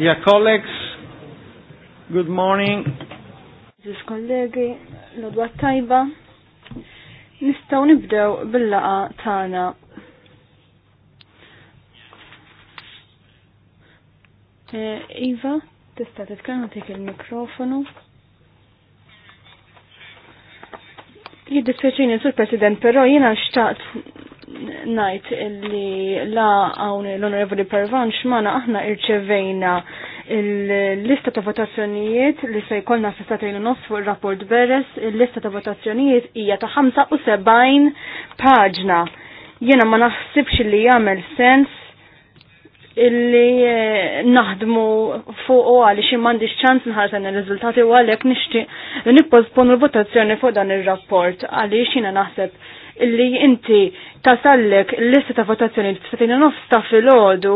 Dear colleagues, good morning. Ziz kollegi, l-odwa tajba. Nistaw nibdew bil-laqa tana. Eh, iva, tista titkellem tik il-mikrofonu. Jiddispjaċini sur President, però jiena xtaqt najt li la għawn l-Onorevoli Pervan xmana aħna irċevejna il-lista ta' votazzjonijiet li se jkollna s-istatajn u nofs fuq il-rapport Beres, il-lista ta' votazzjonijiet hija ta' 75 paġna. Jena ma naħsibx li jagħmel sens illi eh, naħdmu fuq u għalli xie mandiċ ċans nħarsan il rezultati u għalek nishti nipposponu l-votazzjoni fuq dan il-rapport għalli xina naħseb illi inti tasallek l-lista ta' votazzjoni t-satina nofsta fil-ħodu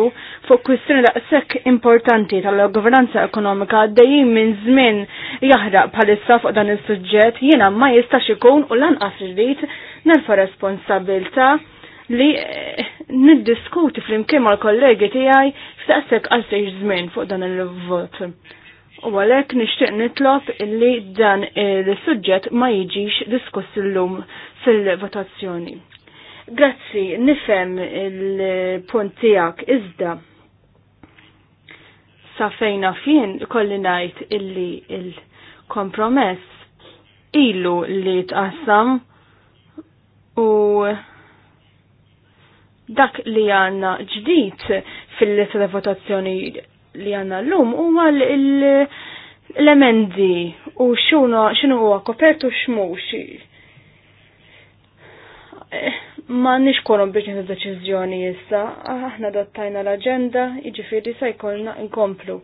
fuq kwistjoni da' sekk importanti tal-governanza ekonomika dejjem minn żmien jaħraq bħalissa fuq dan il-sujġet jiena ma jistax ikun u lanqas irrid nerfa responsabilta li eh, niddiskuti fl-imkien mal-kollegi tiegħi f'daqshekk għal sejx żmien fuq dan il-vot. U għalhekk nixtieq nitlob li dan il-suġġett ma jiġix diskuss illum fil-votazzjoni. Grazzi, nifem il-punt tijak, iżda sa fejna kolli najt illi il-kompromess ilu li tqassam u dak li għanna ġdijt fil-lista ta' votazzjoni li għanna l-lum u għal l-emendi u xinu għu kopertu xmux. Eh, ma nix biex nħidu deċizjoni jissa, aħna dattajna l-agenda, iġifiri sa jkollna nkomplu.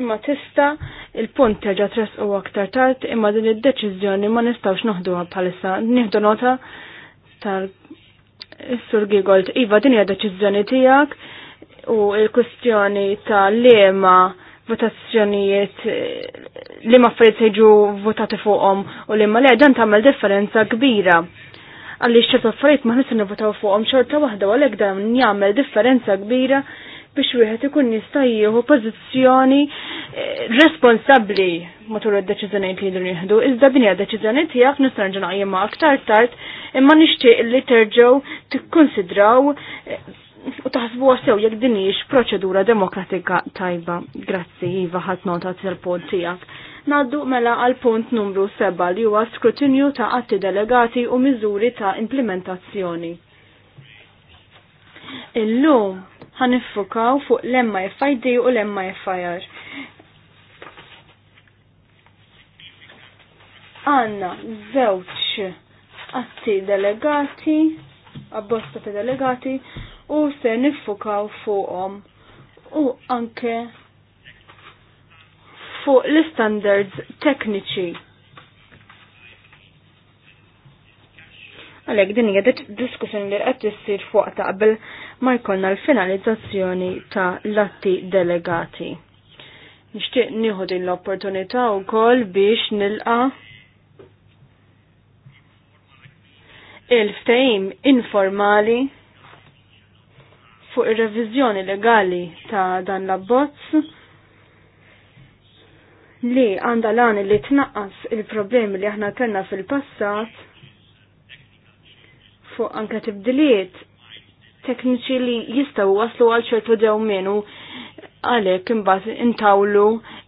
Imma tista, il-punt teġa tres u aktar tard, imma din id-deċizjoni ma nistawx noħduha bħalissa, nieħdu nota tal-Sur Gigold, iva din hija deċizjoni tiegħek u l kustjoni ta' lema votazzjonijiet li ma affarijiet jiġu votati fuqhom u li ma le dan tagħmel differenza kbira għalli xċert affarijiet ma nistgħu nivvotaw fuqhom xorta waħda u għalhekk dan jagħmel differenza kbira biex wieħed ikun jista' jieħu pożizzjoni eh, responsabbli matul id-deċiżjonijiet li jridu jieħdu. Iżda din hija deċiżjoni tiegħek nista' nerġa' naqjimha aktar tard, imma nixtieq li terġgħu tikkonsidraw eh, u taħsbu għasew jek dinix proċedura demokratika tajba. Grazzi, Iva, ħadd nota tal-pod tiegħek. Naddu mela għal punt numru 7 li huwa skrutinju ta' atti delegati u miżuri ta' implementazzjoni. Illum ħanifukaw fuq l FID u l FIR. Għanna zewċ atti delegati, abbosta ta' delegati, u se nifukaw fuqom. U anke fuq l-standards tekniċi. Għalek din hija diskussjoni li qed issir fuq taqbel ma jkollna l-finalizzazzjoni ta' latti delegati. Nixtieq nieħu din l-opportunità wkoll biex nilqa' il-ftehim informali fuq ir-reviżjoni legali ta' dan l-abbozz li għanda lan li tnaqqas il-problemi li aħna kellna fil-passat fuq anke tibdiliet tekniċi li jistaw waslu għal ċertu dewmenu għalek imbagħad intawlu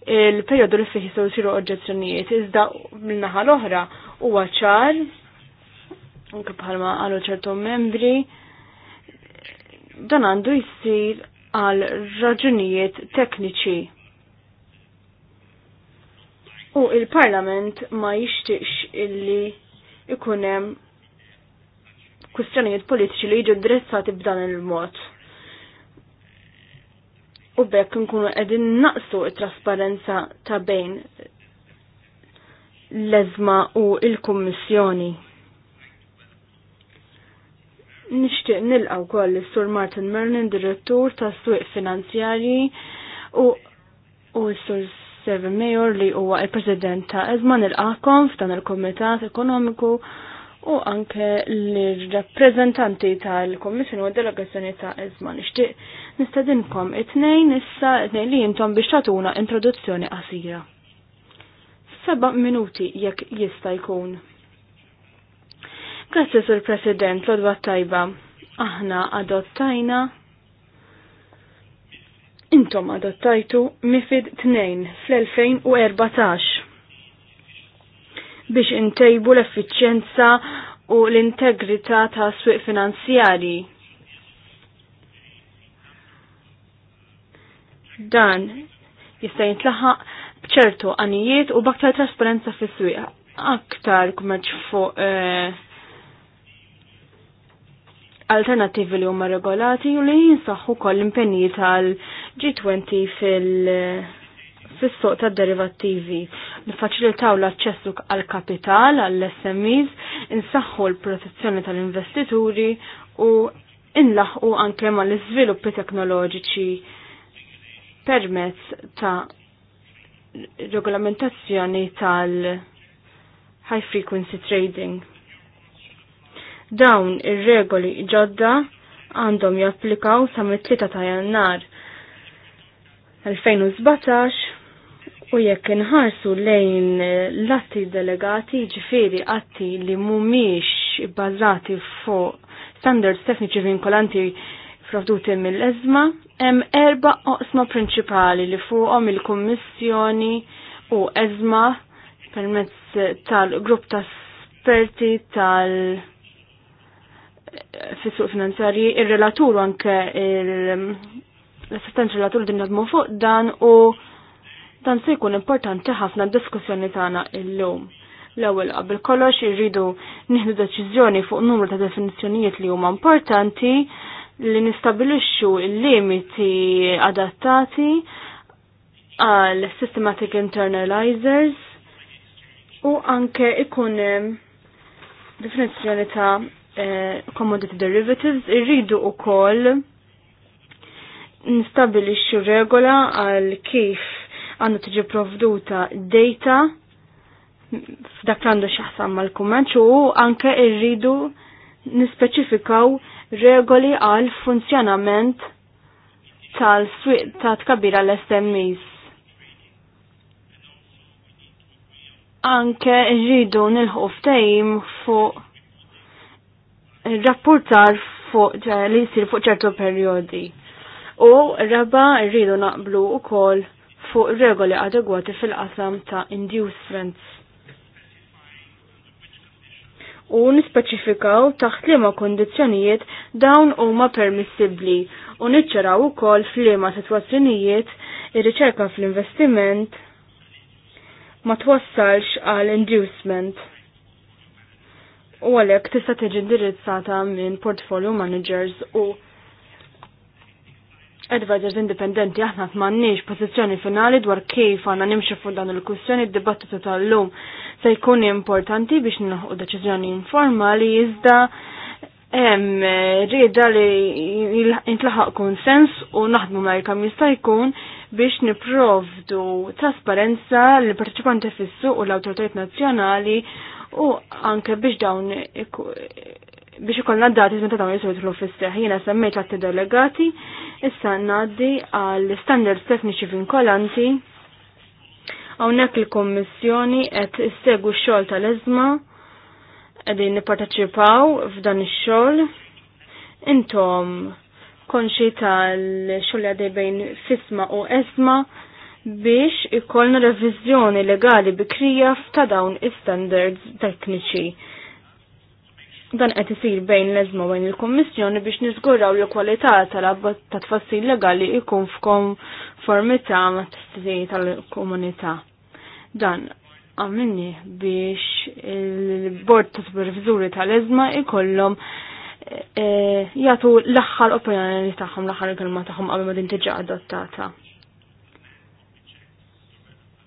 il-perjodu li fih jistgħu jsiru oġġezzjonijiet. Iżda min-naħa l-oħra huwa ċar anke bħalma għalu ċertu membri dan għandu jsir għal raġunijiet tekniċi U il-Parlament ma jixtiqx illi ikunem kustjonijiet politiċi li jiġu drezzati b'dan il-mod. U bekk nkunu qegħdin naqsu it-trasparenza ta' bejn l-ezma u il-Kummissjoni. Nixtieq nilqaw wkoll is-Sur Martin Merlin, direttur tas-Suq Finanzjarji u u s-Sur Seven Mayor li huwa il-President ta' Ezma aqom f'dan il-Komitat Ekonomiku u anke l-rappreżentanti tal-Kommissjoni u delegazzjoni ta' Ezma nixtieq nistedinkom it-tnejn issa it-tnejn li jintom biex tagħtuna introduzzjoni qasira. Seba' minuti jekk jista' jkun. Grazzi sur President Lodwa Tajba. Aħna adottajna intom adottajtu MIFID 2 fl-2014 biex intejbu l-effiċjenza u l-integrità ta' swieq finanzjari. Dan jista' jintlaħaq bċertu għanijiet u baktar trasparenza fis swieq aktar kummerċ fuq eh, alternativi li huma regolati u li jinsaħħu koll impenji tal- G20 fil- fis-soq tad derivattivi nifaċilitaw l-aċċessu għal kapital għall smes insaħħu l-protezzjoni tal-investituri u inlaħqu anke ma l-iżviluppi teknoloġiċi permezz ta' regolamentazzjoni tal- high frequency trading. Dawn ir-regoli ġodda għandhom japplikaw sa mit tlieta ta' jannar 2017 u jekk inħarsu lejn l-atti delegati ġifiri atti li mumiex bazati fuq standards tekniċi vinkolanti frafduti mill-ezma, hemm erba oqsma prinċipali li fuqhom il-Kummissjoni u ezma permezz tal-grupp ta' esperti tal- fis finanzjari, finanzjarji, ir-relatur anke il- l-assistenza li għatul din nadmu fuq dan u dan se jkun importanti ħafna d-diskussjoni tagħna illum. L-ewwel qabel kollox irridu nieħdu deċiżjoni fuq numru ta' definizzjonijiet li huma importanti li nistabilixxu l-limiti adattati għal systematic internalizers u anke ikun eh, definizzjoni ta' eh, commodity derivatives irridu ukoll nistabilixxu regola għal kif għandu tiġi provduta data f'dak li għandu xaħsam mal-kumment u anke irridu nispeċifikaw regoli għal funzjonament tal-swiq ta' tkabira l-SMEs. Anke rridu nilħu ftejm fuq rapportar fuq li jisir fuq ċertu periodi u rabba rridu naqblu u kol fuq regoli adegwati fil-qasam ta' inducements. U nispeċifikaw taħt liema kondizjonijiet dawn huma permissibbli u niċċaraw ukoll f'liema sitwazzjonijiet ir-riċerka fl-investiment ma twassalx għal inducement. U għalhekk tista' tiġi indirizzata minn portfolio managers u advisors indipendenti aħna m'għandniex pożizzjoni finali dwar kif għandna nimxu fuq dan il-kwistjoni d-dibattitu tal-lum se jkun importanti biex nilħu deċiżjoni informali iżda hemm rieda li jintlaħaq konsens u naħdmu mal jista' jkun biex niprovdu trasparenza l parteċipanti fissu u l-awtoritajiet nazzjonali u anke biex dawn biex ikollna dati meta dawn jiswitlu fis-seħ. Jiena semmejt l-atti delegati, issa ngħaddi għall standards tekniċi vinkolanti. Hawnhekk il-Kommissjoni qed issegwu x-xogħol tal-eżma qegħdin nipparteċipaw f'dan ix-xogħol. Intom konxi tal xol għadej bejn fisma u esma biex ikollna reviżjoni legali bikrija f'ta' dawn is-standards tekniċi Dan qed isir bejn l-eżma bejn il-Kummissjoni biex niżguraw l-kwalità tal abbat ta' tfassil legali jkun f'konformità ma' t tal-komunità. Dan għamilni biex il-Bord ta' Supervizuri tal-eżma ikollhom eh, jagħtu l-aħħar opinjoni tagħhom l-aħħar kelma tagħhom qabel ma din tiġi adottata.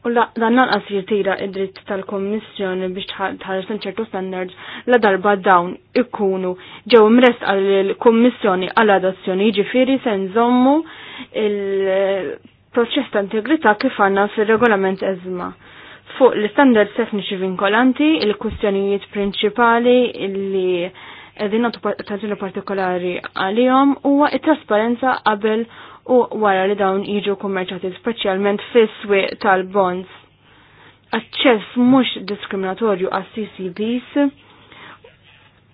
U dan lanqas jirtira id-dritt tal-Kommissjoni biex tħares ċertu standards la darba dawn ikunu ġew imrest għall-Kommissjoni għall-adozzjoni ġifiri se nżommu il-proċess ta' integrità kif għanna fir-regolament ezma. fuq l-standard tekniċi vinkolanti, il-kustjonijiet prinċipali li edin natu partikolari għalihom huwa it-trasparenza qabel u wara li dawn jiġu kummerċati speċjalment fis-swieq tal-bonds. Aċċess mhux diskriminatorju għas CCBs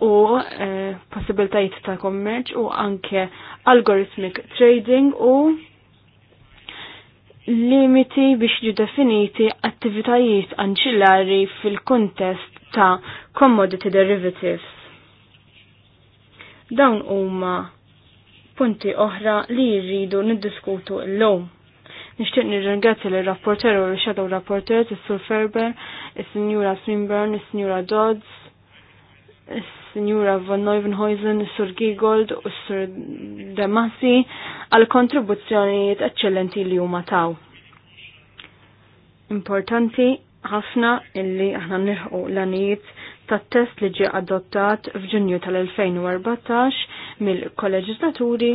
u eh, possibiltajiet ta' kummerċ u anke algorithmic trading u limiti biex ġudefiniti attivitajiet anċillari fil-kontest ta' commodity derivatives. Dawn huma punti oħra li jridu niddiskutu l-lum. Nishtiq nirringrazzja l rapporter u l-shadow rapporter, il-Sur Ferber, il-Sinjura Swinburne, il-Sinjura Dodds, il-Sinjura Van Neuvenhuizen, il-Sur Gigold u il-Sur Damasi għal kontribuzzjonijiet eccellenti li huma taw. Importanti ħafna illi aħna nirħu l-anijiet tat-test li ġie adottat f'Ġunju tal-2014 mill-kolleġislaturi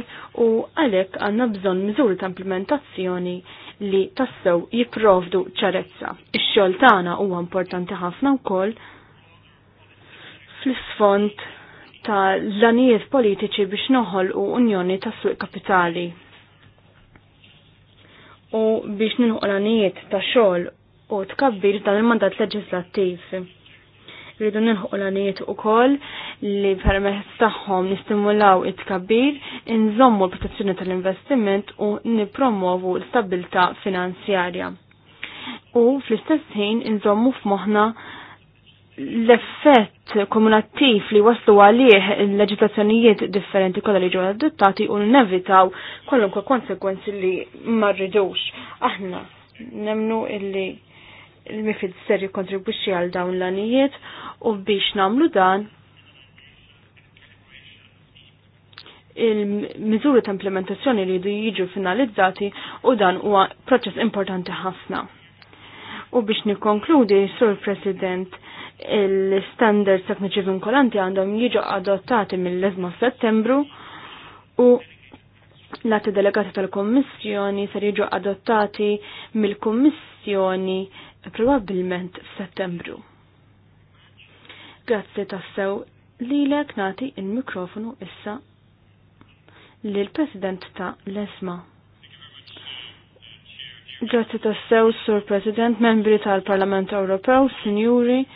u għalhekk għandna bżonn miżur ta' implementazzjoni li tassew jipprovdu ċarezza. Ix-xogħol tagħna huwa importanti ħafna wkoll fl-isfond ta' l-anijiet politiċi biex noħol u unjoni ta' suq kapitali. U biex ninħu l-anijiet ta' xogħol u tkabbir dan il-mandat leġislattiv rridu nilħuq l-għaniet u koll li permess taħħom nistimulaw it kabir nżommu l-protezzjoni tal-investiment u nipromovu l-stabilta finanzjarja. U fl-istess ħin nżommu f'moħna l-effett kumulattiv li waslu għalih l-leġitazzjonijiet differenti kollha li ġew adottati u nevitaw kollum konsekwenzi li ma rridux. Aħna nemnu illi il-mifid ser jikontribuxi għal dawn l-anijiet u biex namlu dan il-mizuri ta' implementazzjoni li jdu jiġu finalizzati u dan huwa proċess importanti ħafna. U biex nikonkludi, Sur President, il-standards tekniċi vinkolanti għandhom jiġu adottati mill-10 settembru u l-atti delegati tal-Kommissjoni ser jiġu adottati mill-Kommissjoni probabbilment f'Settembru. Grazzi tassew li lek nati il-mikrofonu issa lil president ta' l-ESMA. Grazzi tassew, Sur President, membri tal-Parlament Ewropew, Signuri,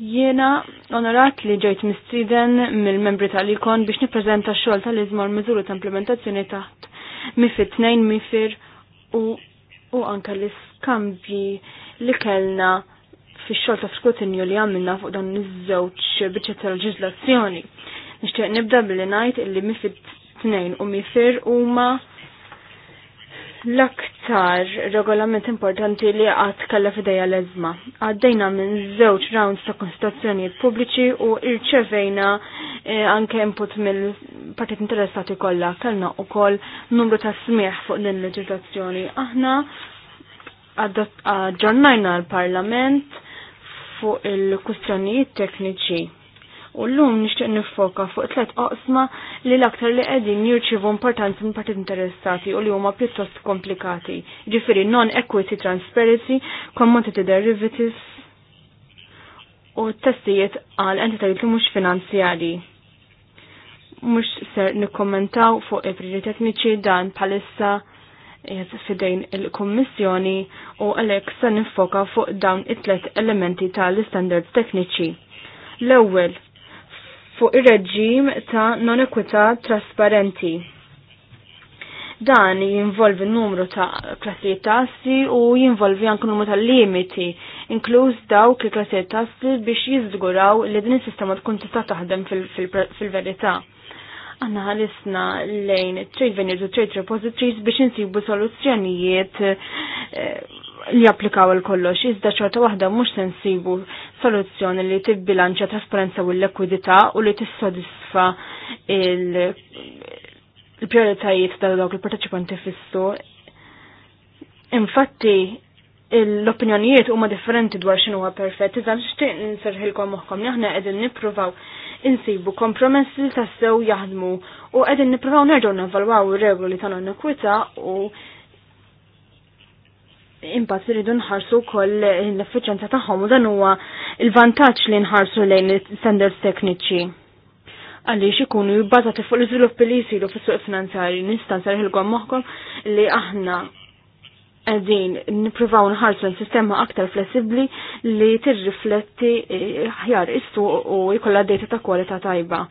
Jiena onorat li ġejt mistriden mill-membri tal-ikon biex niprezenta xogħol tal-izma l mizuru ta' implementazzjoni taħt mifir 2 mifir u, u anka l-is skambji li kellna fi xogħol ta' skrutinju li għamilna fuq dan iż-żewġ biċċa ta' leġiżlazzjoni. Nixtieq nibda billi ngħid illi mifid tnejn u mifir huma l-aktar regolament importanti li għad kalla fideja l-ezma. Għaddejna minn zewċ rounds ta' konsultazzjonijiet pubbliċi u irċevejna eh, anke input mill-partit interessati kollha. Kellna u koll numru ta' smieħ fuq din l-leġislazzjoni. Aħna għadġornajna l-Parlament fuq il-kustjonijiet tekniċi. U l-lum nishtiq nifoka fuq tlet oqsma li l-aktar li qegħdin jirċivu importanti minn partit interessati u li huma pjuttost komplikati. Ġifiri non-equity transparency, commodity derivatives u testijiet għal entitajiet li mhux finanzjari. Mhux ser nikkommentaw fuq il-priġi tekniċi dan palissa fidejn il-Kommissjoni u għalek se nifoka fuq dawn it-tlet elementi tal-standards tekniċi. L-ewwel fuq ir-reġim ta' non ekwita trasparenti. Dan jinvolvi numru ta' klassi tassi u jinvolvi anke numru ta' limiti, inkluż dawk il klassi tassi biex jiżguraw li din is-sistema tkun tista' taħdem fil-verità. Fil fil għanna ħalisna lejn trade venues u trade repositories biex insibu soluzzjonijiet eh, li applikaw il-kollox, iżda ċorta waħda mux sensibu soluzzjoni li t-bilanċa trasparenza u l-ekwidità u li tissodisfa il-prioritajiet ta' dawk il-parteċipanti fissu. Infatti, l-opinjonijiet huma differenti dwar xinu għu perfett, iżda nixtieq nserħilkom moħħkom li aħna qegħdin nippruvaw insibu kompromessi li tassew jaħdmu u qegħdin nippruvaw nerġgħu nevalwaw ir-regoli tal-inikwità u imbagħad iridu nħarsu wkoll l-effiċenza tagħhom u dan huwa il-vantaġġ li nħarsu lejn standards tekniċi għaliex ikunu jibbazati fuq l-iżviluppi li jsiru fis-suq finanzjarji nista' nsarħilkom moħħkom li aħna għedin niprivaw nħarsu l-sistema aktar flessibli li tirrifletti eh, ħjar istu u jkollha data ta' kwalità tajba.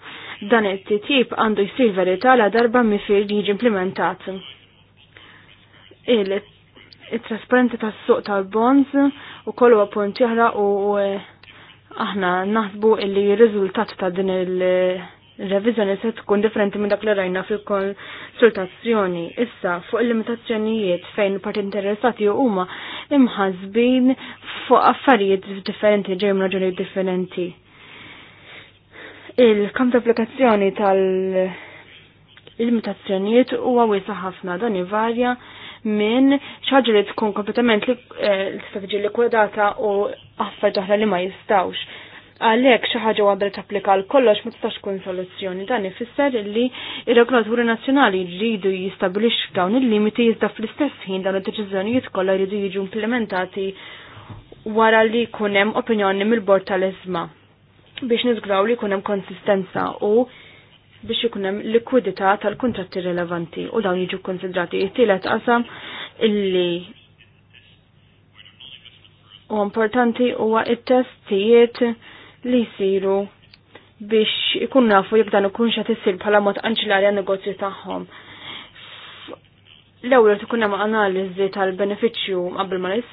Dan it-tip għandu jsir verità la darba mifir jiġi implementat. Il-trasparenti tas suq tal-bonds u kollu appunt jahra u eh, aħna naħsbu li riżultat ta' din il- revizjoni se tkun differenti minn dak li rajna fil-konsultazzjoni. Issa, fuq il-limitazzjonijiet fejn parti interessati huma imħazbin fuq affarijiet differenti ġejjin raġuni differenti. Il-kamp applikazzjoni tal-limitazzjonijiet huwa wiesa ħafna dan ivarja minn ċaġa li tkun kompletament l-istrateġi li eh, kwadata u affar toħra li ma jistawx għalhekk xi ħaġa waħda tapplika għal kollox ma tistax tkun soluzzjoni. Dan ifisser li ir-regolaturi nazzjonali jridu jistabilix dawn il-limiti jizda fl-istess ħin dawn id-deċiżjonijiet kollha jridu jiġu implementati wara li jkun hemm opinjoni mill-bord tal-iżma biex nizgraw li jkun hemm konsistenza u biex ikun hemm likwidità tal-kuntratti rilevanti u dawn jiġu konsidrati. It-tielet qasam illi u importanti huwa it-testijiet li jisiru biex ikun nafu jekk dan ikun xa tissir bħala mod anċilarja negozju tagħhom. L-ewwel tkun hemm analiżi tal-benefiċċju qabel ma l u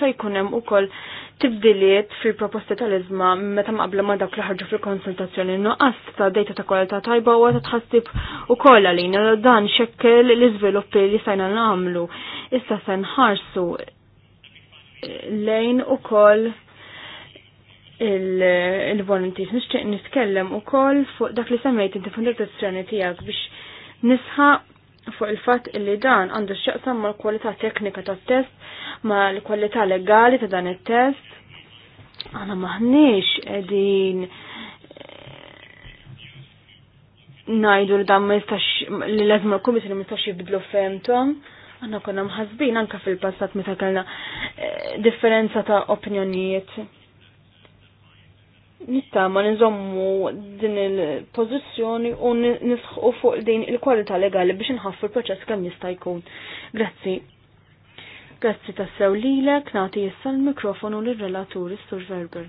se jkun hemm ukoll tibdiliet fil-proposti tal-iżma meta mqabla ma dak li ħarġu fil-konsultazzjoni nuqqas ta' dejta ta' kwalità tajba u ta' tħassib ukoll għalina dan xekkel l izviluppi li sajna nagħmlu. Issa se nħarsu lejn ukoll il-volunteers. Nixtieq nitkellem ukoll fuq dak li semmejt inti t introduzzjoni tiegħek biex nisħa fuq il-fatt li dan għandu x'jaqsam mal-kwalità teknika tat-test, mal-kwalità legali ta' dan it-test. Għana maħniex edin eh, najdu li dan ma jistax li lazim l komissju li ma jistax jibdlu femtom. għana konna mħazbin anka fil-passat meta kellna eh, differenza ta' opinjonijiet nittama nizommu din il-pozizjoni u nisħu fuq din il-kwalità legali biex nħaffu l-proċess kemm jista' jkun. Grazzi. Grazzi tassew lilek, nagħti issa l-mikrofonu lir-relaturi Sur Verber.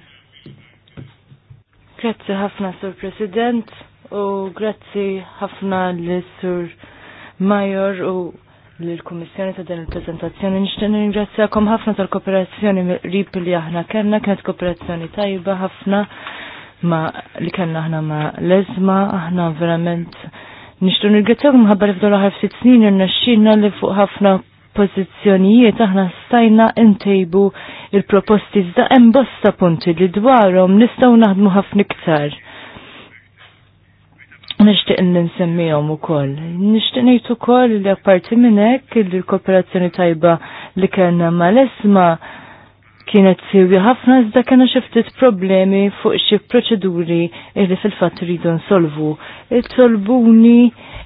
Grazzi ħafna Sur President u grazzi ħafna l-Sur Major u l-Komissjoni ta' din il-prezentazzjoni. Nixtieq nirringrazzjakom ħafna tal-kooperazzjoni rib li aħna kellna, kienet kooperazzjoni tajba ħafna ma li kellna aħna ma leżma, aħna verament nixtieq ningrazzjakom ħabbar f'dol aħar ftit snin irnexxina li fuq ħafna pożizzjonijiet aħna stajna intejbu il-proposti iżda hemm bosta punti li dwarhom nistgħu naħdmu ħafna iktar. Nishtiq n-nsemmijom u koll. Nishtiq nejtu koll li apparti minnek il-kooperazzjoni tajba li kena mal-esma kienet siwi ħafna iżda kena xiftit problemi fuq xi proċeduri li fil-fatt rridu nsolvu. It-tolbuni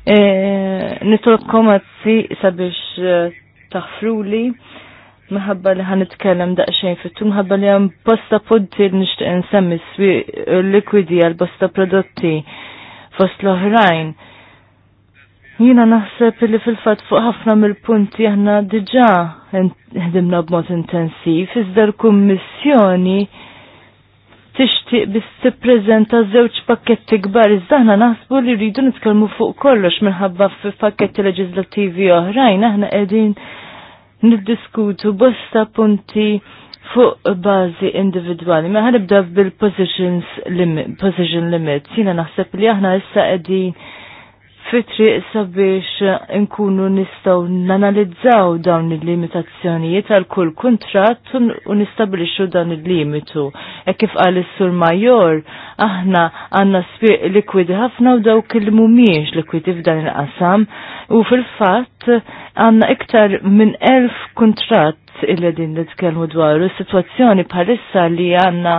e, nitolkom għazzi sabiex e, taħfruli maħabba li ħan itkellem daqxejn fittu, maħabba li għan bosta poddi nishtiq nsemmi s-likwidi għal bosta prodotti fost l-oħrajn. Jina naħseb li fil-fat fuq ħafna mill-punti aħna diġa ħdimna b'mod intensiv, iżda l-kummissjoni tixtieq biss tippreżenta żewġ pakketti kbar iżda aħna naħsbu li rridu nitkellmu fuq kollox minħabba fi pakketti leġislattivi oħrajn aħna qegħdin niddiskutu bosta punti fuq bazi individuali. Ma ħanibda bil-position limit, limit. naħseb li aħna issa qegħdin fitri sabiex nkunu nistaw nanalizzaw dawn il-limitazzjonijiet għal kull kontrat u nistabilixu dan il-limitu. E kif għal sur major, aħna għanna spiq likwidi ħafna u dawk il-mumiex likwidi f'dan il-qasam u fil-fat għanna iktar minn elf kontrat il-ledin li tkellmu dwaru, situazzjoni bħalissa li għanna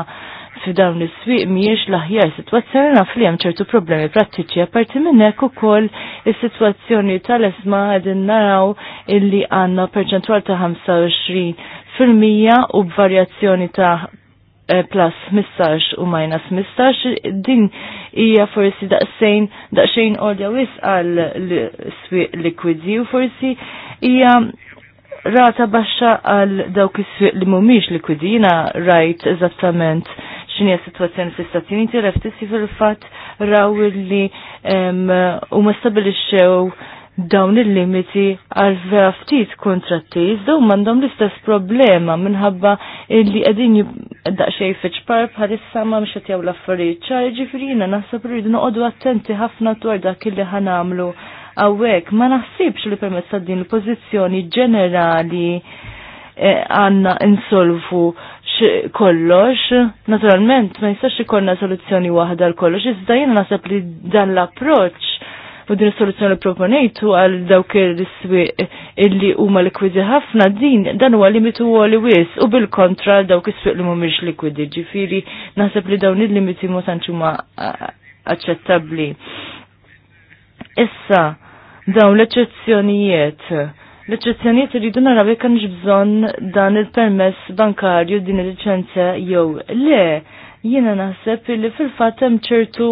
fi dawn is-swieq mhijiex l-aħjar sitwazzjoni naf li hemm ċertu problemi prattiċi apparti minn hekk ukoll is-sitwazzjoni tal-esma qegħdin naraw illi għandna perċentwal ta' 25 fil-mija u b'varjazzjoni ta' plus 15 u minus 15 din hija forsi daqsejn daqsxejn ordja wis għal swieq likwidi u forsi hija rata baxxa għal dawk is-swieq li mhumiex likwidi jiena rajt eżattament x'inhi s-sitwazzjoni fl-Istati Uniti reftissi fil-fatt raw li huma stabilixxew dawn il-limiti għal vera ftit kontratti, dawn mandom l-istess problema minħabba illi għedin daqxej fiċpar bħalissa ma mxet jaw l-affarijiet ċar ġifirina naħseb rridu noqogħdu attenti ħafna dwar dak illi ħanamlu għawek. Ma naħsibx li permezz ta' din il-pożizzjoni ġenerali eh, għanna insolvu kollox, naturalment ma jistax ikolna soluzzjoni waħda l-kollox, iżda jiena naħseb li dan l-approċ u din is-soluzzjoni proponejtu għal dawk il swieq illi huma likwidi ħafna din dan huwa limitu huwa li wis u bil-kontra dawk is-swieq li mhumiex likwidi. Ġifieri naħseb li dawn il-limiti mhux tantx huma aċċettabbli. Issa dawn l-eċċezzjonijiet L-eċezzjonijiet irridu naraw jekk hemmx bżonn dan il-permess bankarju din il-liċenzja jew le jiena naħseb li fil-fatt hemm ċertu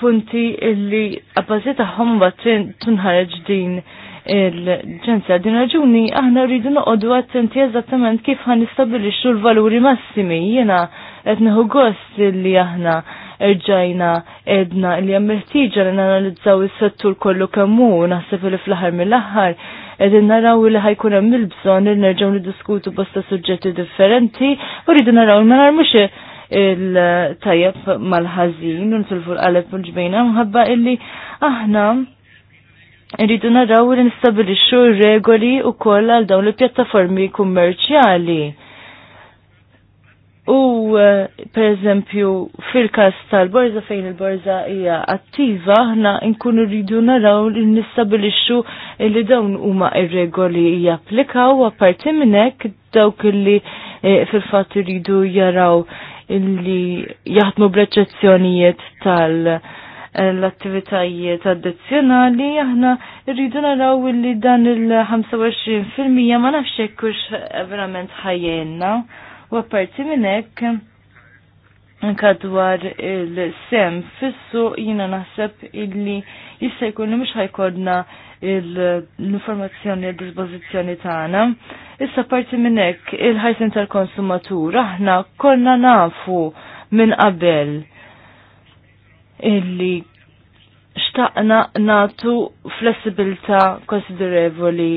punti illi għabbażi tagħhom tunħareġ din il-ġenza. Din raġuni aħna rridu noqogħdu attenti eżattament kif ħan nistabilixxu l-valuri massimi. Jiena qed neħu gost illi aħna rġajna edna li hemm ħtieġa li nanalizzaw is-settur kollu kemm hu naħseb li fl-aħħar mill-aħħar edin naraw li ħajkun hemm il-bżonn li nerġgħu niddiskutu bosta suġġetti differenti u rridu naraw ma narmux il tajab mal ħazin u nsulfu l-qalb u ġbejna mħabba illi aħna rridu naraw li nistabilixxu regoli u koll għal dawn il-pjattaformi kummerċjali. U eh, per eżempju fil-kas tal-borza fejn il-borza hija attiva, aħna nkunu rridu naraw li nistabilixxu li dawn huma ir-regoli japplikaw apparti minn hekk dawk li eh, fil-fatt iridu jaraw illi jaħdmu bl-eċezzjonijiet tal- eh, l-attivitajiet addizzjonali aħna rridu naraw illi dan il-25% ma nafx hekk verament ħajjenna u apparti minn hekk Anka dwar il-sem, fissu jina naħseb illi jissa jkun mux ħajkodna l-informazzjoni l-dispozizjoni tagħna. Issa parti minnek il-ħajsin tal-konsumatur, aħna konna nafu minn qabel illi xtaqna natu flessibilta konsiderevoli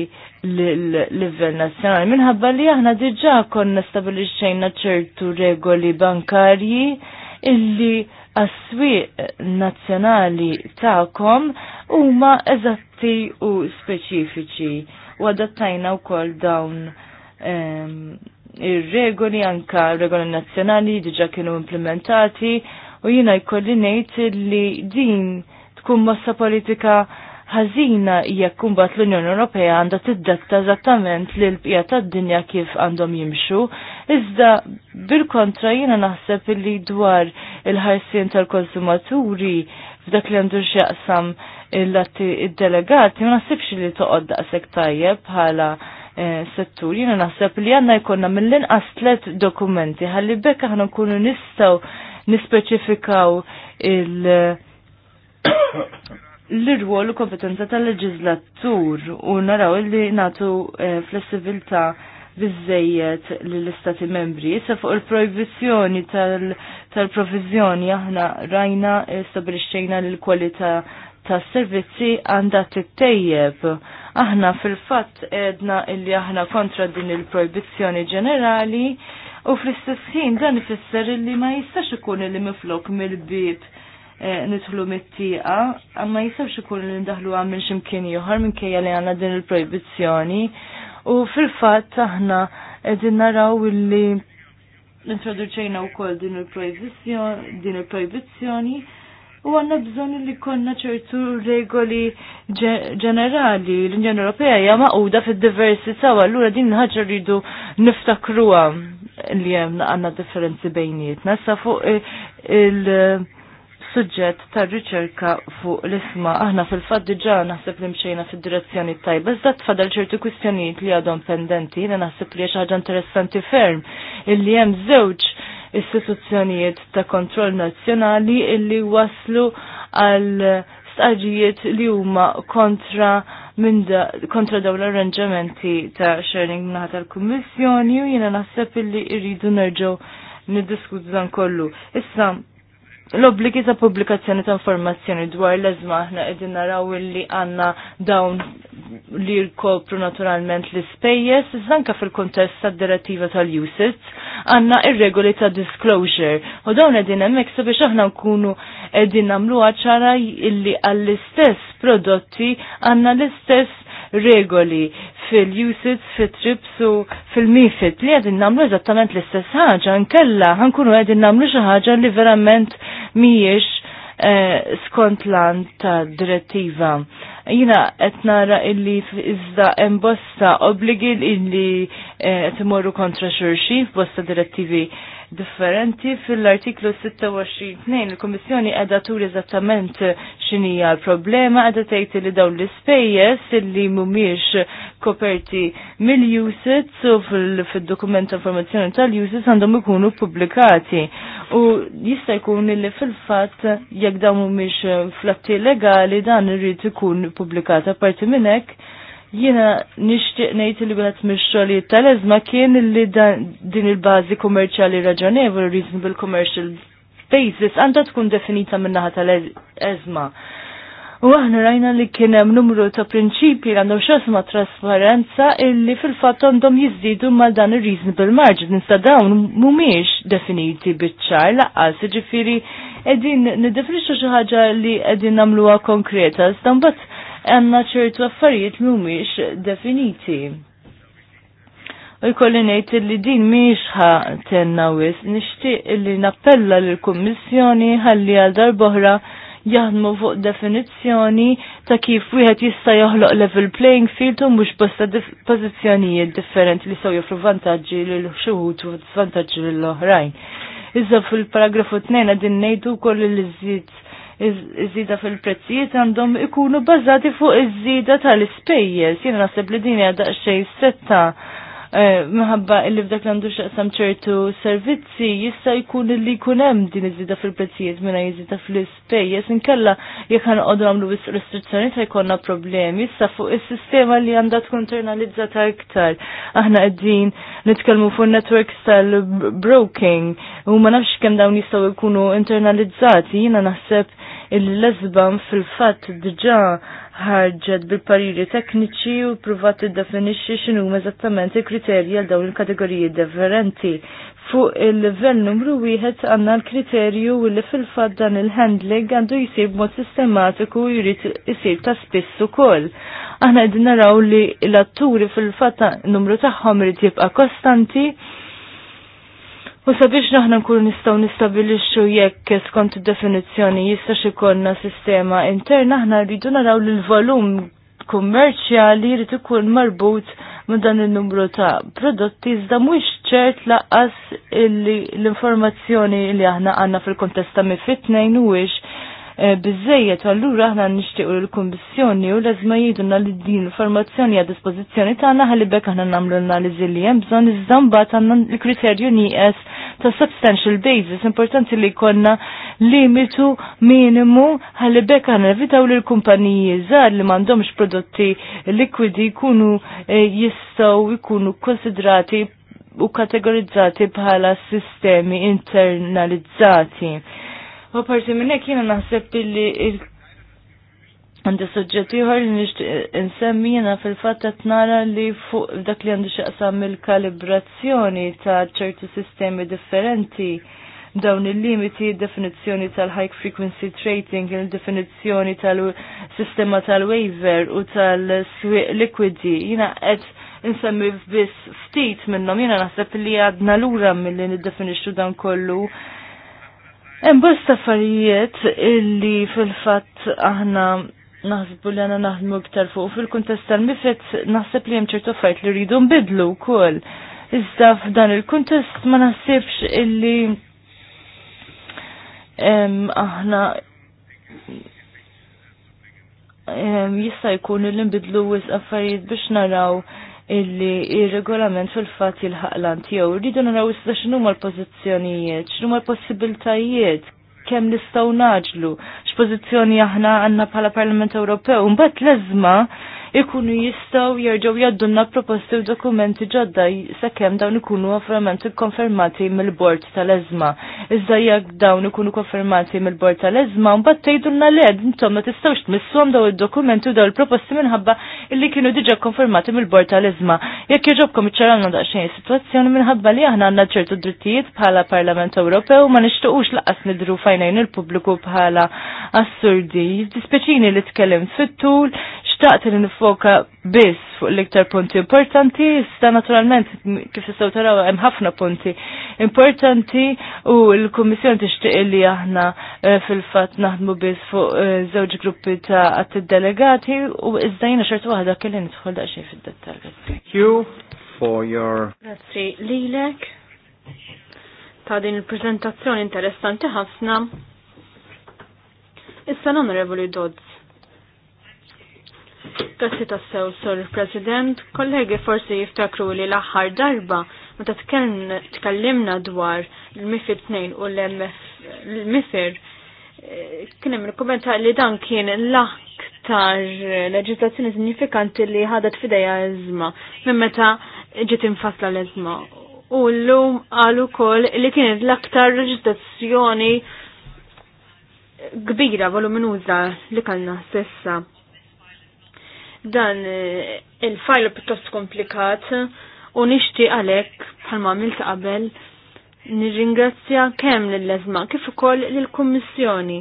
l-livell nazzjonali minħabba li aħna diġà konna stabilixxejna ċertu regoli bankarji illi għaswi nazjonali nazzjonali tagħkom huma eżatti u speċifiċi u adattajna wkoll dawn ehm, ir-regoli anka regoli nazzjonali diġa' kienu implementati u jina jkolli ngħid li din tkun mossa politika ħażina jekk kumbat l-Unjoni Ewropea għandha tiddetta eżattament lil bqija tad-dinja kif għandhom jimxu, iżda bil-kontra jiena naħseb illi dwar il-ħarsien tal-konsumaturi f'dak li għandu x'jaqsam il-latti id-delegati ma naħsibx li toqgħod daqshekk tajjeb bħala eh, settur, Jiena naħseb li għandna jkollna mill-inqas tliet dokumenti, ħalli bekk aħna nkunu nistgħu nispeċifikaw il- l-irwol u kompetenza tal-leġizlatur u naraw li natu eh, flessibilta bizzejiet l-istati membri. Issa fuq il-proibizjoni tal-provizjoni aħna rajna eh, stabilixxejna l-kwalità ta' servizzi għandha tittejjeb. Aħna fil-fatt edna illi aħna kontra din il-proibizjoni ġenerali u fl-istess ħin dan ifisser illi ma jistax ikun illi miflok mill-bib Eh, nidħlu mit-tieqa, ma jistax ikun li ndaħlu għam minn ximkien ieħor minkejja li għandna din il-projbizzjoni. U fil-fatt aħna qegħdin naraw illi introduċejna wkoll din il-projbizzjoni u għanna bżon li konna ċertu regoli ġenerali. L-Unjoni Ewropea hija maquda fid-diversità u allura din ħaġa rridu niftakruha li hemm għandna differenzi bejnietna. Sa fuq eh, il- suġġett ta' riċerka fuq l-isma. Aħna fil-fatt diġà naħseb li mxejna fid-direzzjoni tajba. Iżda tfadal ċertu kwistjonijiet li għadhom pendenti, li naħseb li xi ħaġa interessanti ferm illi hemm żewġ istituzzjonijiet ta' kontroll nazzjonali illi waslu għal staġijiet li huma kontra minn kontra dawn l-arranġamenti ta' sharing minnaħat tal-Kummissjoni u jiena naħseb illi irridu nerġgħu niddiskutu dan kollu. Issa, l-obbligi ta' pubblikazzjoni ta' informazzjoni dwar l-ezma aħna qegħdin naraw li għandna dawn li jkopru naturalment l-ispejjeż iżda anke fil-kuntest tad-direttiva tal-usage għandna ir-regoli ta' disclosure u dawn qegħdin emmek sabiex aħna nkunu qegħdin namlu ċara illi għall-istess prodotti għandna l-istess regoli fil-usage, fil-trips u fil-mifit li għedin namlu eżattament l-istess ħaġa, nkella ħankunu għedin namlu ħaġa li verament miex eh, skont lan ta' direttiva. Jina qed nara illi iżda hemm bosta illi eh, imorru kontra xurxin f'bosta direttivi differenti. Fil-artiklu 26.2 il-Komissjoni għedha tur eżattament xinija l-problema, għedha tgħid li dawn l-ispejjeż li mhumiex koperti mill-usage u fil-dokument informazzjoni tal-usage għandhom ikunu publikati. U jista' jkun li fil-fatt jekk dawn mhumiex flatti legali dan irrid ikun pubblikata parti minn hekk Jiena nixtieq ngħid li wieħed mix-xogħlijiet tal-eżma kien li din il-bażi kummerċjali raġonevoli reasonable commercial basis għandha tkun definita min-naħa tal-eżma. U aħna rajna li kien hemm numru ta' prinċipji li għandhom xosma trasparenza illi fil-fatt għandhom jizdidu ma' dan ir-reasonable margin. Nista' dawn mhumiex definiti biċ-ċar laqqas, jiġifieri qegħdin niddefinixxu xi ħaġa li qegħdin nagħmluha konkreta, iżda mbagħad għanna ċertu affarijiet li mhumiex definiti. U jkolli ngħid li din mhix ħa tenna wis, nixtieq li nappella lill-Kummissjoni ħalli għal darb'oħra jaħdmu fuq definizzjoni ta' kif wieħed jista' joħloq level playing field u mhux bosta pożizzjonijiet differenti li sew joffru vantaġġi lil xuħud u vantaġġi lill oħrajn Iżda fil-paragrafu 2 din ngħidu wkoll li żied iż-żida fil-prezzijiet għandhom ikunu bazati fuq iż-żida tal-ispejjeż. Jiena naħseb li din hija daqsxejn setta eh, minħabba illi f'dak li għandu xaqsam ċertu servizzi jista' jkun li jkun hemm din iżida fil-prezzijiet minn jiżida fl-ispejjeż inkella jekk qogħdu nagħmlu wis restrizzjoni ta' jkollna problemi issa fuq is-sistema li għandha tkun internalizzata iktar. Aħna qegħdin nitkellmu fuq networks tal-broking u ma nafx kemm dawn jistgħu jkunu internalizzati jiena naħseb il-lesban fil-fat dġa ħarġet bil-pariri tekniċi u provat id-definixi xinu eżattament il-kriterji għal dawn il-kategoriji differenti. Fuq il-level numru wieħed għanna l-kriterju li fil-fat dan il-handling għandu jisib b'mod sistematiku u jrid jisir ta' spiss ukoll. Aħna qegħdin naraw li l-atturi fil-fatt numru tagħhom irid jibqa' kostanti U sabiex naħna nkunu nistgħu nistabilixxu jekk skont id-definizzjoni jistax ikollna sistema interna aħna rridu naraw lill volum kummerċjali jrid ikun marbut ma' dan il-numru ta' prodotti iżda mhux ċert laqas l-informazzjoni li aħna għandna fil-kontest ta' mifit nejn huwiex Eh, bizzejiet, allura aħna nixtiequ l-Kummissjoni u l-eżma na li din l-informazzjoni għad ta' tagħna ħalli bekk aħna nagħmlu analizi li hemm bżonn iżda mbagħad għandna l-kriterju nieqes ta' substantial basis, importanti li konna limitu minimu ħalli bekk aħna nevitaw li l-kumpaniji żgħar li m'għandhomx prodotti likwidi jkunu eh, jistgħu jkunu konsidrati u kategorizzati bħala sistemi internalizzati. U parti minn hekk jiena naħseb illi għandi soġġett li nixtieq insemmi jiena fil-fatt qed nara li fuq dak li għandu x'aqsam il-kalibrazzjoni ta' ċertu sistemi differenti dawn il-limiti, definizzjoni tal-high frequency trading, il-definizzjoni tal-sistema tal-waiver u tal-swiq liquidi. Jina għed insemmi biss ftit minnom, jina naħseb li għadna l-ura mill-li niddefinixxu dan kollu Hemm bosta affarijiet illi fil-fatt aħna naħsbu li għana naħdmu iktar fuq fil-kuntest tal-mifet naħseb li hemm ċertu fajt li rridu nbidlu wkoll. Iżda f'dan il-kuntest ma naħsibx illi aħna jista' jkun li nbidlu wis affarijiet biex naraw illi il-regolament fil-fat jilħaq lan tiegħu. Rridu naraw issa ma l-pożizzjonijiet, ma l-possibiltajiet, kemm nistgħu naġlu, x'pożizzjoni aħna għandna bħala Parlament Ewropew. Mbagħad leżma ikunu jistaw jirġaw jaddunna proposti u dokumenti ġodda sakemm dawn ikunu ovvjament konfermati mill-bord tal-ezma. Iżda jekk dawn ikunu konfermati mill-bord tal-ezma, mbagħad tgħidulna le intom ma tistgħux tmissuhom daw id-dokumenti u daw il-proposti minħabba illi kienu diġà konfermati mill-bord tal-ezma. Jekk jogħġobkom iċċaranna daqsxejn is-sitwazzjoni minħabba li aħna għandna ċertu drittijiet bħala Parlament Ewropew ma nixtuqux laqas nidru fajnejn il-pubbliku bħala assurdi. Dispeċini li tkellem fit-tul, xtaqt li nifoka biss fuq l-iktar punti importanti, sta naturalment kif tistgħu taraw hemm ħafna punti importanti u l-Kummissjoni tixtieq li aħna eh, fil-fatt naħdmu biss fuq eh, żewġ gruppi ta' għat delegati u iżda jiena xert waħda kelli nidħol daqsxejn fid-dettall. Thank you for your Grazzi lilek ta' din il-preżentazzjoni interessanti ħafna. Issa l-Onorevoli Dodds. Grazzi tassew, Sir President. Kollegi forsi jiftakru li l-aħħar darba meta tkellimna dwar l-MIFID 2 u l-MIFIR kien hemm kommenta li dan kien l-aktar leġislazzjoni sinifikanti li ħadet fidejja eżma minn meta ġiet infasla l-eżma. U lum qal ukoll li kienet l-aktar leġislazzjoni kbira voluminuża li kellna sissa. Dan eh, il-fajl pjuttost komplikat u nixti għalek bħalma milt qabel nirringrazzja kemm lill-leżma kif ukoll lill-Kummissjoni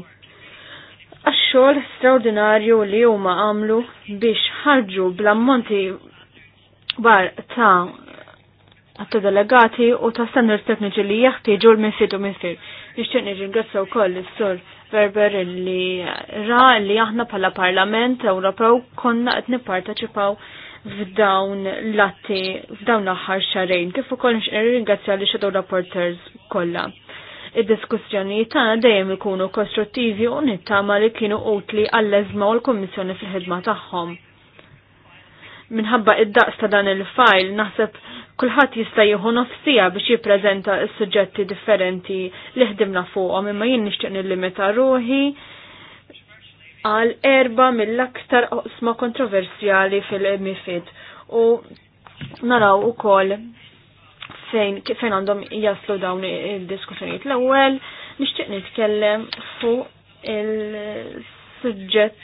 għax-xogħol straordinarju li huma għamlu biex ħarġu bl-ammonti bar ta' għatta delegati u ta' standard tekniċi li jaħtieġu l-mifid u mifid. Nixtieq nirringrazzja wkoll is-sur Ferber li ra li aħna pala Parlament Ewropew konna qed nipparteċipaw f'dawn l-atti f'dawn l-aħħar xarejn kif ukoll nirringrazzja li xedew rapporters kollha. id diskussjoni tagħna dejjem ikunu kostruttivi u nittama li kienu utli għall-eżma u l-Kummissjoni fil-ħidma tagħhom minħabba id-daqs ta' dan il-fajl naħseb kulħadd jista' jieħu nofsija biex jippreżenta s-suġġetti differenti li ħdimna fuqhom imma jien nixtieq nillimita ruħi għal erba mill-aktar oqsma kontroversjali fil-MIFID u naraw ukoll fejn fejn għandhom jaslu dawn il-diskussjonijiet l-ewwel nixtieq nitkellem fuq il-suġġett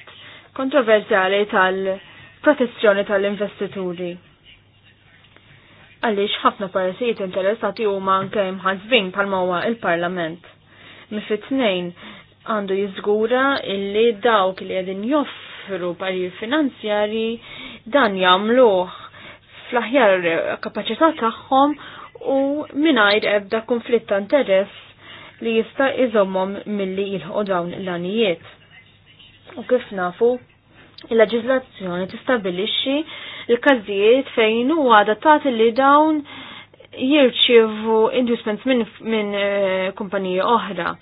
kontroversjali tal- protezzjoni tal-investituri. Għaliex ħafna parasijiet interessati huma anke mħazbin pal-mawa il-Parlament. Mifit tnejn għandu jiżgura illi dawk li qegħdin joffru parir finanzjari dan jagħmluh fl-aħjar kapaċità tagħhom u mingħajr ebda konflitt ta' interess li jista' iżommhom milli jilħu dawn l-anijiet. U kif nafu, il-leġislazzjoni tistabilixxi l-każijiet fejn huwa għadattati li dawn jirċievu inducements minn min, eh, kumpanija oħra.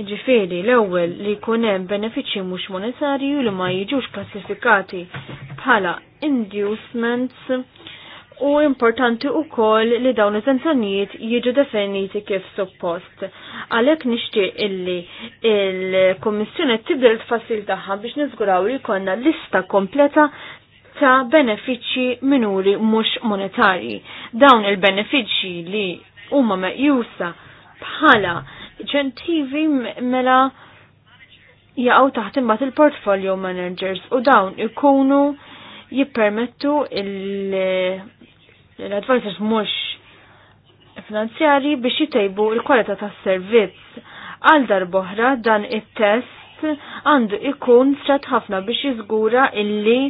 Iġifiri, l-ewwel li jkun hemm benefiċċji mhux monetarju li ma jiġux klassifikati bħala inducements u importanti u kol li dawn eżenzjonijiet jiġu definiti kif suppost. Għalek nishti illi il-Kommissjoni tibdel tfassil taħħa biex nizguraw li konna lista kompleta ta' benefiċċji minuri mhux monetarji. Dawn il-benefiċċji li huma meqjusa bħala ċentivi mela jaqgħu taħt imbagħad il-portfolio managers u dawn ikunu jippermettu il- l-advisors mhux finanzjari biex jitejbu il-kwalità tas-servizz. Għal darboħra dan it-test għandu ikun strat ħafna biex jiżgura illi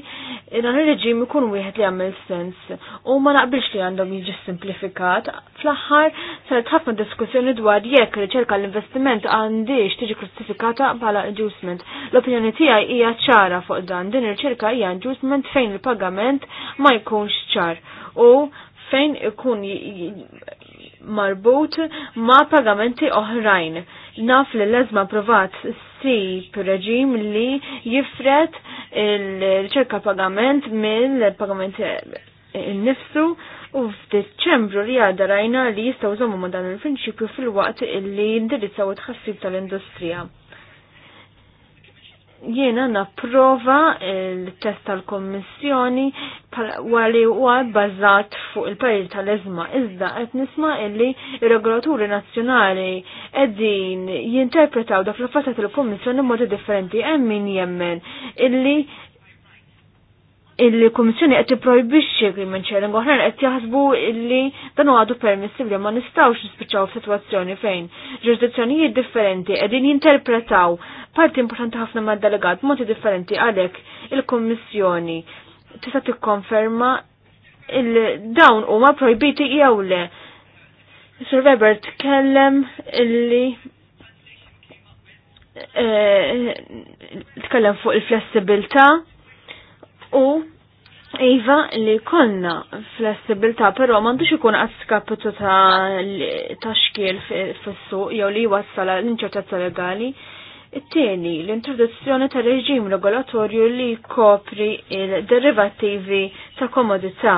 dan il reġim ikun wieħed li għamil sens u ma naqbilx li għandhom jiġi simplifikat. Fl-aħħar saret ħafna diskussjoni dwar jekk riċerka l-investiment għandix tiġi klassifikata bħala adjustment. L-opinjoni tiegħi hija ċara fuq dan din ir-riċerka hija adjustment fejn il-pagament ma jkunx ċar u fejn ikun marbut ma' pagamenti oħrajn. Naf li l provat si reġim li jifret il-ċerka pagament mill-pagamenti nifsu u f'Deċembru li għadda rajna li jistawżomu zomu ma' dan il-prinċipju fil-waqt li indirizzaw it-ħassib tal-industrija jiena napprova il-test tal-Kommissjoni wali huwa bbażat fuq il pajl tal-eżma iżda qed nisma' illi il regolaturi nazzjonali qegħdin jinterpretaw da fl-fatta tal-Kummissjoni modi differenti hemm min jemmen illi il-Komissjoni qed tipprojbixxi agreement sharing oħra qed jaħsbu li dan għadu li ma nistgħux nispiċċaw f'sitwazzjoni fejn ġurisdizzjonijiet differenti qegħdin jinterpretaw parti importanti ħafna mad-delegat b'modi differenti għalhekk il-Kummissjoni tista' tikkonferma dawn huma projbiti jew le. Sir Weber tkellem illi eh, tkellem fuq il-flessibilta' u Iva li konna flessibilta, però m'għandux ikun qatt skapitu ta' taxkil fis-suq jew li wassala l-inċertezza legali. It-tieni l-introduzzjoni ta' reġim regolatorju li jkopri il-derivattivi ta' komodità.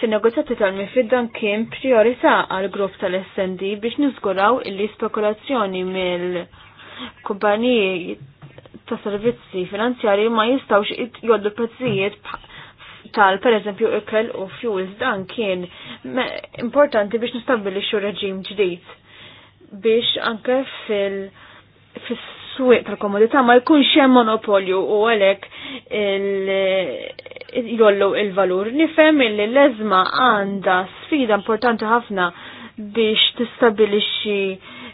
Sin-negozjati tal-mifid dan kien priorità għal grupp tal-SND biex niżguraw il spekulazzjoni mill-kumpaniji ta' servizzi finanzjari ma jistawx jgħoddu pazzijiet tal per eżempju ikel u fuels dan kien importanti biex nistabilixxu reġim ġdid biex anke fil fis-swieq tal-komodità ma jkunx hemm monopolju u għalhekk jollu il-valur. Nifhem li l-eżma għandha sfida importanti ħafna biex tistabilixxi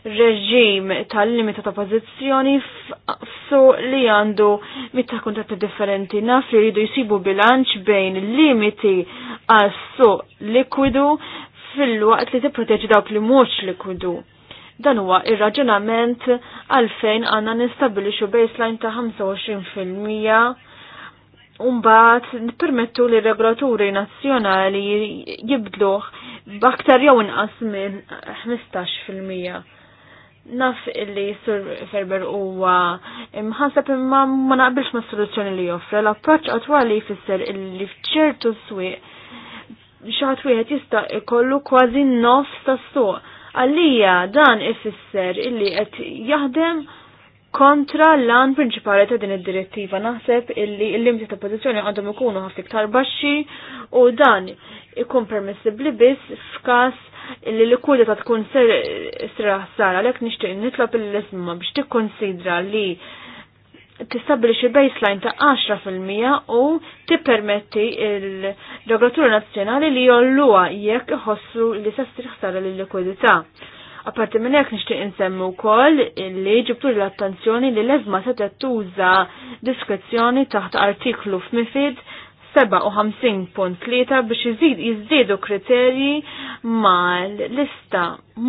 reġim tal-limita ta' pożizzjoni su li għandu mitta kuntratti differenti naf li jridu jsibu bilanċ bejn limiti għal suq likwidu fil-waqt li tipproteġi dawk li mhux likwidu. Dan huwa ir-raġunament għalfejn għandna nistabilixu baseline ta' 25 Umbat, permettu li regolaturi nazjonali jibdluħ baktar jew inqas minn 15% naf illi sur Ferber huwa imħansab imma ma naqbilx ma' soluzzjoni li joffre. L-approċċ għatwali jfisser illi f'ċertu swieq xaħat wieħed jista' ikollu kważi nofs tas-suq. Għalija dan ifisser illi qed jaħdem kontra l-an prinċipali ta' din id-direttiva. Naħseb illi l-limiti ta' pozizjoni għandhom ikunu ħafna iktar baxxi u dan ikun permissibli biss f'każ illi li kuda ta' tkun sra ħsara għalhekk nixtieq nitlob il-lisma biex tikkonsidra li tistabilixi baseline ta' 10% u tippermetti il-Regolatura Nazzjonali li jolluha jekk iħossu li se ħsara lill-likwidità Apparti minn hekk nixtieq insemmi wkoll li ġibtu l-attenzjoni li l ezma se tuża diskrezzjoni taħt artiklu f'Mifid 57.3 biex jizid jizdidu kriterji mal lista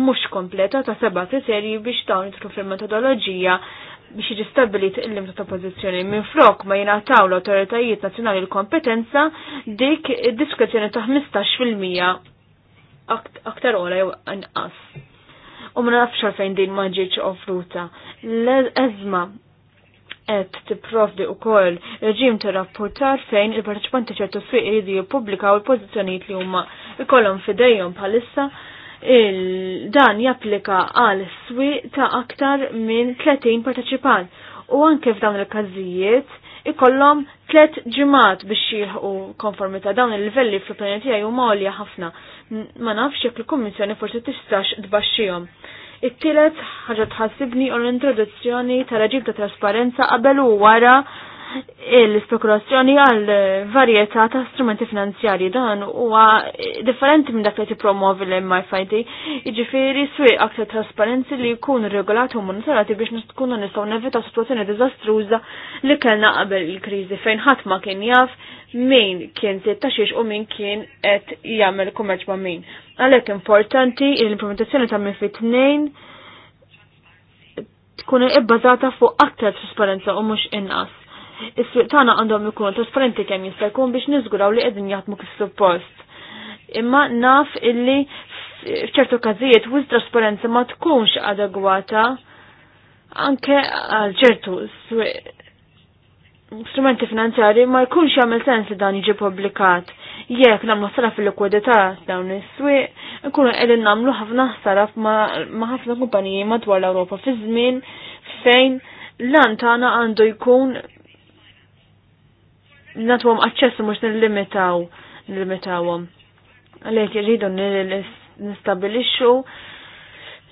mux kompleta ta' seba kriterji biex dawn jitru fil-metodologija biex jiġi stabilit il lim ta' pozizjoni. Minn flok ma jingħataw l-autoritajiet nazjonali l-kompetenza dik diskrezzjoni ta' 15% aktar ola jew anqas u ma nafx fejn din ma ġietx offruta. L-ezma qed tipprovdi wkoll reġim ta' rapportar fejn il-parteċipanti ċertu u publika jippubblikaw il-pożizzjonijiet li huma ikollhom f'idejhom bħalissa dan japplika għal swi ta' aktar minn 30 parteċipant. U anke f'dawn il-każijiet ikollhom tliet ġimat biex jieħu konformita dawn il-livelli fl planeti u huma ħafna. Ma nafx jekk il-Kummissjoni forsi tistax tbaxxihom. It-tielet ħaġa tħassibni u l-introduzzjoni tal raġib ta' trasparenza qabel u wara il spekulazzjoni għal varjetà ta' strumenti finanzjarji dan huwa differenti minn dak li tippromovi l-MIFID, jiġifieri swieq aktar trasparenzi li jkunu regolati u monitorati biex tkunu nistgħu nevita situazzjoni diżastruża li kellna qabel il-kriżi fejn ħadd ma kien jaf min kien se taxiex u min kien qed jagħmel kummerċ ma' min. Għalhekk importanti l-implementazzjoni ta' MIFID 2 tkun ibbażata fuq aktar trasparenza u mhux inqas is-suq tagħna għandhom ikun trasparenti kemm jista' jkun biex niżguraw li qegħdin jaħdmu kif suppost. Imma naf illi f'ċertu każijiet wis trasparenza ma tkunx adegwata anke għal ċertu strumenti finanzjari ma jkunx jagħmel sens li dan jiġi publikat. Jekk nagħmlu ħsara fil-likwidità dawn is-swieq, nkunu qegħdin nagħmlu ħafna ħsara ma' ħafna kumpaniji madwar l-Ewropa fi żmien fejn lan tagħna għandu jkun natwom aċċessu mux nil-limitaw, nil-limitawom. Għalek jirridu nistabilixxu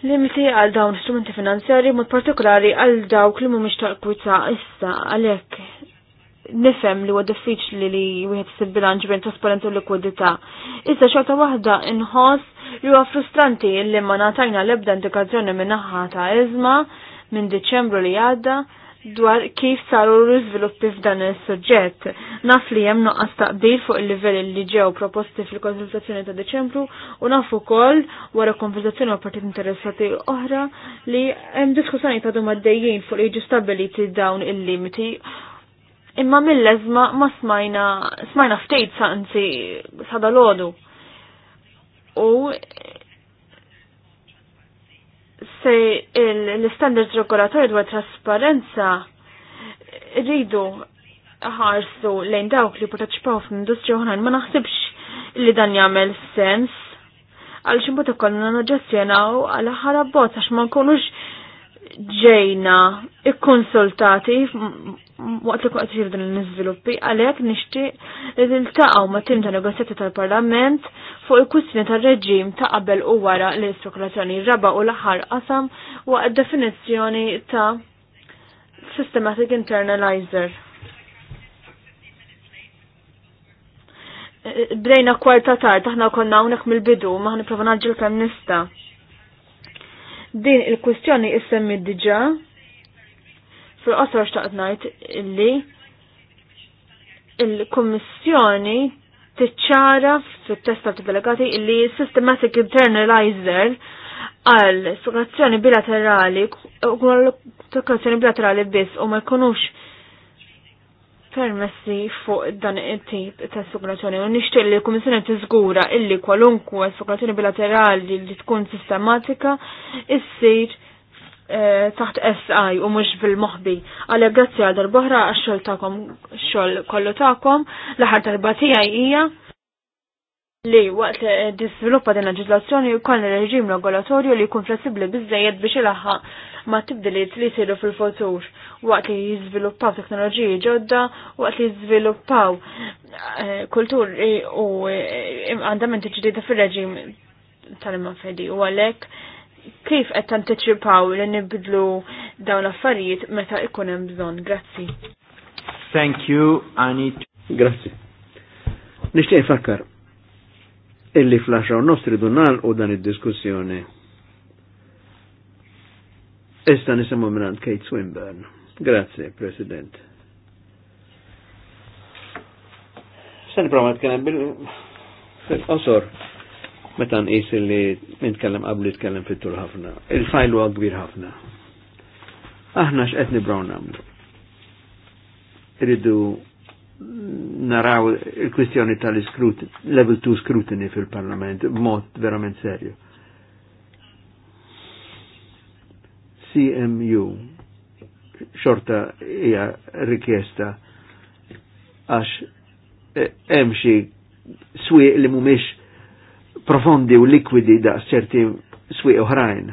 limiti għal dawn strumenti finanzjari, mod partikolari għal dawk li mumiex tal-kwita issa għalek nifem li huwa diffiċli li wieħed s bilanċ bejn trasparenti u likwidità. Issa xorta waħda inħoss li huwa frustranti li ma natajna l-ebda indikazzjoni minn naħa ta' iżma minn Diċembru li għadda dwar kif saru l-iżviluppi f'dan is-suġġett. Naf li hemm noqqas fuq il-livell li ġew proposti fil-konsultazzjoni ta' Deċembru u naf ukoll wara konversazzjoni ma' partit interessati oħra li hemm diskussjoni ta' dum għaddejjin fuq li ġustabiliti dawn il-limiti. Imma mill-leżma ma smajna smajna ftejt sa' anzi sa' dalodu. U se l-standards regolatori dwar trasparenza rridu ħarsu lejn dawk li parteċipaw fl-industrija oħrajn ma naħsibx li dan jagħmel sens għal ximbut ukoll naġġestjonaw għal aħħar abbozz għax ma nkunux ġejna ikkonsultati waqt li kwa tisir din l-nizviluppi, għalek nishtiq li tiltaqaw ma' tim ta' negozjati tal-Parlament fuq il-kwistjoni tal-reġim ta' qabel u wara l-istrukulazzjoni raba u l-aħħar qasam waqt definizzjoni ta' systematic internalizer. Bdejna kwarta tar, taħna konna unek mil bidu maħni provanaġi l kemm Din il-kwistjoni kustjoni issemmi diġà Fil-qosor xtaqt ngħid illi il-Kummissjoni tiċċara fit-testa delegati illi systematic internalizer għal sokrazzjoni bilaterali, sokrazzjoni bilaterali biss u ma jkunux permessi fuq dan it-tip ta' sokrazzjoni. U nixtieq li l-Kummissjoni tiżgura illi kwalunkwe sokrazzjoni bilaterali li tkun sistematika issir Eh, taħt SI u mux bil-moħbi. Għale grazzi għal darbohra għaxxol x xol kollu ta'kom, laħar darbatija hija li waqt di din leġislazzjoni jkollna reġim regolatorju li jkun flessibbli biżejjed biex ilaħħa ma tibdiliet li jsiru fil-futur waqt li jiżviluppaw teknoloġiji ġodda, waqt li jiżviluppaw eh, kultur u għandamenti eh, ġdida fil-reġim tal-imma fedi u għalhekk kif qed tanteċipaw li nibdlu dawn l-affarijiet meta ikun hemm bżonn. Grazzi. Thank you, Anit. Grazzi. Nixtieq nfakkar illi flasha u nostri dunal u dan id-diskussjoni. Issa nisimgħu minn Kate Swinburne. Grazzi, President. Sen prova tkellem bil-qosor meta nqis li nitkellem qablu jitkellem fit-tul ħafna. Il-fajl huwa kbir ħafna. Aħna x'qed nibraw nagħmlu. Irridu naraw il-kwistjoni tal-level 2 scrutiny fil-parlament b'mod verament serju. CMU xorta hija rikjesta għax eh, hemm xi swieq li mhumiex profondi u likwidi da ċerti swi oħrajn.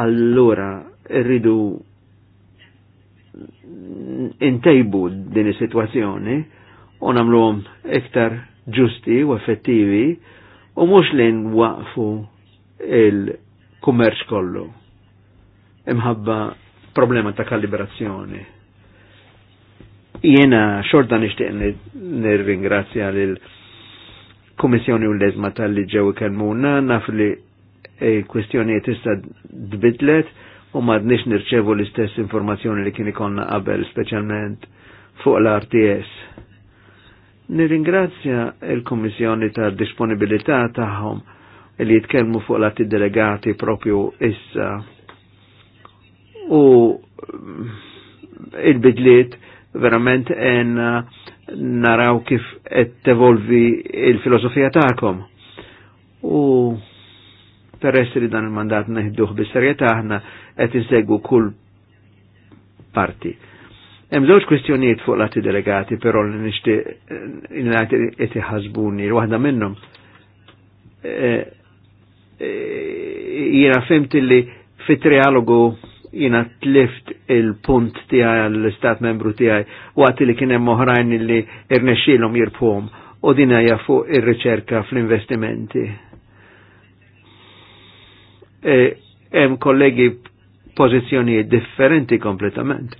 Allura rridu intejbu din is-sitwazzjoni u nagħmluhom iktar ġusti u effettivi u mhux li nwaqfu il-kummerċ kollu imħabba problema ta' kalibrazzjoni. Jena xorta nishtiq nir-ringrazzja lil kummissjoni u l-lezma tal-li ġew kelmuna, naf li eh, kwestjonijiet issa dbidlet u madnix nirċevu l-istess informazzjoni li kien ikonna qabel, specialment fuq l-RTS. Nirringrazzja il-Kommissjoni ta' disponibilità tagħhom li jitkellmu fuq l-atti delegati propju issa u mm, il-bidliet verament uh, naraw kif qed tevolvi il-filosofija tagħkom. U peress li dan il-mandat neħduh bis-serjetà aħna qed insegwu kull parti. Hemm żewġ kwistjonijiet fuq lati delegati, però li nixtieq qed iħasbuni waħda minnhom. Eh, eh, jiena fimt li fit-trialogu jina tlift il-punt tijaj għall-istat membru tijaj għati li kienem moħrajn li irnexilom jirpum u dinajja fuq ir-riċerka fl-investimenti. E, hemm kollegi pożizzjonijiet differenti kompletament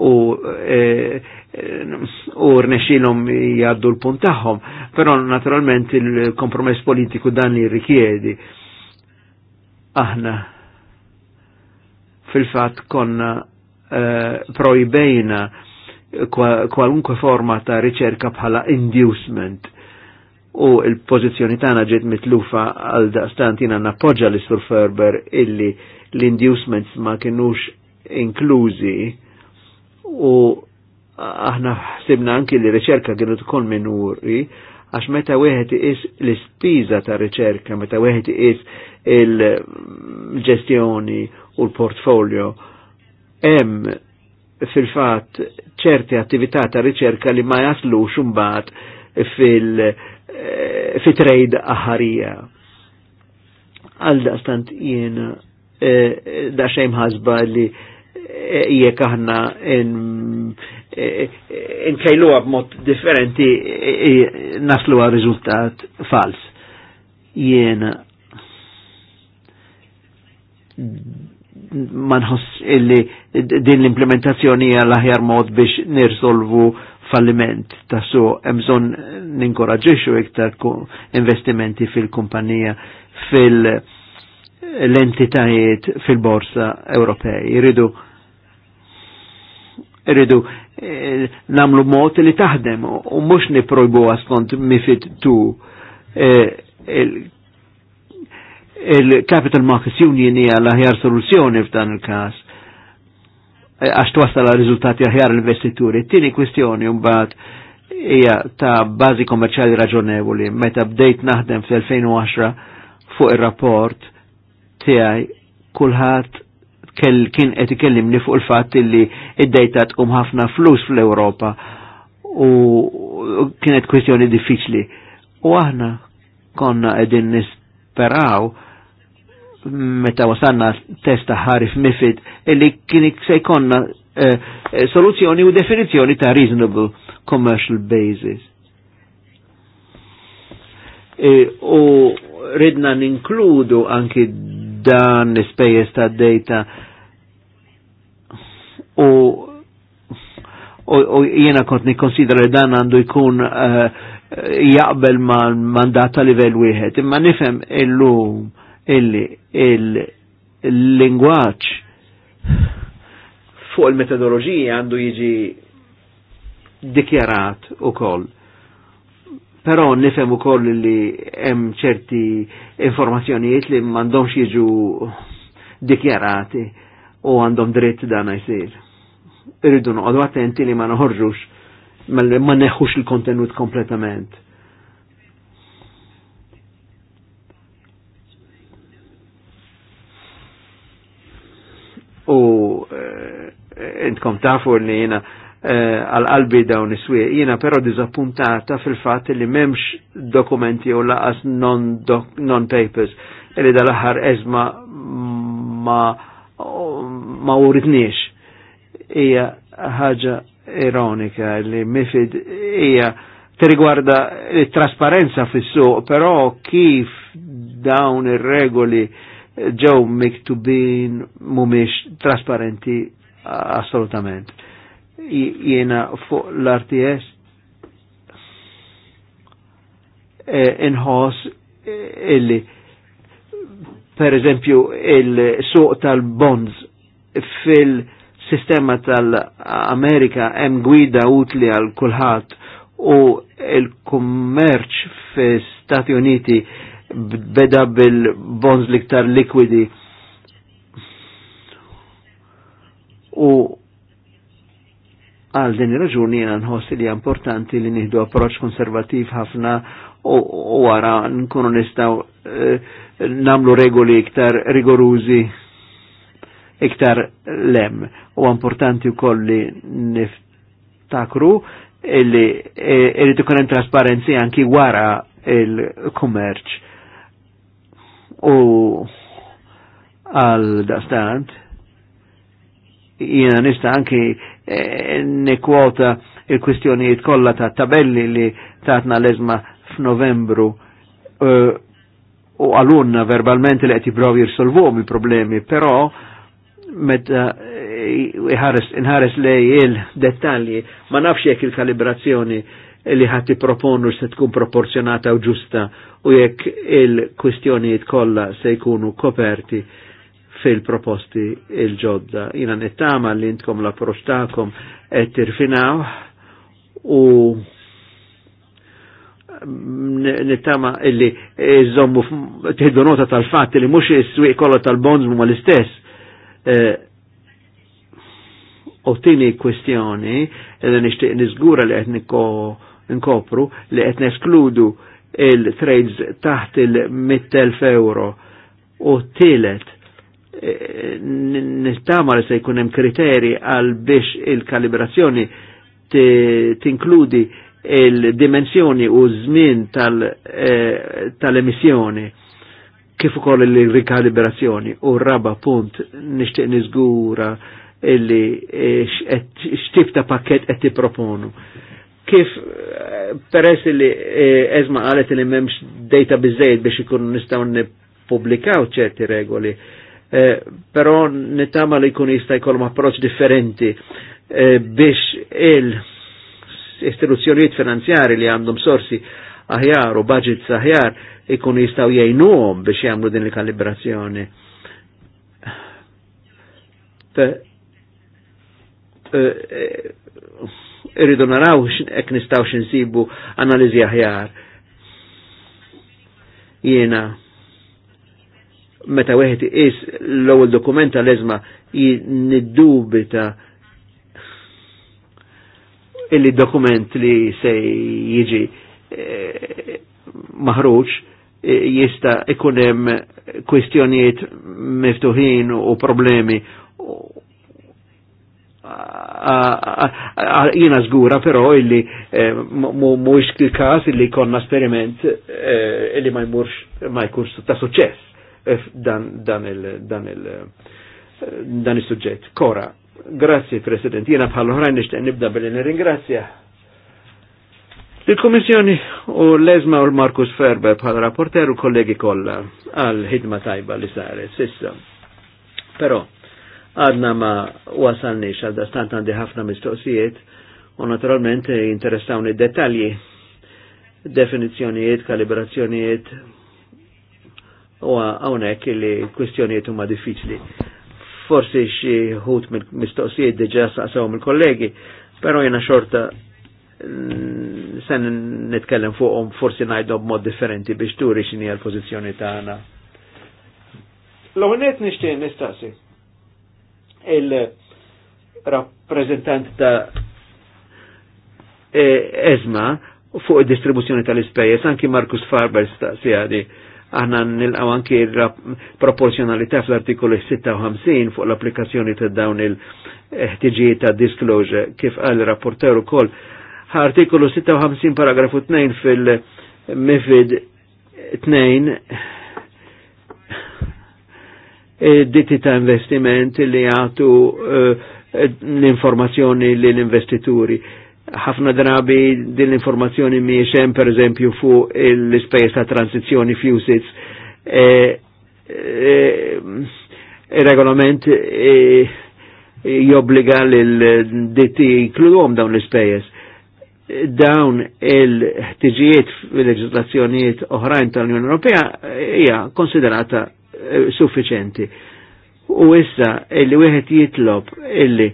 u e, u rnexilom jaddu l-punt tagħhom, però naturalment il-kompromess politiku dan li rikjedi. Aħna fil-fat konna uh, eh, projbejna kwalunkwe forma ta' riċerka bħala inducement u il-pozizjoni tagħna ġiet mitlufa għal daqstant jiena nappoġġa li sur Ferber illi l-inducements ma kinux inklużi u aħna ħsibna anki li riċerka kienu tkun minuri għax meta wieħed is l-ispiża ta' riċerka, meta wieħed is il-ġestjoni, il ġestjoni u l-portfolio. Hemm fil-fatt ċerti attività ta' riċerka li ma jaslux imbagħad fil eh, trade trade aħarija. Għal stant jien eh, da xejm ħasba li eh, jek aħna għab mod differenti naslu għal riżultat fals. Jien manħoss illi din l-implementazzjoni għal aħjar mod biex nirsolvu falliment ta' su emżon ninkoraġġixu iktar investimenti fil-kumpanija fil-entitajiet fil-borsa Ewropej. Iridu irridu eh, namlu mod li taħdem u mux niprojbu għaskont mifid tu eh, il-Capital Markets Union hija l-aħjar soluzzjoni f'dan il-każ e, għax twassal għal riżultati aħjar l-investituri. Tieni kwistjoni mbagħad hija ta' bażi kommerċjali raġonevoli. Meta bdejt naħdem fl-2010 fuq ir-rapport tiegħi kulħadd kien qed ikellimni fuq il-fatt li id-dejta tkun ħafna flus fl-Ewropa u kienet kwistjoni diffiċli. U aħna konna qegħdin nisperaw meta wasanna testa ħarif mifid illi kien se jkonna eh, eh, soluzzjoni u definizjoni ta' reasonable commercial basis. Eh, u ridna ninkludu anki dan l-spejjeż ta' data u u jiena kont nikkonsidra li dan għandu jkun eh, jaqbel ma' mandat ta' livell wieħed, imma nifhem illum illi il-lingwaċ fuq il-metodologija għandu jiġi dikjarat u koll. Pero nifem u koll li hemm ċerti informazzjonijiet li mandomx jiġu dikjarati u għandhom dritt dan jsir. Irridu noqogħdu attenti li ma noħorġux ma neħux il-kontenut kompletament. u eh, intkom tafu li jina eh, għal-qalbi dawn iswie swie Jina però dizappuntata fil-fatt li memx dokumenti u laqas non-papers li dal-aħħar ezma ma ma uritniex. Ija ħaġa ironika li mifid ija tirigwarda il-trasparenza fis-suq, però kif dawn ir-regoli ġew miktubin mumiex trasparenti assolutament. Jiena fuq l-RTS e, inħos e, illi per eżempju il-suq tal-bonds fil-sistema tal-Amerika hemm gwida utli għal kulħadd u il-kummerċ fil Stati Uniti beda bil-bonds liktar likwidi u għal din raġuni jena nħossi li importanti li nieħdu approċ konservativ ħafna u għara nkunu nistaw eh, namlu regoli iktar rigorużi iktar lem. U importanti u kolli niftakru illi eh, irrid ikun hemm trasparenzi anki wara il-kummerċ U għal dastant jina nista anki eh, nekwota il-kwistjonijiet kollha ta' tabelli li tatna l-ezma f'Novembru uh, u għalunna verbalment li qed jipprovi jirsolvom il-problemi, però meta eh, inħares lej il-dettalji ma nafx jekk il-kalibrazzjoni li ħati proponu se tkun proporzjonata u ġusta u jekk il-kwistjonijiet kollha se jkunu koperti fil-proposti il-ġodda. Jina nittama li intkom l proċtakom ta'kom qed tirfinaw u nittama illi jizzommu tħiddu nota tal-fatt li mhux is-swieq tal bonz huma l-istess. Eh, u tini kwestjoni, edhe nishtiq nizgura li għetniko nkopru li qed neskludu il-trades taħt il-100.000 euro u tielet e, nittama li se jkun hemm kriteri għal biex il-kalibrazzjoni tinkludi il-dimensjoni u żmien e, tal-emissjoni kif ukoll il-rikalibrazzjoni u raba punt nixtieq niżgura illi e, x'tip ta' pakket qed tipproponu. proponu kif eh, peress li eh, ezma għalet li memx data bizzejt biex ikun nistaw nipublikaw ċerti regoli, eh, pero nittama li jkun jista jkollhom approċ differenti biex il-istituzzjonijiet finanzjari li għandhom sorsi aħjar u budget aħjar ikun jistaw jgħinuhom biex jagħmlu din il-kalibrazzjoni. Uh, irridu naraw ek nistaw xinsibu analizi aħjar. Jena, meta weħti is l-ewwel dokumenta lezma jiddubita niddubita illi dokument li se jiġi eh, eh jista ikunem hemm kwistjonijiet miftuħin u problemi jina zgura però illi eh, mux il-kas illi konna esperiment eh, illi ma jmurx ma jkunx ta' suċess eh, dan il-sujġet. Kora, grazzi President, jina bħal oħrajn nishtaq nibda billi nirringrazzja. Il-Komissjoni u l-Ezma u l-Markus Ferber bħal rapporter u kollegi kolla għal-ħidma tajba li saret sissa. Pero, għadna ma wasalni għal dastant għandi ħafna mistoqsijiet u naturalment interessawni dettalji, definizjonijiet, kalibrazzjonijiet u għawnek li kwistjonijiet huma diffiċli. Forsi xi ħut mistoqsijiet deġa saqsaw mill-kollegi, pero jena xorta sen nitkellem fuqhom forsi ngħidu b'mod differenti biex turi x'inhi l-pożizzjoni tagħna. L-għonet nixtieq nistaqsi il-rappresentant ta' e- ezma fuq il-distribuzzjoni tal-ispejjeż, anki Markus Farber għanna aħna għaw anki proporzjonalità fl artikoli 56 fuq l-applikazzjoni ta' dawn il-ħtiġijiet ta' disclosure kif għal rapporter ukoll. Artikolu 56 paragrafu 2 fil-MIFID 2 ditti ta' investiment li għatu eh, l-informazzjoni li l-investituri. ħafna drabi din l-informazzjoni mi hemm per eżempju fu l ispejs ta' transizjoni f'usits. Il-regolament eh, eh, jobbliga l-ditti jikluhom dawn l ispejs dawn il-ħtiġijiet fil-leġislazzjonijiet oħrajn tal-Unjoni Ewropea hija konsiderata Eh, suffiċenti. U issa illi wieħed jitlob illi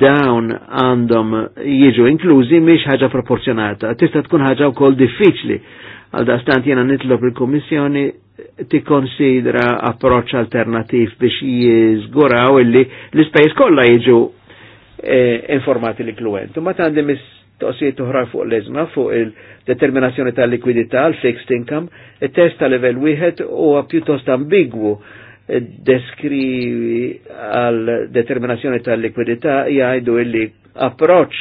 dawn għandhom jiġu inklużi miex ħaġa proporzjonata. Tista' tkun ħaġa wkoll diffiċli. Għal dastant jena nitlob il-Kommissjoni tikkonsidra approċċ alternativ biex jiżguraw illi l-ispejs kollha jiġu eh, informati l-kluent. Ma tandi mis toqsijiet uħra fuq l-ezma fuq il-determinazzjoni tal-likwidità, l-fixed income, il-test tal-level wieħed u pjuttost ambigwu deskrivi għal determinazzjoni tal-likwidità jgħajdu illi approċ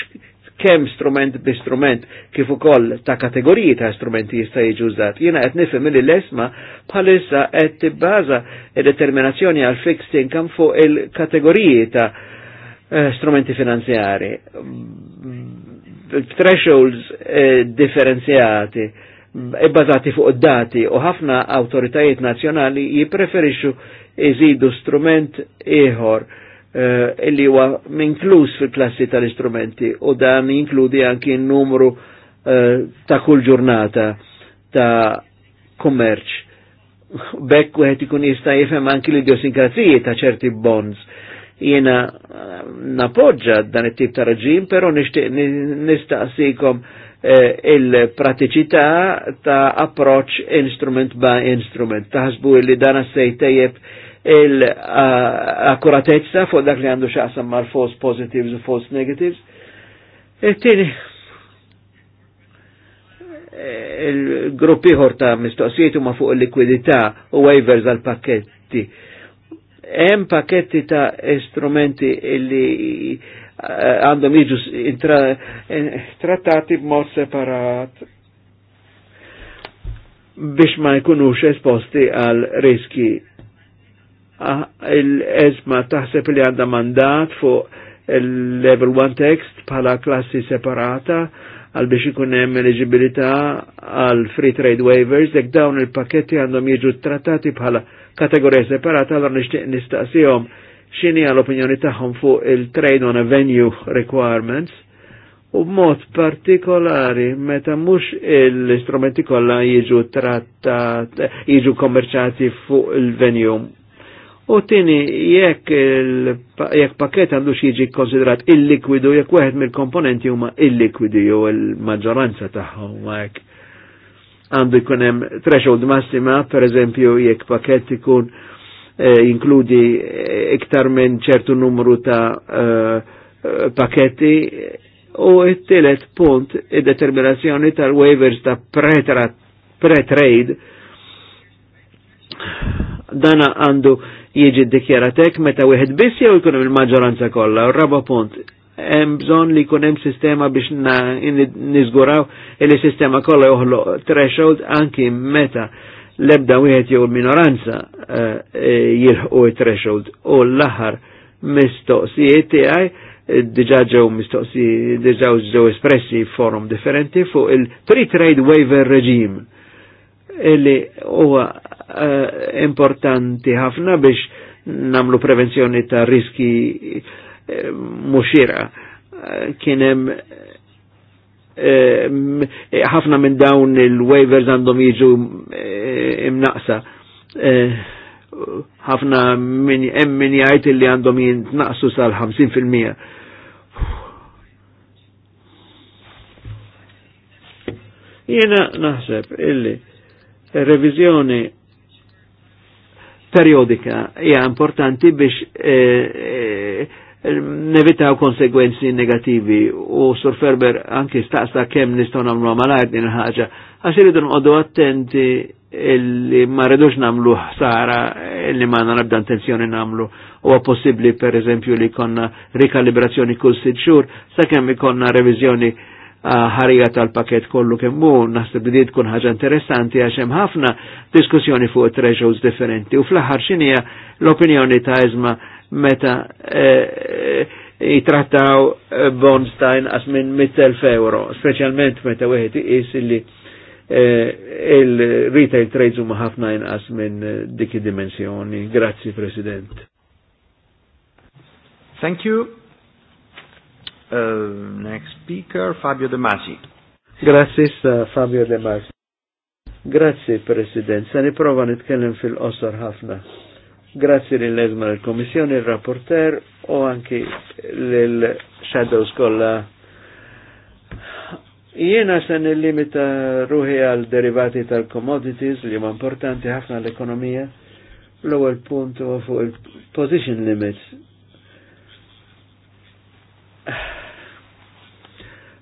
kemm strument bi strument kif ukoll ta' kategoriji ta' strumenti jista' jiġi użat. Jiena qed nifhem li l-esma bħalissa qed tibbaża determinazzjoni għal fixed income fuq il-kategoriji ta' eh, strumenti finanzjari thresholds eh, differenzjati bbażati e fuq dati u ħafna autoritajiet nazzjonali jipreferixxu iżidu strument ieħor eh, illi huwa minkluż fil-klassi tal-istrumenti u dan jinkludi anki n-numru eh, ta' kull ġurnata ta' kummerċ. Bekk wieħed ikun jista' jifhem anki l idiosinkrazijiet ta' ċerti bonds Jena eh, napoġġa dan it-tip ta' reġim, pero nistaqsikom eh, il-pratiċità ta' approċ instrument ba' instrument. Taħsbu li sej sejtejjeb il-akkuratezza fuq dak li għandu xaqsam mal false positives u false negatives. Il-tini, e eh, il-gruppi ta' mistoqsijiet huma fuq il-likwidità u waivers għal pakketti. Hemm pakketti ta' istrumenti illi eh, għandhom jiġu eh, trattati b'mod separat biex ma jkunux esposti għal riski. Ah, il-ezma taħseb li għandha mandat fuq il-level 1 text bħala klassi separata għal biex ikun hemm eligibilità għal free trade waivers, jekk dawn il-paketti għandhom jiġu trattati bħala kategorija separata, allora nixtieq nistaqsihom x'inhi l-opinjoni tagħhom fuq il-trade on a venue requirements u b'mod partikolari meta mhux l-istrumenti kollha jiġu trattat jiġu kommerċati fuq il-venue U tini, jekk jekk paket għandu xieġi konsiderat illikwidu, jekk weħed mill-komponenti huma il-likwidu jew il-maġġoranza tagħhom hekk għandu jkun hemm threshold massima, per eżempju, jekk paket ikun eh, inkludi eh, iktar minn ċertu numru ta' eh, eh paketti u it telet punt id-determinazzjoni tal-waivers ta' pre-trade pre dana għandu jieġi tek meta wieħed biss jew ikun il-maġġoranza kollha. U raba punt, hemm bżonn li jkun hemm sistema biex niżguraw li sistema kollha joħloq threshold anki meta l-ebda wieħed jew minoranza eh, eh, jilħqu threshold u l-aħħar mistoqsijiet tiegħi eh, diġa ġew mistoqsi diġa ġew espressi forum differenti fuq il-free trade waiver regime illi huwa uh, importanti ħafna biex namlu prevenzjoni ta' riski uh, muxira. Eh, kienem ħafna uh, minn dawn il-waivers għandhom jiġu imnaqsa. ħafna minn hemm min jgħid li għandhom jintnaqsu sal-50%. Jena naħseb illi revizjoni periodika hija importanti biex eh, eh, nevitaw konsegwenzi negativi u Sur Ferber anki staqsa kemm nistgħu nagħmlu malajr din il-ħaġa għax iridu nqogħdu attenti illi ma rridux nagħmlu ħsara illi ma nabda intenzjoni nagħmlu huwa possibbli pereżempju li konna rikalibrazzjoni kull sitt xhur sakemm ikonna reviżjoni ħarija tal-paket kollu kemmu, naħseb li tkun ħaġa interessanti għax hemm ħafna diskussjoni fuq treasures differenti u fl-aħħar xinija l-opinjoni ta' eżma meta eh, eh, jitrattaw eh, bonds ta' inqas minn 100.000 euro, specialment meta wieħed iqis li il-retail trades huma ħafna inqas minn dik dimensjoni. Grazzi President. Thank you. Uh, next speaker, Fabio De Masi. Grazie, Fabio De Masi. Grazie, President. Se niprofa nitkellem fil-qosor Hafna. Grazie lill-ezma l-Komissjoni, il-rapporter o anche l Shadow kolla. Jiena se limita ruħi għal derivati tal-commodities li ma importanti ħafna l-ekonomija. L-ewwel punt huwa fuq il-position limits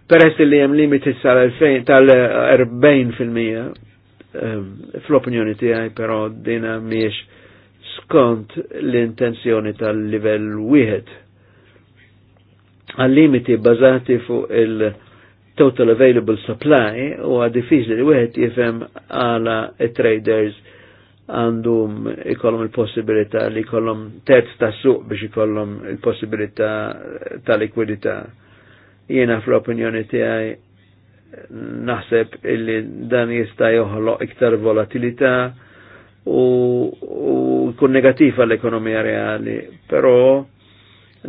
peress li hemm limiti tal-40% ehm, fl-opinjoni tiegħi però dina miex skont l-intenzjoni tal-livell wieħed. Għal-limiti bazati fuq il-total available supply u għadifiż li wieħed jifem għala traders għandhom ikollhom il-possibilità li jkollhom terz ta' suq biex ikollhom il-possibilità ta' likwidità. Ta Jiena fl-opinjoni tiegħi naħseb illi dan jista' joħloq iktar volatilità u jkun negativ għall-ekonomija reali, però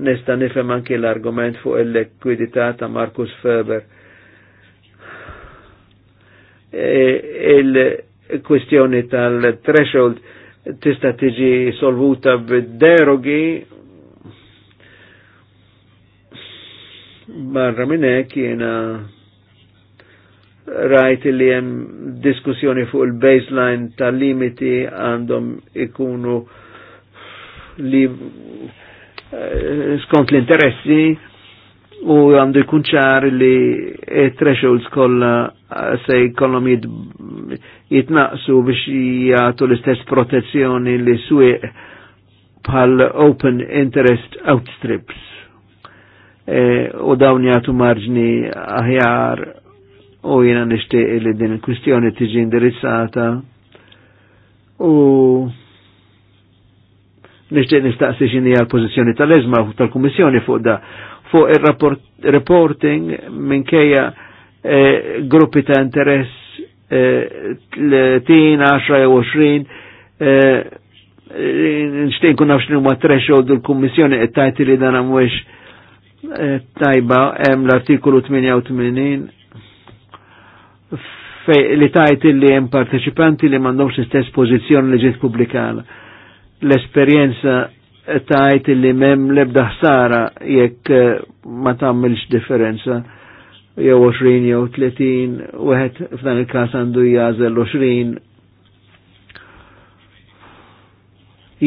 nista nifhem anki l-argument fuq il-likwidità ta' Markus Feber. E, il-kwistjoni tal-threshold tista' tiġi solvuta b'derogi barra minn hekk rajt li jem diskussjoni fuq il-baseline tal-limiti għandhom ikunu li eh, skont l-interessi u għandu jkun ċar li e thresholds kolla eh, se jkollhom jitnaqsu biex jgħatu l-istess protezzjoni li swieq bħal open interest outstrips. E, u dawn jagħtu marġni aħjar u jiena nixtieq li din il-kwistjoni tiġi indirizzata u nixtieq nistaqsi x'inhi l-pożizzjoni tal-eżma tal-Kummissjoni fuq da fuq ir-reporting minkejja e, gruppi ta' interess eh, 30, 10 jew 20 eh, nixtieq nkun nafx li huma threshold l-Kummissjoni qed tgħid li dan mhuwiex Eh, tajba hemm l-artikolu 88 fej li tajt li hemm partecipanti li m'għandhomx l-istess pożizzjoni li ġiet pubblikana. L-esperjenza tajt li m'hemm lebda ħsara jekk eh, ma tagħmilx differenza jew 20 jew 30, wieħed f'dan il-każ għandu jażel 20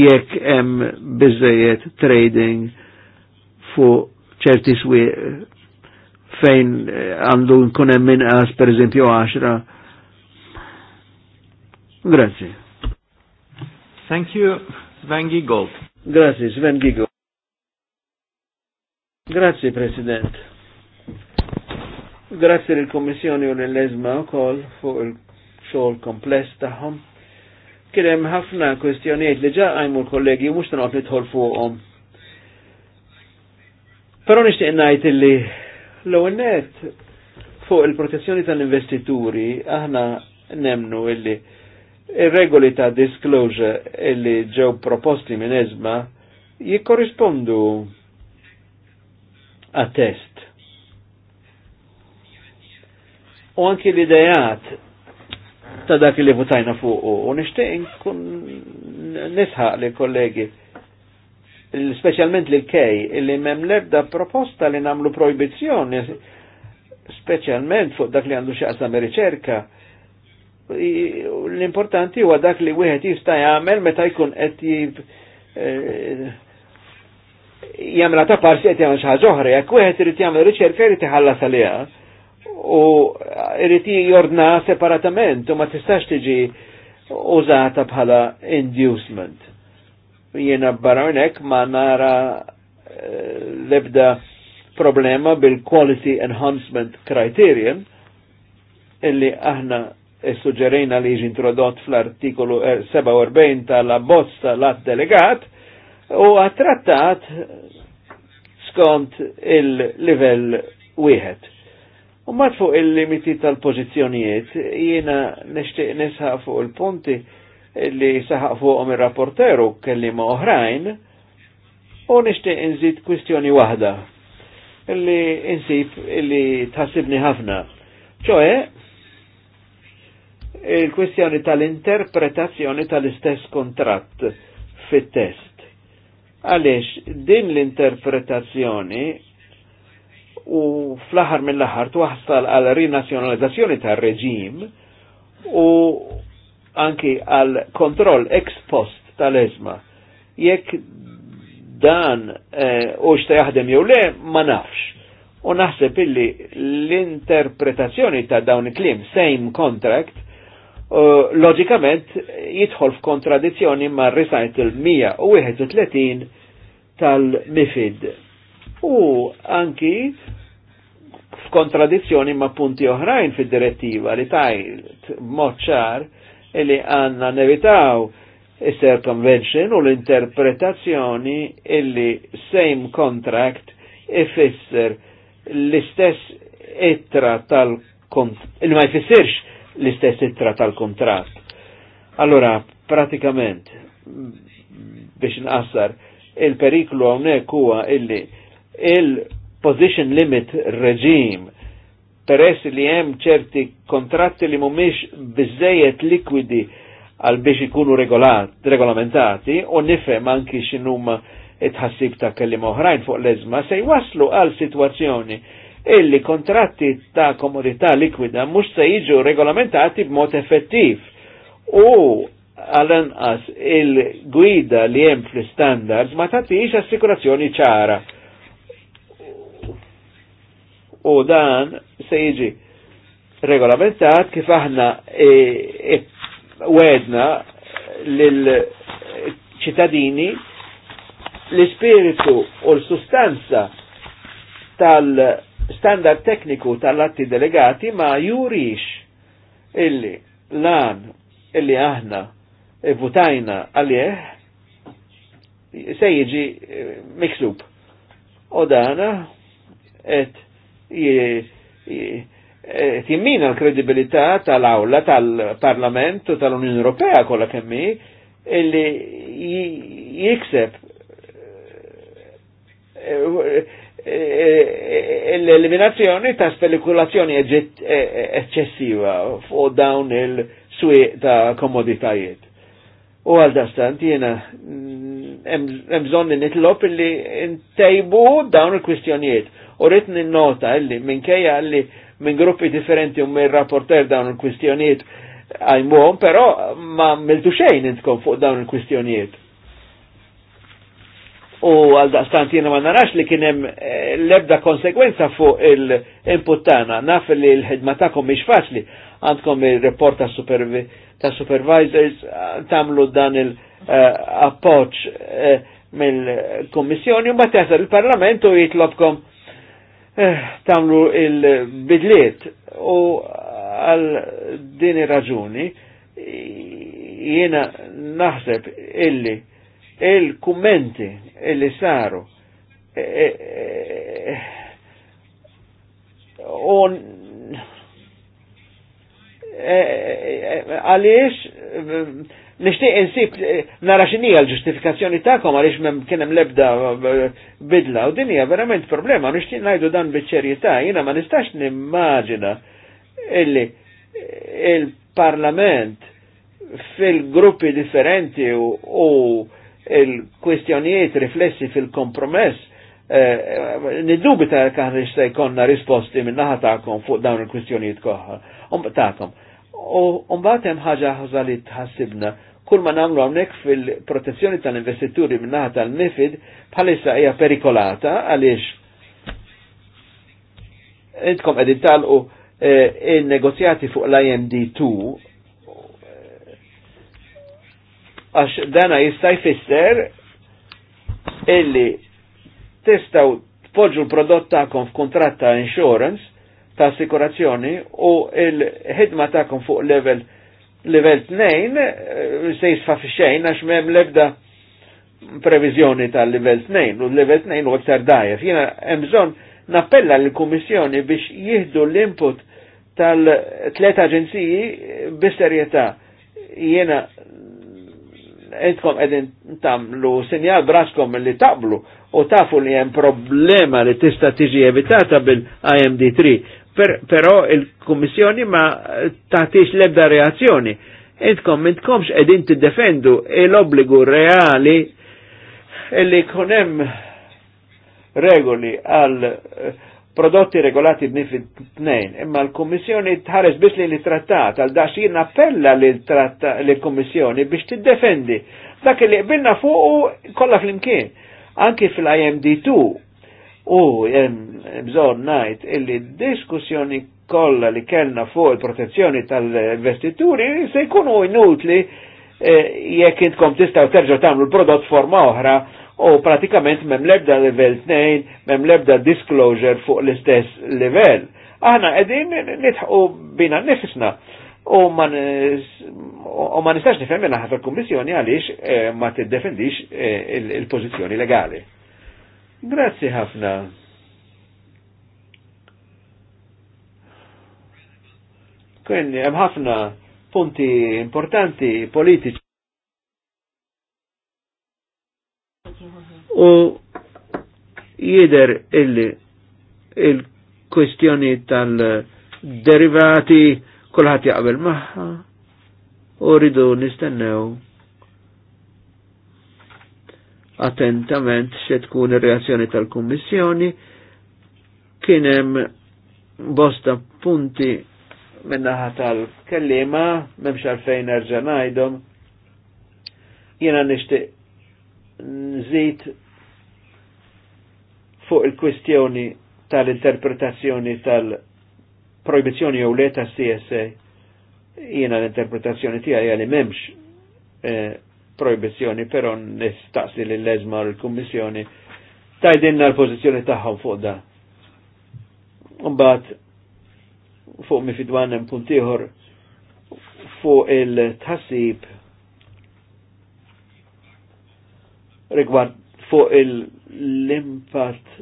jekk hemm biżejjed trading fuq ċerti swi fejn eh, għandu nkunem minn għas per eżempju għaxra. Grazzi. Thank you, Sven Gigold. Grazzi, Sven Gigold. Grazzi, President. Grazzi l Komissjoni u l-Lezma u kol fuq il-xol kompless taħħom. Kien ħafna kwestjonijiet li ġa l-kollegi u mux mhux tanqod nidħol fuqhom Però nixtieq ngħid illi l-ewwel net fuq il-protezzjoni tal-investituri aħna nemnu illi ir-regoli ta' disclosure illi ġew proposti minn ezma jikkorrispondu a test U anki l-idejat ta' dak li votajna fuq u nishtiq nkun nisħaq li kollegi specialment li kej li mem lebda proposta li namlu proibizjoni, specialment fuq dak li għandu me riċerka, l-importanti huwa dak li wieħed jista' jagħmel meta jkun qed e, jagħmel ta' parsi qed jagħmel xi ħaġa oħra, jekk wieħed irid jagħmel riċerka jrid iħallas għaliha u irid jordna separatament u ma tistax tiġi użata bħala inducement Jiena barawnek ma nara eh, lebda problema bil-quality enhancement criterion illi aħna suġġerejna li jiġi introdott fl-artikolu 47 eh, tal-abbozza lat delegat u għattrattat skont il-level wieħed. U mat fuq il-limiti tal-pozizjonijiet jiena nishtiq nisħa fuq il-punti li saħaq fuqhom il rapporteru kellima oħrajn u nixtieq inżid kwistjoni waħda li insib li tħassibni ħafna. ċoħe, il-kwistjoni tal-interpretazzjoni tal-istess kontratt fit-test. Għaliex din l-interpretazzjoni u fl ħar mill ħar twaħsal għal rinazjonalizzazzjoni tal-reġim u anki għal kontroll ex post tal-ezma. Jekk dan eh, u xta jaħdem jew le, ma nafx. U naħseb illi l-interpretazzjoni ta' dawn il-klim, same contract, eh, loġikament jidħol f'kontradizzjoni ma' recital 131 tal-MIFID. U anki f'kontradizzjoni ma' punti oħrajn fid-direttiva li tajt moċċar li għanna nevitaw il circonvention u l-interpretazzjoni illi same contract ifisser l-istess ittra tal-kontrat, il ma jfissirx l-istess ittra tal-kontrat. Allora, pratikament, biex nqassar, il-periklu għonek huwa illi il-position limit regime peress li hemm ċerti kontratti li mhumiex biżejjed likwidi għal biex ikunu regolamentati u nifhem anki x'inhuma it ta' kellim oħrajn fuq l-ezma se jwaslu għal situazzjoni illi kontratti ta' komodità likwida mhux se jiġu regolamentati b'mod effettiv. U għal-anqas il-gwida li hemm fl-standards ma tagħtix assikurazzjoni ċara u dan se jiġi regolamentat kif aħna e, e, wedna lil-ċittadini l-ispiritu u l-sustanza tal-standard tekniku tal-atti delegati ma jurix illi lan illi aħna votajna għalieħ se jiġi e, miksub. U dana et E, timmina l-kredibilità tal-Awla, tal-Parlament u tal-Unjoni Ewropea kollha kemmi illi jikseb e, e, l-eliminazzjoni ta' spelikulazzjoni eccessiva fuq dawn il-swieq ta' komoditajiet. U għal dastant jena mm, hemm bżonn nitlob illi ntejbu dawn il-kwistjonijiet U rrit nota illi minkejja illi minn gruppi differenti u minn rapporter dawn il-kwistjonijiet għajmuħom, però ma miltu xejn intkom fuq dawn il-kwistjonijiet. U għal daqstant jena ma narax li kienem eh, lebda konsekwenza fuq il-input tana, Naf li l-ħidma tagħkom miex faċli. Għandkom il-report ta' supervi ta' supervisors eh, tamlu dan il-appoċ eh, mill-kommissjoni u ma jasal il-parlament u jitlobkom Eh, tamlu il-bidliet u għal dini raġuni jiena naħseb illi il-kummenti illi saru eh, eh, u e, għaliex Nishtiq insib eh, nara x'inija l-ġustifikazzjoni tagħkom għaliex m'hemm kien hemm lebda eh, bidla u din hija verament problema, nixtieq ngħidu dan biċċerjetà, jiena ma nistax nimmaġina illi il-Parlament fil-gruppi differenti u, il-kwestjonijiet riflessi fil-kompromess eh, niddubita kħan se jkonna risposti minnaħa ta'kom fuq dawn il-kwestjonijiet koħħa um, ta'kom. U mbatem ħaġa ħaza ħassibna kull ma namlu għamnek fil-protezzjoni tal-investituri minnaħa tal-mifid bħalissa hija perikolata għaliex intkom edin talqu eh, il-negozjati fuq l-IMD2 eh, għax dana jistaj jfisser illi testaw tpoġu l-prodott tagħkom f'kuntratt ta' insurance ta' assikurazzjoni u l-ħidma tagħkom fuq level Level 2 eh, se jisfa fi xejn għax mem lebda previżjoni tal-level 2 u level 2 u aktar Jiena hemm emżon nappella l-Kummissjoni biex jihdu l-input tal-tlet aġenziji bis-serjetà. Jena għedkom għedin tamlu sinjal braskom li taqblu u tafu li jem problema li tista tiġi evitata bil-IMD3 per, però il-Kommissjoni ma taħtix lebda reazzjoni. Intkom, intkomx edin tiddefendu l-obbligu reali li konem regoli għal eh, prodotti regolati b'nifid tnejn, imma l-Kommissjoni tħares biex li l-trattat, għal daċin appella li l-Kommissjoni biex tiddefendi dak li qbilna fuq kollha flimkien. Anki fil-IMD2 U bżon najt illi diskussjoni kollha li kellna fuq il-protezzjoni tal-investituri se jkunu inutli eh, jekk intkom tistaw terġgħu tagħmlu l-prodott forma oħra u pratikament mem lebda level 2, mem lebda disclosure fuq l-istess level. Aħna edin nitħu bina nifisna u ma nistax nifhem minna ħafna kummissjoni għaliex eh, ma tiddefendix eh, il-pożizzjoni legali. Grazzi ħafna. Kwen, hemm ħafna punti importanti politiċi. U jider illi il-kwestjoni tal-derivati kulħadd jaqbel maħħa u rridu nistennew attentament se tkun ir-reazzjoni tal-Kummissjoni kien hemm bosta punti minnaħa tal-kellima m'hemmx għalfejn nerġa' ngħidhom. Jiena nixtieq nżid fuq il-kwistjoni tal-interpretazzjoni tal-proibizjoni jew le tas-CSA jiena l-interpretazzjoni tiegħi li m'hemmx eh, proibizjoni, pero nistaqsi li l-ezma l-Kommissjoni tajdinna l-pozizjoni taħħom fuq da. Umbat, fuq mi fidwan puntiħor fuq il-tħassib rigward fuq l-impatt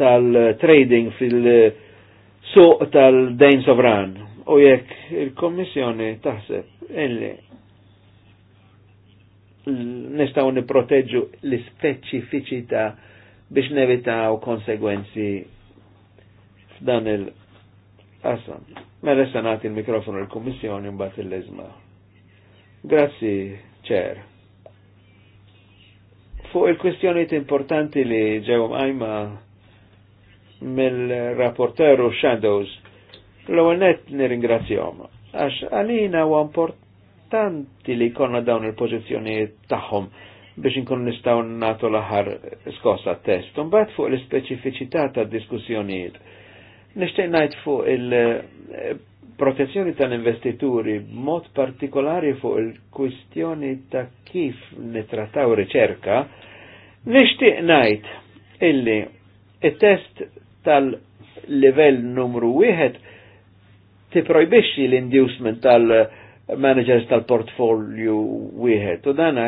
tal-trading fil-suq tal-dejn sovran u jekk il-Kommissjoni taħseb illi nistaw niproteġu l speċifiċita biex nevitaw konsegwenzi f'dan il-qasam. Mela issa nagħti l-mikrofonu l-Kummissjoni mbagħad il-leżma. Grazzi, ċer. Fuq il-kwistjonijiet importanti li ġew għajma mill-rapporteru Shadows, l-ewwel net nirringrazzjahom għax għalina huwa import importanti li jkollna dawn il-pożizzjonijiet tagħhom biex inkun nistgħu nagħtu l-aħħar skossa test. Mbagħad fuq l-ispeċifiċità tad-diskussjonijiet. Nixtieq ngħid fuq il-protezzjoni tal-investituri b'mod partikolari fuq il-kwistjoni ta' kif nitrattaw riċerka, nixtieq ngħid illi it-test tal-livell numru wieħed tiprojbixxi l-inducement tal- managers tal-portfolju wieħed. U dan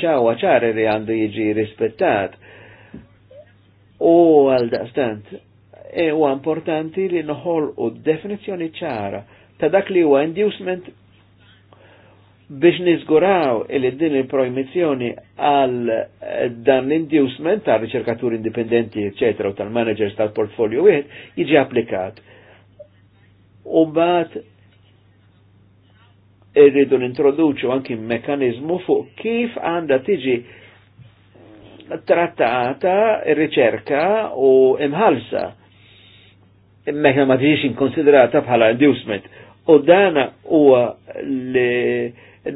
ċawa ċari li għandu jiġi rispettat. U għal daqstant, e u importanti li noħol u definizjoni ċara ta' dak li huwa inducement biex nizguraw il din il-proimizjoni għal eh, dan l-inducement tal riċerkaturi indipendenti, eccetera, u tal-managers tal-portfolio wieħed jiġi applikat. U bat irridu nintroduċu anki mekanizmu fuq kif għanda tiġi trattata riċerka u imħalsa meħna ma tiġix inkonsiderata bħala inducement u dana huwa li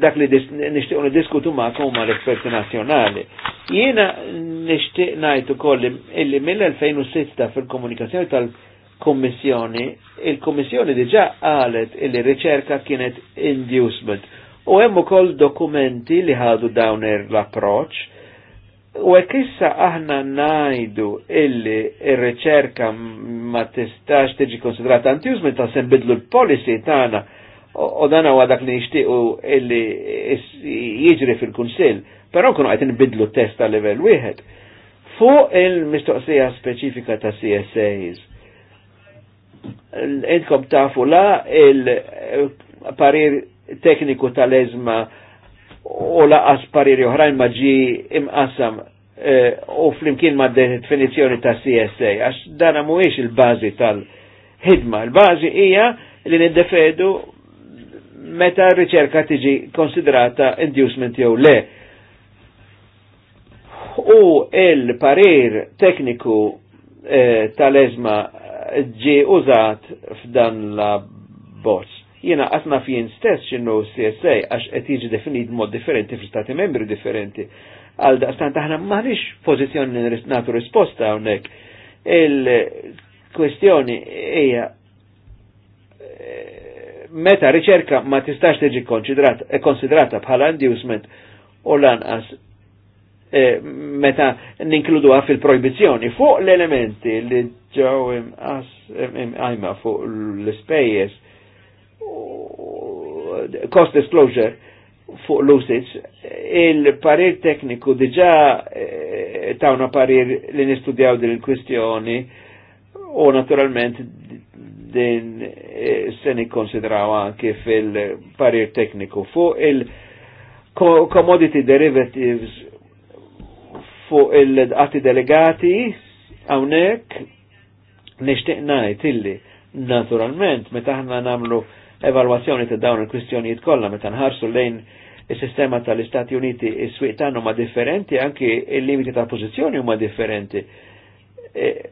dak li nishtiq diskutu ma kumma l-esperti nazjonali. Jiena nishtiq najtu kolli illi mill-2006 fil-komunikazzjoni tal- kommissjoni, il-kommissjoni diġa għalet il riċerka kienet inducement u hemm ukoll dokumenti li ħadu dawn l-approċ u hekk issa aħna ngħidu illi r riċerka ma tistax tiġi konsidrata inducement ta' sembidlu l-policy tagħna u dan huwa dak li nixtiequ illi jiġri fil-kunsill, però nkunu qed nbidlu test ta' level wieħed. Fuq il-mistoqsija speċifika ta' CSAs Intkom tafu la il-parir eh, tekniku tal-ezma u laqas parir oħrajn ma ġi imqassam eh, u flimkien ma' definizjoni ta' CSA, għax dana muwiex il-bazi tal-ħidma. Il-bazi hija li niddefedu meta r-riċerka tiġi konsiderata inducement jew le. U il-parir tekniku eh, tal-ezma ġi użat f'dan la bots. Jena għasna fien stess xinnu CSA għax qed jiġi definit mod differenti fl-stati membri differenti. Għal daqstan taħna maħniex pozizjoni natu risposta hawnhekk. Il-kwestjoni hija eh, meta riċerka ma tistax tiġi konsidrata bħala inducement u lanqas eh, meta ninkluduha fil-projbizzjoni fuq l-elementi li ġew imqajma fuq l spejjes cost disclosure fuq l-usage, il-parir tekniku diġa eh, tawna parir li nistudjaw din il-kwistjoni u naturalment din eh, se nikkonsidraw anke fil-parir tekniku fuq il-commodity derivatives fuq il dqati delegati għawnek nishtiq najt illi naturalment meta ħna namlu evalwazzjoni ta' dawn il-kwistjonijiet kollha meta nħarsu lejn is-sistema tal-Istati Uniti is-swieq tagħna huma differenti anki il-limiti tal pożizzjoni huma differenti Eh,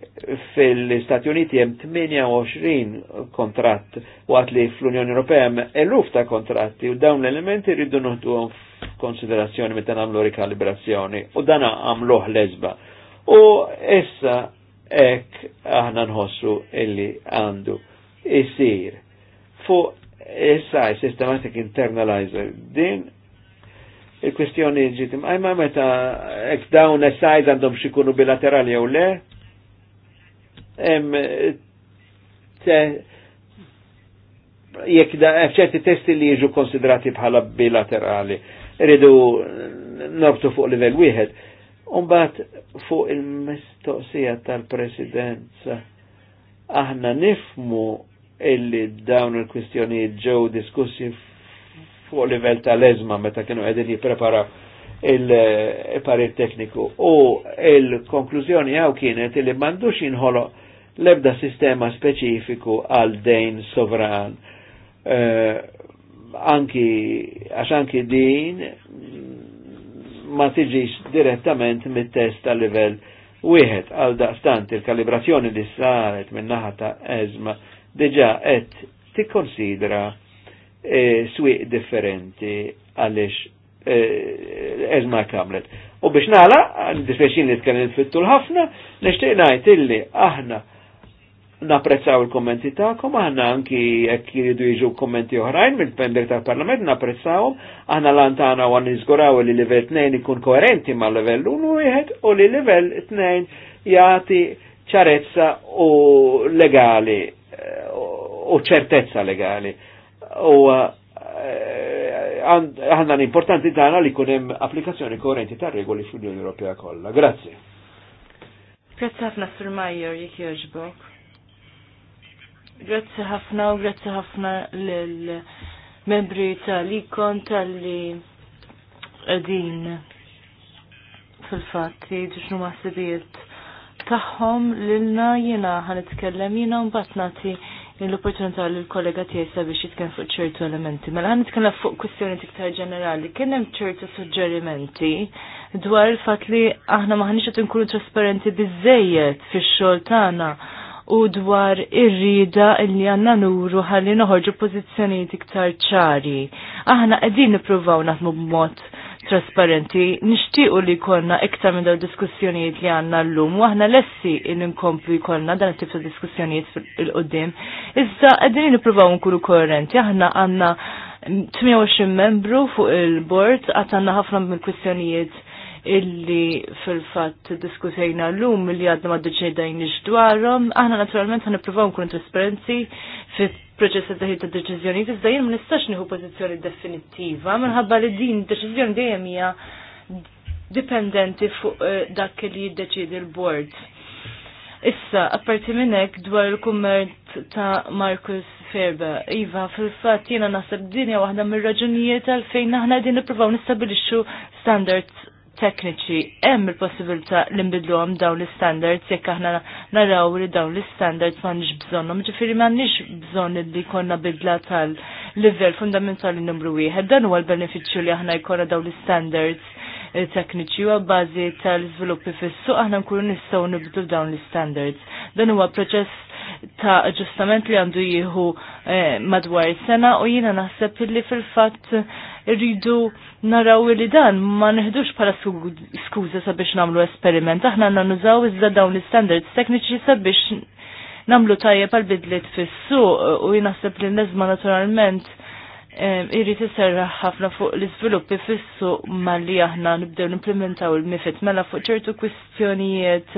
fil-Stati Uniti hemm 28 kontratt waqt li fl-Unjoni Europea hemm eluf ta' kontratti u dawn l-elementi rridu għom f'konsiderazzjoni meta nagħmlu rikalibrazzjoni u dan għamluh lesba. U issa hekk aħna nħossu illi għandu isir essa i Systematic Internalizer din il-kwestjoni ġitim, għajma meta ek dawn essa għandhom xikunu bilaterali jew le, jekk da ċerti testi li jiġu konsidrati bħala bilaterali, rridu norbtu fuq livell wieħed. Umbat fuq il-mistoqsija tal-presidenza, aħna nifmu illi dawn il-kwistjoni ġew diskussi fuq livell tal-ezma meta kienu qegħdin jippreparaw il-parir tekniku u il-konklużjoni għaw kienet li mandux jinħolo lebda sistema speċifiku għal dejn sovran. Eh, anki, għax anki din ma tiġix direttament mit-test tal livell wieħed għal daqstant il-kalibrazzjoni li saret minn naħa ta' eżma diġa qed tikkonsidra eh, swieq differenti għaliex eżma eh, kamlet. U biex nala, dispeċin li tkellimt fit-tul ħafna, nixtieq ngħid illi aħna naprezzaw il-kommenti ta'kom, għanna anki jekk jiridu jiġu kommenti oħrajn mill pender tal-Parlament, napprezzawhom, aħna lantana għan nizguraw li level 2 ikun koerenti ma' level 1 u jħed u li level 2 jati ċarezza u legali eh, u ċertezza legali. U eh, għanna l-importanti tagħna li kunem applikazzjoni koerenti ta' regoli fl-Unjoni Europea kolla. Grazie. Grazie ħafna Sir Major jek jħoġbok. Grazzi ħafna u grazzi ħafna l-membri tal-ikon tal-li għedin fil-fat li xnu maħsibijiet taħħom l-na jena ħanitkellem jena un batnati l-opportunità l-kollega tiegħi sabiex jitkellem fuq ċertu elementi. Mela ħan nitkellem fuq kwistjoni iktar ġenerali. Kien hemm ċertu suġġerimenti dwar il-fatt li aħna ma ħanix qed inkunu trasparenti biżejjed fix-xogħol tagħna u dwar ir li għanna nuru ħalli noħorġu pozizjoniet iktar ċari. Aħna qegħdin nippruvaw b b'mod trasparenti, nixtiequ li konna iktar minn daw diskussjonijiet li għanna l-lum, u aħna lessi il-inkomplu jkollna dan it-tip ta' diskussjonijiet il-qoddim. Iżda qegħdin nippruvaw nkunu koherenti, aħna għandna 28 membru fuq il-bord, għatanna ħafna mill-kwistjonijiet illi fil fat diskutejna l-lum li għadna ma deċidajn dwarhom. Aħna naturalment għan nippruvaw nkun trasparenzi fit proċess ta' ta' deċiżjoni, iżda jien ma nistax nieħu pożizzjoni definittiva minħabba li din deċiżjoni dejjem hija dipendenti fuq eh, dak li jiddeċidi l-bord. Issa, apparti minnek dwar il-kummert ta' Markus Ferba, Iva, fil-fat jena nasab dinja wahda mir raġunijiet għalfejn naħna din niprofaw nistabilixxu standards tekniċi hemm il-possibilità li nbidluhom dawn l-standards jekk aħna naraw li dawn l-standards m'għandix bżonnhom, ġifieri m'għandniex bżonn li jkollna bidla tal-livell fundamentali numru wieħed. Dan huwa l-benefiċċju li aħna jkollna dawn l-standards eh, tekniċi u bażi tal-żviluppi fis-suq aħna nkunu nistgħu nibdu dawn l-standards. Dan huwa proċess ta' ġustament li għandu jieħu eh, madwar sena u jiena naħseb li fil-fatt rridu naraw li dan ma neħdux bħala skuża sabiex nagħmlu esperiment. Aħna għandna nużaw iżda dawn l-standards tekniċi sabiex nagħmlu tajjeb pal-bidlet fissu u u jinaħseb li l-neżma naturalment eh, irrid serra ħafna fuq l-iżviluppi fis ma malli aħna nibdew nimplementaw il-mifit mela fuq ċertu kwistjonijiet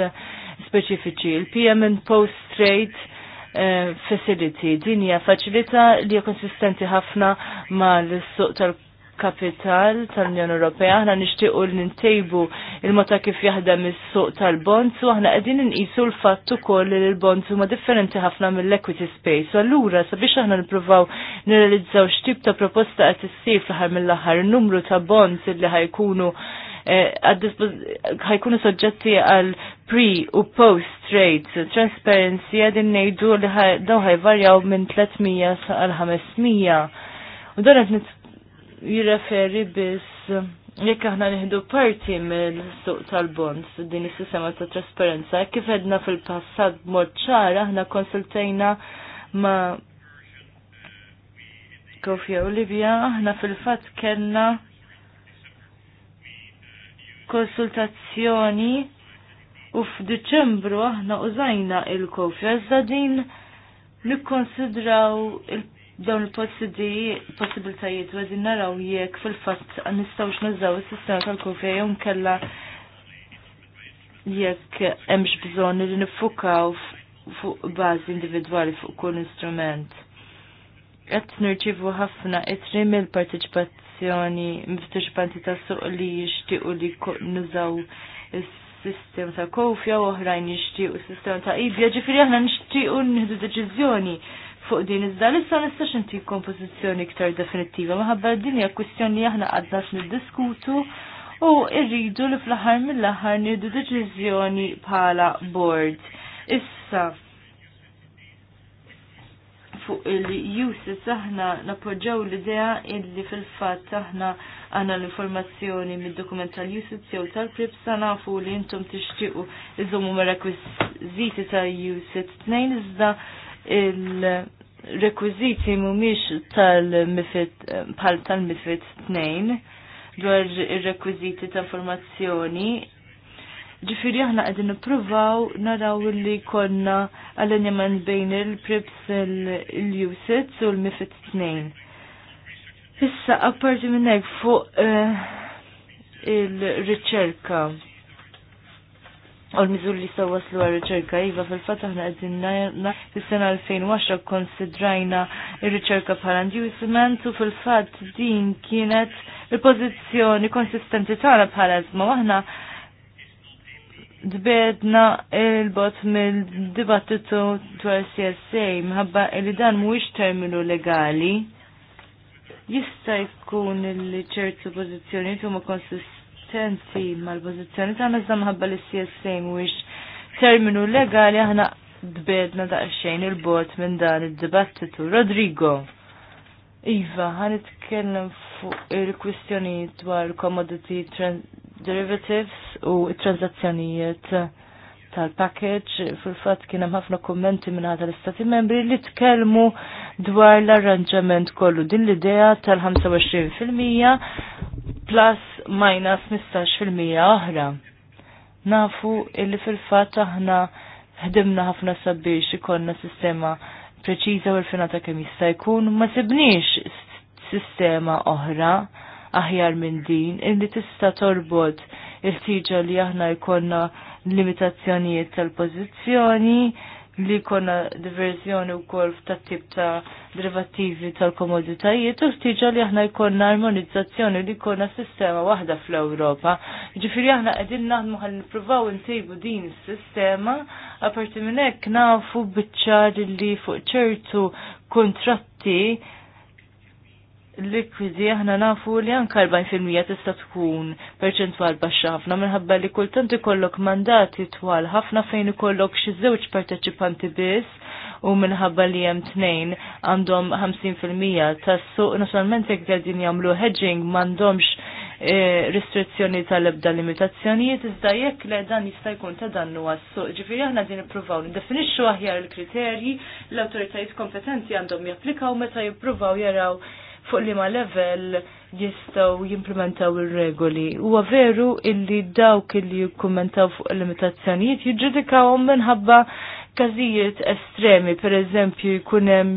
speċifiċi, il-PM and Post Trade eh, Facility. Din hija faċilità li hija konsistenti ħafna mal-suq tal kapital tal-Unjoni Ewropea, aħna nixtiequ li ntejbu il-mota kif jaħdem is-suq tal-bonds u aħna qegħdin inqisu l-fatt ukoll li l-bonds huma differenti ħafna mill-equity space. U allura sabiex aħna nippruvaw nirrealizzaw x'tip ta' proposta qed issir fl-aħħar mill-aħħar numru ta' bonds li ħajkunu Eh, ħajkunu soġġetti għal pre u post trade transparency għadin nejdu li daw ħajvarjaw minn 300 għal 500. U dan għed jirreferi biss jekk aħna nieħdu parti mill-suq tal-bonds din is-sistema ta' trasparenza, kif għedna fil-passat mod ċara aħna konsultejna ma' Kofja Olivia, aħna fil-fatt kellna konsultazzjoni u f'Diċembru aħna użajna il-kofja iżda din nikkonsidraw dawn il-possibilitajiet u għedin naraw jekk fil-fatt nistawx nazzaw is-sistema tal-kofja jom kella jekk hemmx bżonn li nifukaw fuq bażi individwali fuq kull instrument qed nirċivu ħafna itri mill-partiċipat parteċipazzjoni, parteċipanti ta' suq li jixtiequ li nizaw is-sistem ta' kofja u oħrajn jixtiequ is-sistem ta' ibja, ġifieri aħna nixtiequ nħidu deċiżjoni fuq din iżda issa nistax inti kompozizjoni iktar definittiva minħabba din hija kwistjoni aħna għadna niddiskutu u rridu li fl-aħħar mill-aħħar nieħdu deċiżjoni bħala board. Issa, fuq il-uses aħna napoġġaw l-idea illi fil-fatt aħna għanna l-informazzjoni mid-dokument tal-uses jew tal-prips nafu li intom tixtiequ iżommu ma' rekwiziti tal-uses tnejn iżda il-rekwiziti mhumiex tal-mifit tal-mifit tnejn dwar ir-rekwiziti ta' informazzjoni Ġifiri aħna għedin nipruvaw naraw li konna għal-animan bejn il-prips il-usits u l-mifit t-nejn. Issa, apparti minnek fuq eh, il-riċerka u l-mizur li sawaslu waslu għal riċerka iva fil-fat aħna għedin fil-sena 2010 konsidrajna il-riċerka bħala inducement u fil-fat din kienet il-pozizjoni konsistenti tagħna bħala żma aħna dbedna il-bot mill-dibattitu dwar CSA mħabba li dan mhuwiex terminu legali jista' jkun li ċertu pożizzjonijiet huma konsistenti mal-pożizzjoni tagħna iżda mħabba li CSA mhuwiex terminu legali aħna dbedna daqsxejn il-bot minn dan id-dibattitu. Rodrigo. Iva, ħanitkellem fuq il-kwistjoni dwar commodity trans derivatives u transazzjonijiet tal-package fil-fat kien hemm ħafna kummenti minn ħadd l-istati membri li tkellmu dwar l-arranġament kollu din l-idea tal-25% plus minus 15% oħra. Nafu illi fil-fat aħna ħdimna ħafna sabiex ikollna sistema preċiża u l-finata kemm jista' jkun ma sibniex sistema oħra aħjar minn din illi tista' torbot il-tiġa li aħna jkollna limitazzjonijiet tal-pożizzjoni li konna diverżjoni u kol ta' tip ta' derivativi tal-komoditajiet u stiġa li aħna jkonna armonizzazzjoni li konna sistema waħda fl-Europa. Ġifiri aħna għedin naħdmu għal nipruvaw ntejbu din sistema għaparti minnek nafu bitċar li fuq ċertu kontratti l-ikwizi aħna nafu li anka 40% tista' tkun perċentwal baxxa ħafna minħabba li kultant ikollok mandati twal ħafna fejn ikollok xi żewġ parteċipanti biss u minħabba li hemm tnejn għandhom 50% tas-suq naturalment jekk qegħdin jagħmlu hedging m'għandhomx eh, restrizzjoni tal-ebda limitazzjonijiet iżda jekk le dan jista' jkun ta' dannu għas-suq. Ġifieri aħna din ippruvaw niddefinixxu aħjar il-kriterji l-awtoritajiet kompetenti għandhom japplikaw meta jippruvaw jaraw fuq li ma level jistaw jimplementaw il-regoli. Huwa veru illi dawk illi jikkummentaw fuq limitazzjonijiet jiġġudikawhom minħabba każijiet estremi, per eżempju jkun hemm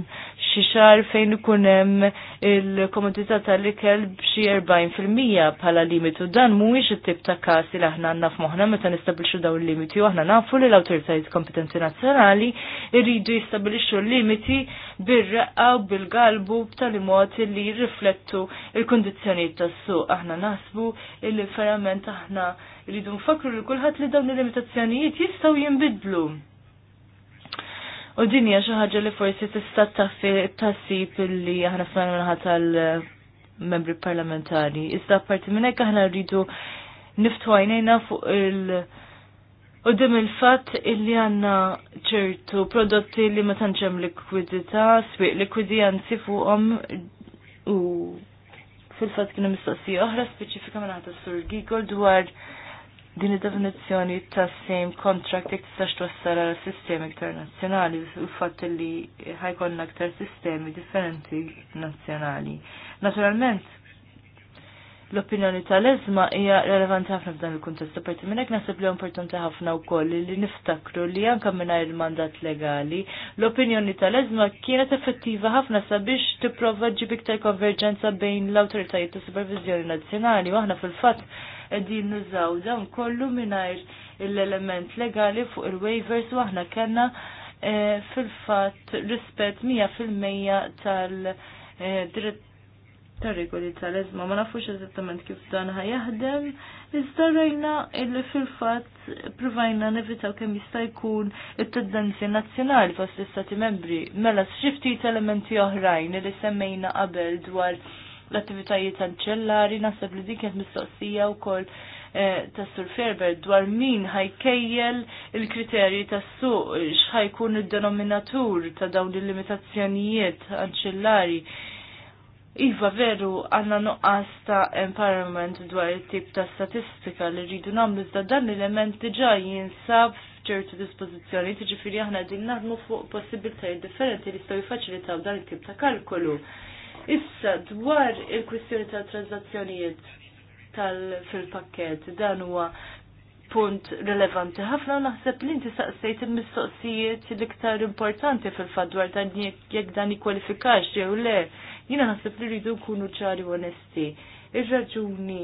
xi xahar fejn ikun hemm il komunità tal-ikel b'xi 40% bħala limitu. Dan mhuwiex it-tip ta' każ li aħna għandna f'moħħna meta nistabbilxu dawn il-limiti u aħna nafu li l-awtoritajiet kompetenti nazzjonali jridu jistabbilixxu l-limiti bir-raqqa u bil-galbu b'tali mod li jirriflettu il-kundizzjonijiet tas-suq. Aħna naħsbu li l-ferament aħna rridu nfakru li kulħadd li dawn il-limitazzjonijiet jistgħu jinbidlu. U dinja hija xi ħaġa li forsi tista' taffi tassib li aħna fl minħat tal-membri parlamentari. Iżda apparti minn hekk aħna rridu niftu għajnejna fuq il- U dim il-fat illi għanna ċertu prodotti li ma tanċem likwidita, sbiq likwidi għanzi fuqom u fil-fat kienu mistoqsija oħra speċifika minn għata sur Gigol dwar din id-definizzjoni ta' same contract jek tistax twassal għal sistemi iktar nazzjonali u fatt li ħajkonna iktar sistemi differenti nazzjonali. Naturalment, l-opinjoni tal-ezma hija relevanti ħafna f'dan il-kuntest. Parti minn hekk naħseb li importanti ħafna wkoll li niftakru li anke mingħajr il mandat legali l-opinjoni tal-ezma kienet effettiva ħafna sabiex tipprova ġib iktar konverġenza bejn l-awtoritajiet ta' supervizjoni nazzjonali waħna fil-fatt qegħdin nużaw dawn kollu mingħajr l-element legali fuq il-waivers u aħna kellna eh, fil-fatt rispett mija fil-mejja tal-dritt eh, ta' regoli tal-ezma. Ma nafux eżattament kif dan ħajaħdem, iżda rajna illi fil-fatt provajna nevitaw kemm jista' jkun it-tendenzi nazzjonali fost l-Istati membri. Mela xiftit elementi oħrajn li semmejna qabel dwar l-attivitajiet tal-ċellari, naħseb li dik mistoqsija wkoll eh, ta' Sur Ferber dwar min ħajkejjel il-kriterji ta' suq, xħajkun id denominatur ta' dawn il-limitazzjonijiet anċillari Iva veru għanna nuqqas ta' empowerment dwar il-tip ta' statistika li rridu namlu iżda dan l-element diġa jinsab f'ċertu dispożizzjoni, tiġifieri aħna din naħdmu fuq possibilitajiet differenti li jistgħu jfaċilitaw dan il-tip ta' kalkolu. Issa dwar il-kwistjoni tal-transazzjonijiet tal-fil-pakket dan huwa punt rilevanti ħafna u naħseb li inti saqsejt il-mistoqsijiet l-iktar importanti fil-fadwar dan jekk dan jikwalifikax jew le Jina naħseb li rridu kunu ċari u onesti. Ir-raġuni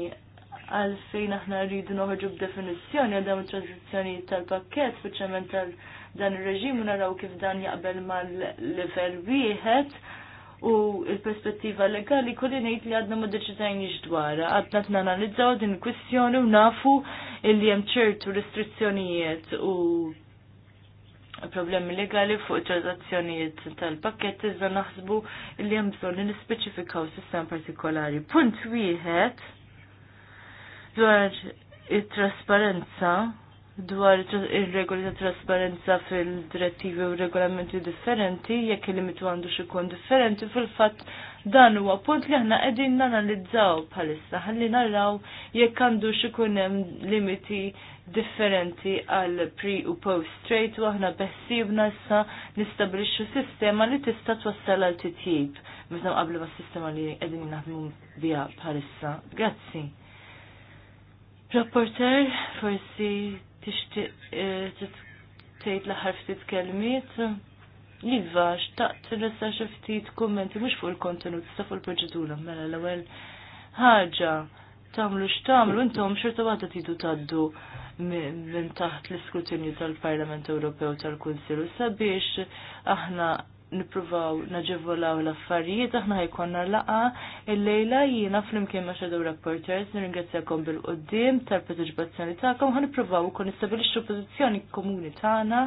għalfejn aħna rridu noħġu b'definizzjoni għal dawn it-tranzizzjoni tal-pakket speċjalment tal dan ir-reġim u naraw kif dan jaqbel mal-level wieħed u il-perspettiva legali kulli ngħid li għadna ma deċizajn dwarha, għadna t-nanalizzaw din il-kwistjoni u nafu il hemm ċertu restrizzjonijiet u problemi legali fuq transazzjonijiet tal-pakket iżda naħsbu li hemm bżonn li nispeċifikaw sistem partikolari. Punt wieħed dwar it-trasparenza dwar ir-regoli ta' trasparenza fil-direttivi u regolamenti differenti, jekk il-limitu għandu xikun differenti, fil-fatt dan huwa punt li aħna qegħdin nanalizzaw bħalissa ħalli naraw jekk għandu xikun hemm limiti differenti għal pre u post trade u aħna bessibna issa nistabilixxu sistema li tista' twassal għal titjib meta qablu ma' sistema li qegħdin naħdmu biha bħalissa. Grazzi. Rapporter, forsi tixtieq eh, tgħid l-aħħar ftit kelmiet. Iva, xtaqt l-issa xi ftit kummenti mhux fuq il-kontenut, sta fuq il-proċedura, mela l-ewwel ħaġa tagħmlu x'tagħmlu intom xorta waħda tidu tgħaddu minn taħt l-iskrutinju tal-Parlament Ewropew tal-Kunsilu sabiex aħna nipruvaw naġevolaw l-affarijiet, aħna ħajkonna laqa il-lejla jina fl-imkien ma' Shadow Reporters, nirringrazzjakom bil-qoddim tal-parteċipazzjoni ta'kom, ħan nipruvaw kon nistabilixxu pożizzjoni komuni tagħna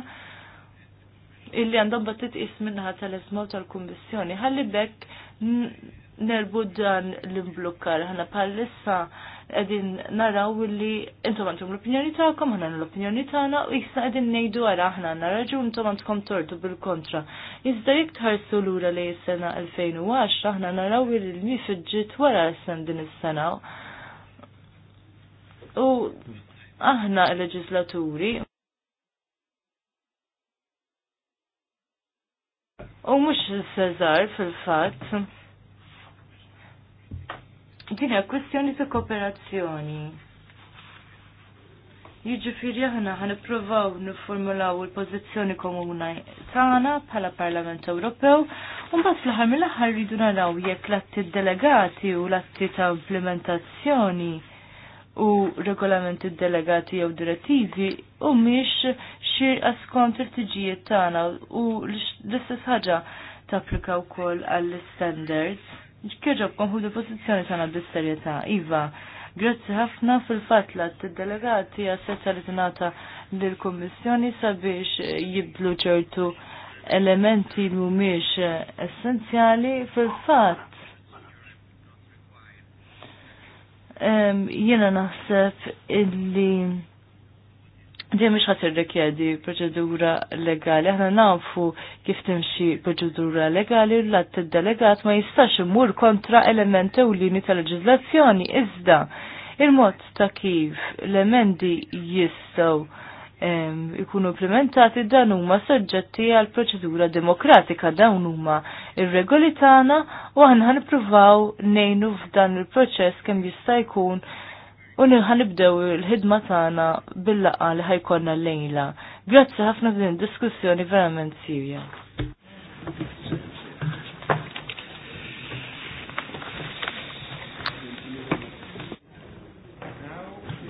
illi għandhom battit minnaħa tal-ismaw tal-Kummissjoni. Ħalli bekk nerbu dan l-imblukkar, ħana bħalissa qegħdin naraw illi intom għandhom l-opinjoni tagħkom, aħna l-opinjoni tagħna u issa qegħdin ngħidu ara aħna għandna raġun intom għandkom tortu bil-kontra. Iżda jekk tħarsu lura li s-sena 2010 aħna naraw li l-mifid ġiet wara s-sen din is-sena. U aħna l-leġislaturi U mux s-sezar fil-fat. Din hija kwestjoni ta' kooperazzjoni. Jiġifieri aħna ħan ippruvaw niffurmulaw il-pożizzjoni komuna tagħna bħala Parlament Ewropew u mbagħad fl-aħħar mill-aħħar rridu naraw jekk l-atti delegati u l-atti ta' implementazzjoni u regolamenti delegati jew direttivi u miex xirqa skont il-tiġijiet tagħna u l-istess ħaġa tapplika wkoll għall-standards konħu l pozizjoni tagħna bis-serjetà. Iva, Grazzi ħafna fil-fat la t-delegati għas-sessa li t-nata l komissjoni sabiex jibdlu ċertu elementi li mumiex essenzjali fil-fat. Jena naħseb illi Dejjem mhux ħadd irrikjedi proċedura legali. Aħna nafu kif timxi proċedura legali l att delegat ma jistax imur kontra element ewlieni tal-leġiżlazzjoni iżda il-mod ta' kif l-emendi jistgħu ikunu implementati dan huma soġġetti għal proċedura demokratika dawn huma ir-regoli tagħna u aħna nippruvaw ngħinu f'dan il-proċess kemm jista' jkun U nibdew il-ħidma tagħna bil-laqa li ħajkonna lejla. Grazzi ħafna din diskussjoni verament sirja.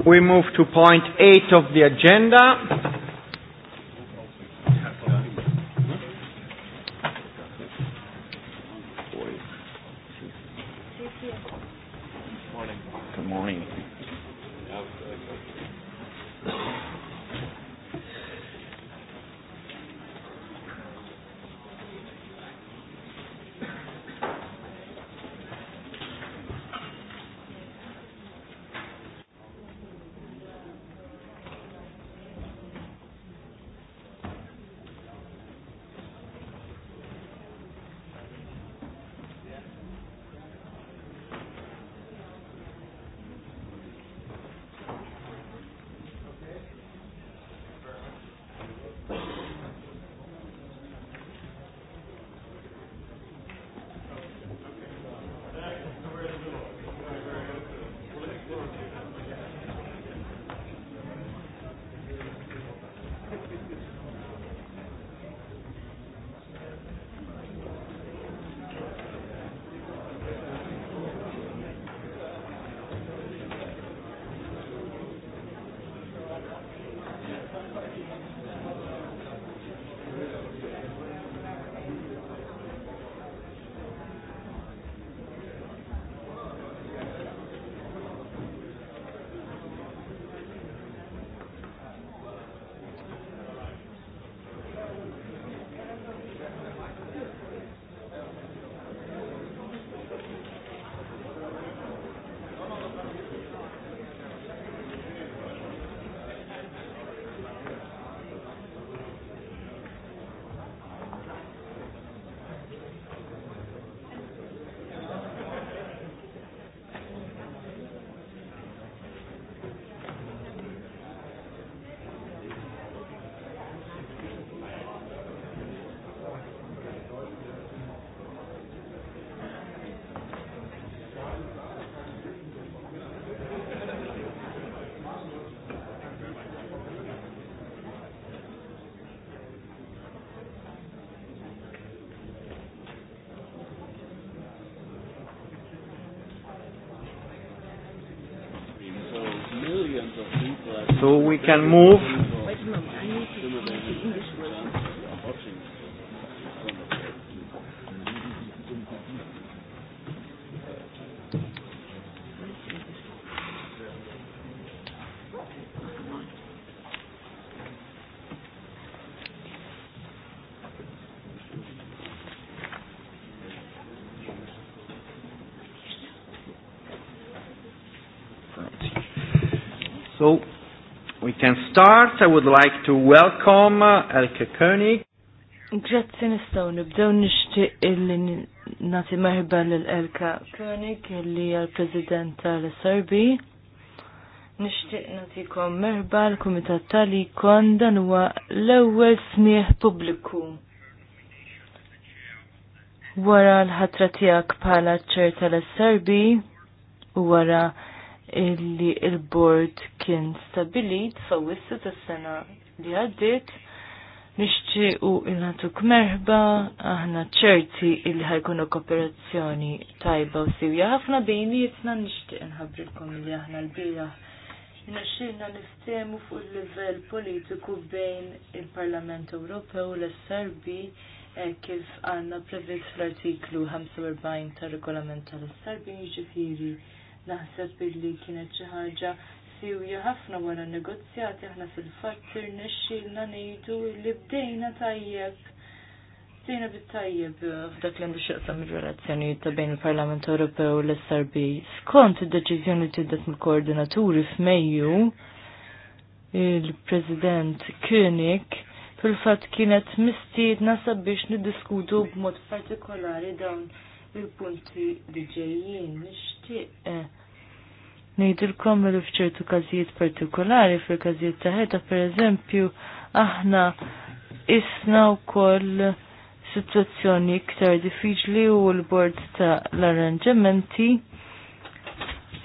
We move to point 8 of the agenda. Good morning. can move start, I would like to welcome uh, Elke Koenig. Grazzi nistaw nibdew nixtieq illi nati merħba lil Elka Koenig illi hija president tal-SRB. Nixtieq nagħtikom merħba l-Kumitat tal-Ikon dan huwa l-ewwel smieħ pubbliku. Wara l-ħatra tiegħek bħala ċer tal-SRB wara illi il-bord kien stabilit fawissu tas-sena li għaddiet nixtiequ il-natuk merħba aħna ċerti il ħajkunu kooperazzjoni tajba u siwja ħafna bejni, jitna nixtieq nħabbrilkom li aħna l-bija Naxxilna niftemu fuq il-livell politiku bejn il-Parlament Ewropew l-SRB e, kif għanna previst fl-artiklu 45 ta' regolament tal-SRB ġifiri naħseb billi kienet xi ħaġa sewja ħafna wara negozjati aħna fil-fatt tirnexxilna ngħidu li bdejna tajjeb bdejna bit-tajjeb f'dak li għandu xieqsam ir-relazzjoni ta' bejn il-Parlament Ewropew u l-SRB. Skont id-deċiżjoni li tiddet mill-koordinaturi f'Mejju, il-President König fil-fatt kienet mistiedna sabiex niddiskutu b'mod partikolari dawn il-punti li ġejjin nixtieq eh, Nejdilkom li fċertu kazijiet partikolari, fil-kazijiet taħeta, per eżempju, aħna isna u koll situazzjoni iktar diffiċli u l-bord ta' l-arranġamenti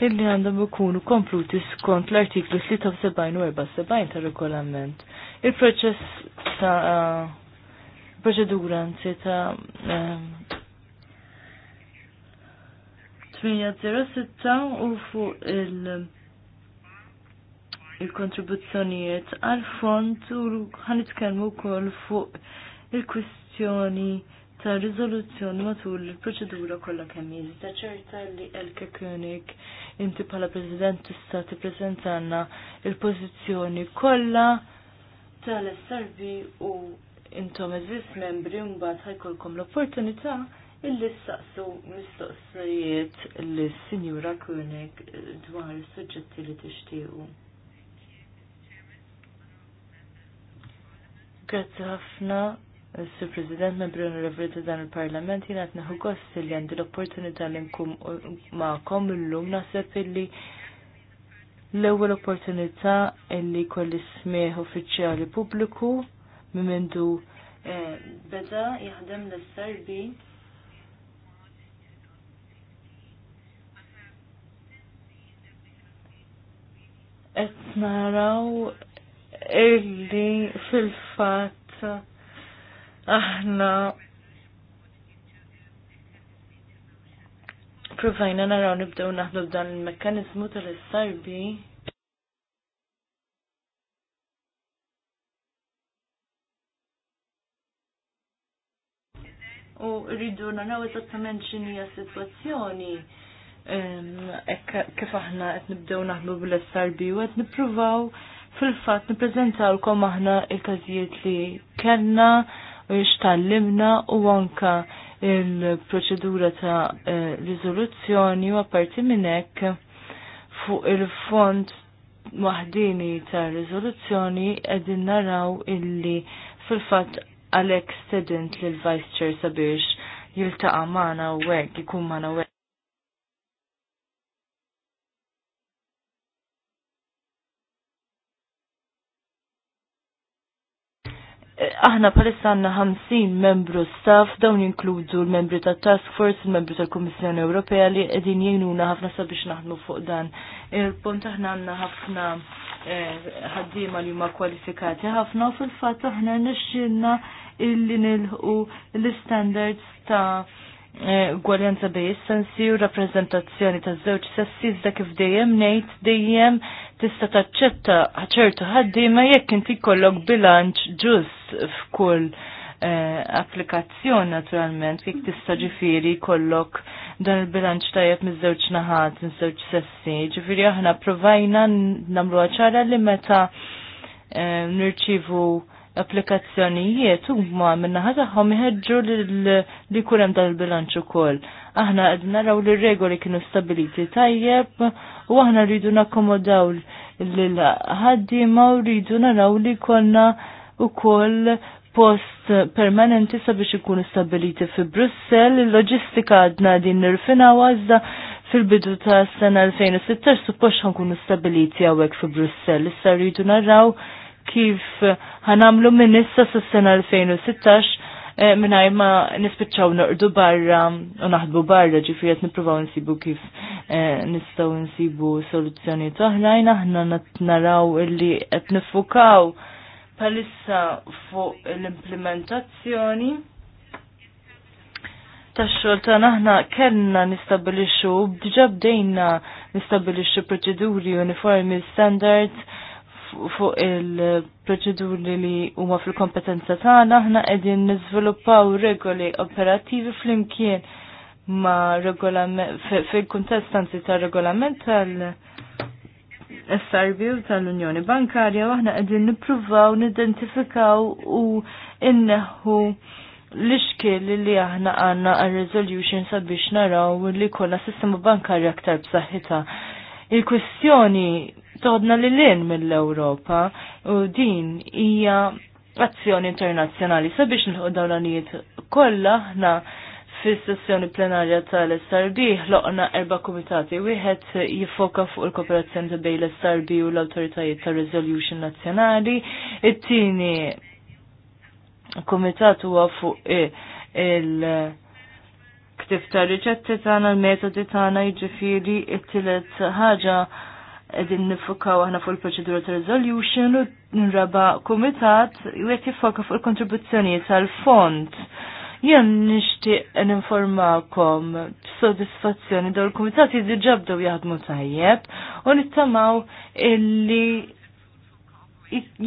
illi għandhom ikunu kompluti skont l-artiklu 73 u 74 ta' regolament. Il-proċess ta' proċedura ta' 806 u fuq il- il-kontribuzzjonijiet għal-fond u ħanitkellmu wkoll fuq il-kwistjoni ta' riżoluzzjoni matul il-proċedura kollha kemm jiġi ta' ċerta li Elke Kunik inti bħala President tista' tippreżentanna il-pożizzjoni kollha tal-SRB u intom eżis membri mbagħad ħajkolkom l-opportunità illi s-saqsu mistoqsijiet illi sinjura Kunek eh, dwar il-sujġetti li t-ixtiju. Grazzi ħafna, Sir President, membri onorevoli ta' dan il-Parlament, jina għatneħu gost li għandi l-opportunità li nkum ma'kom l-lum nasib illi l-ewwel opportunità li kolli smieħ uffiċjali pubbliku minn eh, beda jaħdem l-serbi etnaraw naraw illi fil fat aħna provajna naraw nibdew naħdu dan il-mekkanizmu tal-istarbi u rridu naraw eżattament xinija s-sitwazzjoni E kif aħna qed nibdew naħdmu bil-SRB u qed nippruvaw fil-fatt nippreżentawlkom aħna il-każijiet li kellna u x'tallimna u anka il-proċedura ta' e, riżoluzzjoni u apparti minn hekk fuq il-fond waħdini ta' riżoluzzjoni qegħdin naraw illi fil-fatt għalhekk stedent lil vice Chair sabiex jiltaqa' magħna u hekk ikun magħna Aħna palissa għanna 50 membru staff, dawn jinkludu l-membri ta' Task Force, l-membri tal Komissjoni Ewropea li edin jgħinuna ħafna sabiex naħdmu fuq dan. Il-punt aħna għanna ħafna eh, ħaddima li huma kwalifikati ħafna fil-fatt aħna nixxilna illi nilħu l-standards ta' Eh, gwaljanza bej sensi u rappresentazzjoni ta' żewġ sessi iżda kif dejjem ngħid dejjem tista' taċċetta ċertu ħaddiema jekk inti jkollok bilanċ ġust f'kull eh, applikazzjoni naturalment jekk tista' ġifieri jkollok dan il-bilanċ tajjeb miż-żewġ naħat miż-żewġ sessi. Ġifieri aħna provajna nagħmluha ċara li meta eh, nirċivu applikazzjonijiet huma minnaħa tagħhom iħeġġu li jkun hemm dan il-bilanċ ukoll. Aħna għedna naraw li regoli kienu stabiliti tajjeb u aħna rridu nakkomodaw lil ħaddiema u rridu naraw li konna kol post permanenti sabiex ikunu stabiliti fi Brussel, il-loġistika għadna din nirfina għazda fil-bidu ta' s-sena 2016 suppost ħankunu stabiliti għawek fi Brussel. Issa rridu naraw kif ħanamlu minn issa s-sena 2016 eh, minnaj ma nispiċċaw noqdu barra u naħdbu barra ġifiret niprofaw nsibu kif eh, nistaw nsibu soluzzjoni toħrajn aħna naraw illi qed nifukaw palissa fuq l-implementazzjoni tax-xogħol tagħna aħna kellna nistabilixxu diġà bdejna nistabilixxu proċeduri uniformi standards fuq il-proċeduri li huma fil-kompetenza tagħna aħna qegħdin niżviluppaw regoli operattivi flimkien ma regolament fil-kuntestanzi ta' regolament tal- SRB tal-Unjoni Bankarja waħna qegħdin nippruvaw nidentifikaw u inneħu l-iskil li aħna għanna għal-resolution sabiex naraw li kolla sistema bankarja aktar b'saħħitha. Il-kwestjoni toħodna li l-in mill-Europa u din hija azzjoni internazzjonali sabiex nħu dawlanijiet kollha aħna fis-sessjoni plenarja tal-SRB ħloqna erba' kumitati wieħed jiffoka fuq il-kooperazzjoni bejn l-SRB u l-awtoritajiet tar resolution nazzjonali, it-tieni kumitat huwa fuq il- ktif ta' riċetti tagħna il metodi tagħna jiġifieri t-tielet ħaġa edin nifukaw aħna fuq il-proċedura ta' resolution u nraba komitat u għet jifoka fuq il-kontribuzzjoni tal-fond. Jen nishti n-informakom soddisfazzjoni daw il-komitat ġabdu jaħdmu tajjeb u nittamaw illi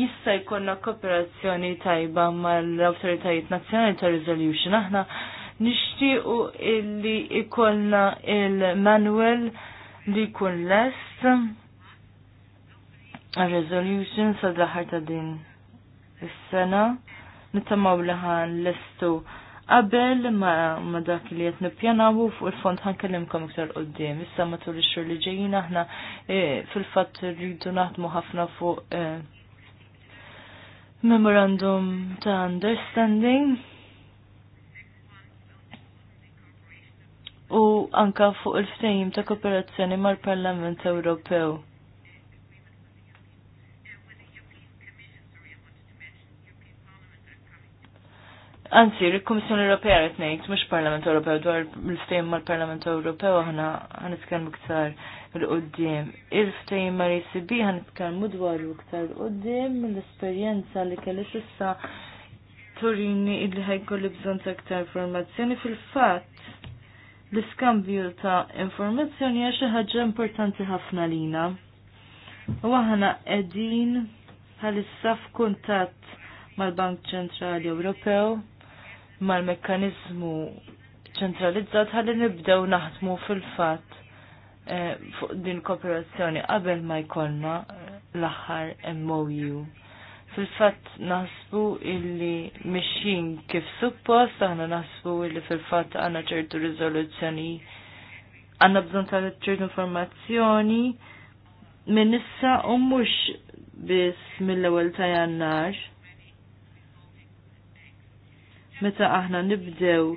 jista jkonna kooperazzjoni tajba mal-autoritajiet nazjonali ta' resolution. Aħna u illi ikonna il-manuel li jkun lest resolution sal-laħar ta' din is-sena nittamaw liħan l-estu qabel ma, ma dak li jett nipjanawu fuq il-fond ħankellimkom iktar qoddim. Issa matul ix-xhur li ġejjin aħna e, fil-fatt rridu naħdmu ħafna fuq e, memorandum ta' understanding u anka fuq il-ftehim ta' kooperazzjoni mal-Parlament Ewropew Anzi, il-Komissjoni Ewropea qed ngħid mhux Parlament Ewropew dwar il-ftehim mal-Parlament Ewropew aħna ħanitkellmu ktar il-qoddim. Il-ftehim mal ECB ħanitkellmu dwar iktar il-qoddim mill-esperjenza li kellix issa Turini illi ħajkolli bżonn ta' iktar informazzjoni fil-fatt l-iskambju ta' informazzjoni għax xi ħaġa importanti ħafna lina. U aħna qegħdin bħalissa f'kuntatt mal-Bank Ċentrali Ewropew mal-mekkanizmu ċentralizzat ħalli nibdew naħdmu fil-fatt eh, fuq din kooperazzjoni qabel ma jkollna eh, l-aħħar MOU. Fil-fatt naħsbu illi mixin kif suppost, aħna naħsbu illi fil-fatt għanna ċertu rizoluzzjoni, għanna bżon ta' ċertu informazzjoni minn issa u mux biss mill-ewwel ta' jannar meta aħna nibdew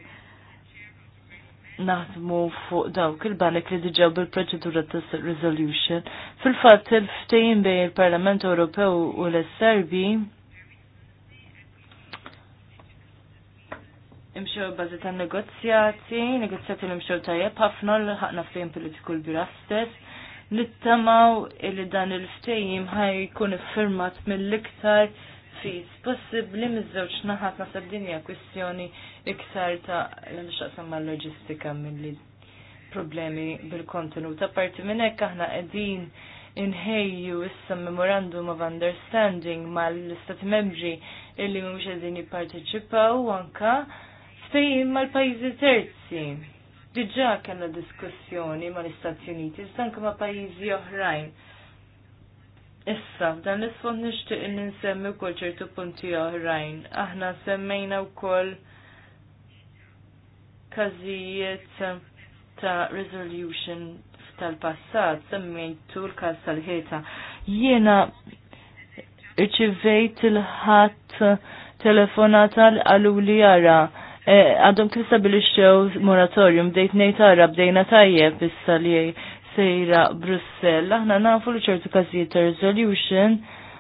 naħdmu fuq dawk il-banek li diġaw bil-proċedura ta' resolution. Fil-fatt il-ftejn bejn il-Parlament Ewropew u l serbi imxew bażi ta' negozjati, negozjati li imxew tajjeb ħafna l ħakna ftejn politiku l-bira stess. Nittamaw li dan il ftejn ħaj jkun iffirmat mill-iktar Fis, possibbli miż-żewġ naħat nasab dinja kwestjoni kwistjoni iktar ta' l-xaqsam mal-loġistika li problemi bil-kontenut. Apparti minn hekk aħna qegħdin inħejju issa memorandum of understanding mal-istati membri illi mhumiex qegħdin jipparteċipaw anka ftehim mal-pajjiżi terzi. Diġà kellna diskussjoni mal-Istati Uniti, iżda anke ma' pajjiżi oħrajn Issa, dan l-isfond nixtieq li nsemmi wkoll ċertu punti oħrajn. Aħna semmejna wkoll każijiet ta' resolution tal-passat, semmejtu l-każ tal-ħeta. Jiena irċivejt il-ħadd telefonata l li jara eh, għadhom kif xew moratorium bdejt ngħid ara bdejna tajjeb issa li sejra Brussell. Aħna nafu li ċertu każijiet ta' resolution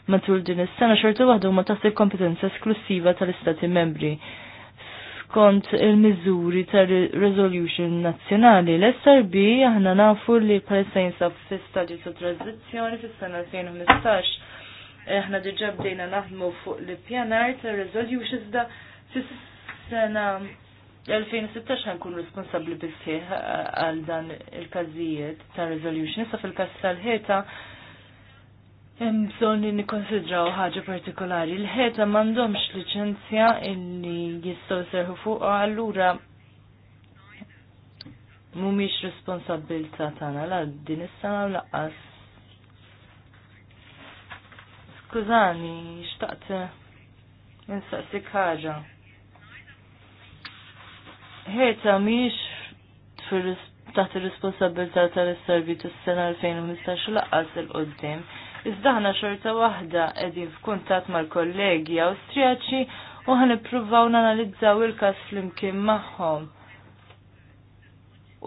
matul din is-sena ċertu waħda huma taħt il-kompetenza esklusiva tal-Istati membri. Skont il-miżuri ta' resolution nazzjonali, l-SRB aħna nafu li bħalissa jinsab fis stadju ta' tranzizzjoni fis-sena 2015. Aħna diġà bdejna naħdmu fuq l-pjanar ta' resolutions da fis-sena 2016 ħankun responsabli bisħiħ għal dan il-kazijiet ta' resolution. Issa fil-kas tal-ħeta, bżon li nikonsidraw ħaġa partikolari. L-ħeta mandomx licenzja illi jistaw serħu fuq għallura mumiex responsabilta tana la din is-sena laqqas. Skużani, xtaqt nistaqsik ħaġa ħerta miex taħt ir-responsabilità tal-servitu s-sena 2015 laqqas il-qoddim. Iżda ħna xorta waħda qegħdin f'kuntatt mal-kollegi Awstrijaċi u ħan ippruvaw nanalizzaw il-każ flimkien magħhom.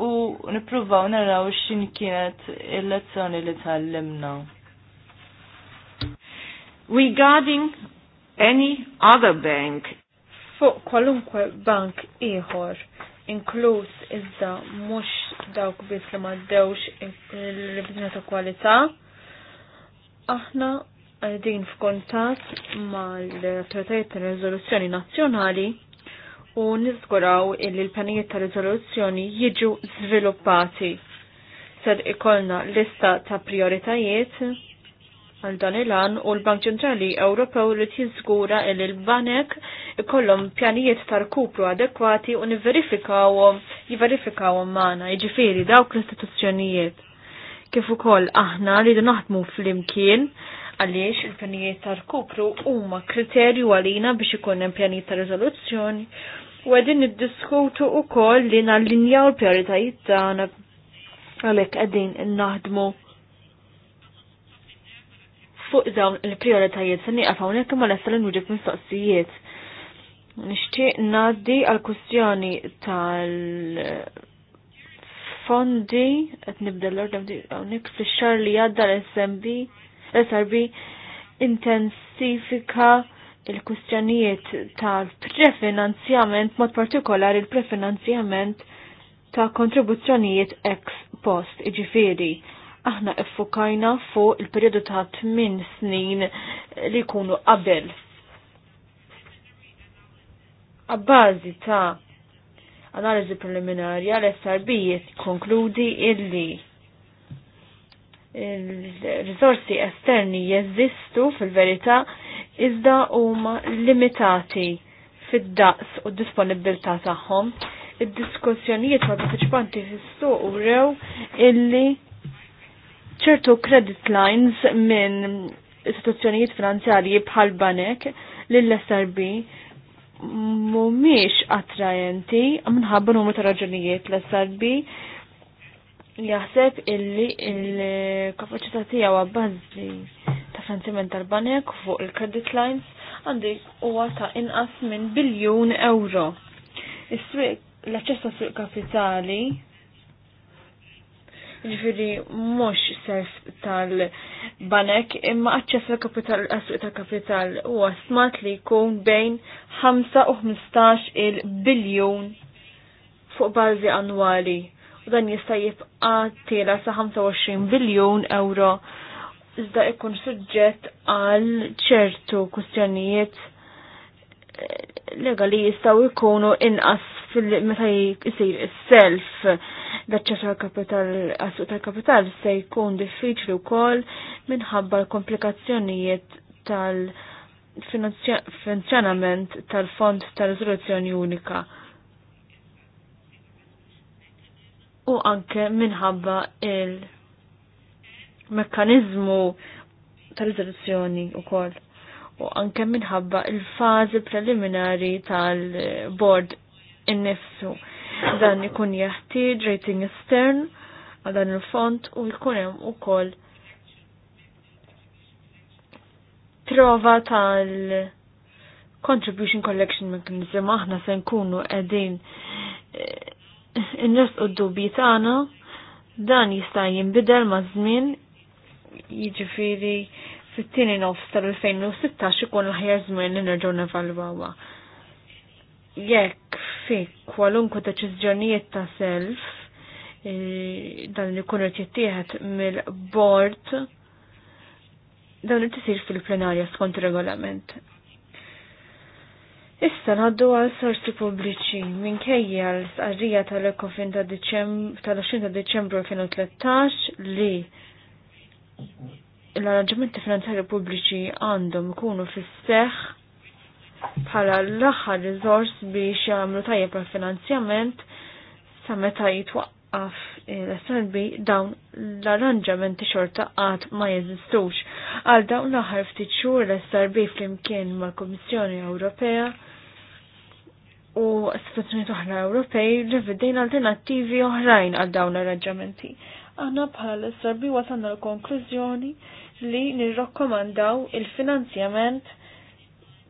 U nippruvaw naraw x'in kienet il-lezzjoni li tgħallimna. Regarding any other bank fuq kwalunkwe bank ieħor, inkluż iżda mhux dawk biss li maddewx il-revizjoni ta' kwalità. Aħna qegħdin f'kuntatt mal-Autoritajiet ta' Riżoluzzjoni Nazzjonali u niżguraw illi l-panijiet ta' riżoluzzjoni jiġu żviluppati. Sed ikolna lista ta' prioritajiet għal dan il-għan u l-Bank Ċentrali Ewropew rrid jiżgura il l-banek ikollhom pjanijiet ta' rkupru adekwati u niverifikawhom jiverifikawhom magħna, jiġifieri dawk l-istituzzjonijiet. Kif ukoll aħna rridu naħdmu flimkien għaliex il-pjanijiet ta' rkupru huma kriterju għalina biex ikun hemm pjanijiet ta' riżoluzzjoni u għedin niddiskutu ukoll li nallinjaw l-prijoritajiet tagħna għalhekk qegħdin naħdmu fuq dawn il-prioritajiet se nieqaf hawnhekk imma lesta li nwieġeb mistoqsijiet. Nixtieq ngħaddi għal kwistjoni tal-fondi qed nibda l-ordem hawnhekk fix xar li għadda l-SMB l-SRB intensifika il-kustjonijiet tal-prefinanzjament, mod partikolari il-prefinanzjament ta' kontribuzzjonijiet ex post, iġifiri aħna effokajna fuq il-periodu ta' 8 snin li jkunu qabel. Abbażi ta' analiżi preliminarja l-SRB konkludi illi il-rizorsi esterni jeżistu fil-verità iżda huma limitati fid-daqs u d-disponibilità tagħhom id-diskussjonijiet ma' partiċipanti fis-suq u rew illi ċertu credit lines minn istituzzjonijiet finanzjarji bħal banek lill-SRB mumiex attrajenti minħabba numru ta' raġunijiet l-SRB jaħseb illi il-kapacità tiegħu għabbażi ta' sentiment tal-banek fuq il-credit lines għandi huwa ta' inqas minn biljun euro. Is-swieq l-aċċess ta' suq kapitali ġifiri mux self tal-banek imma għacċess l-kapital, għasriq tal-kapital u għasmat li jkun bejn 5 u 15 il-biljon fuq bazi annwali u dan jista' jibqa tela sa 25 biljon euro iżda ikun suġġett għal ċertu kustjonijiet eh, legali jistaw ikunu inqas fil-meta jisir self l tal kapital għasuq tal-kapital se jkun diffiċli wkoll minħabba l-komplikazzjonijiet tal-finanzjonament tal-Fond tal-Riżoluzzjoni Unika. U anke minħabba il-mekkanizmu tal-riżoluzzjoni wkoll u anke minħabba il-fazi preliminari tal-bord innifsu. Dan ikun jeħtieġ rating estern għal dan il-font u jkun hemm ukoll prova tal contribution collection mechanism aħna se nkunu qegħdin in-nies eh, u d-dubji tagħna dan jista' jinbidel ma' żmien jiġifieri fit-tieni nofs tal-2016 ikun l-ħjar żmien li nerġgħu nevalwawha jekk fi kwalunkwe deċiżjonijiet ta' self eh, dan li kun irtittieħed mill-bord dan irtisir fil-plenarja skont regolament. Issa naddu għal sorsi pubbliċi minkejja l-sqarrija tal-Ekofin ta' tal-20 ta' Deċembru 2013 li l-arranġamenti finanzjari pubbliċi għandhom ikunu fis-seħħ bħala l-aħħar riżors biex jagħmlu tajjeb finanzjament sa meta jitwaqqaf l-SNB dawn l-arranġamenti xorta qatt ma jeżistux. Għal dawn l-aħħar ftit xhur l-SRB flimkien mal-Kummissjoni Ewropea u istituzzjoni oħra Ewropej revidejn alternattivi oħrajn għal dawn l-arranġamenti. Aħna bħala l-SRB wasalna l-konklużjoni li nirrokkomandaw il-finanzjament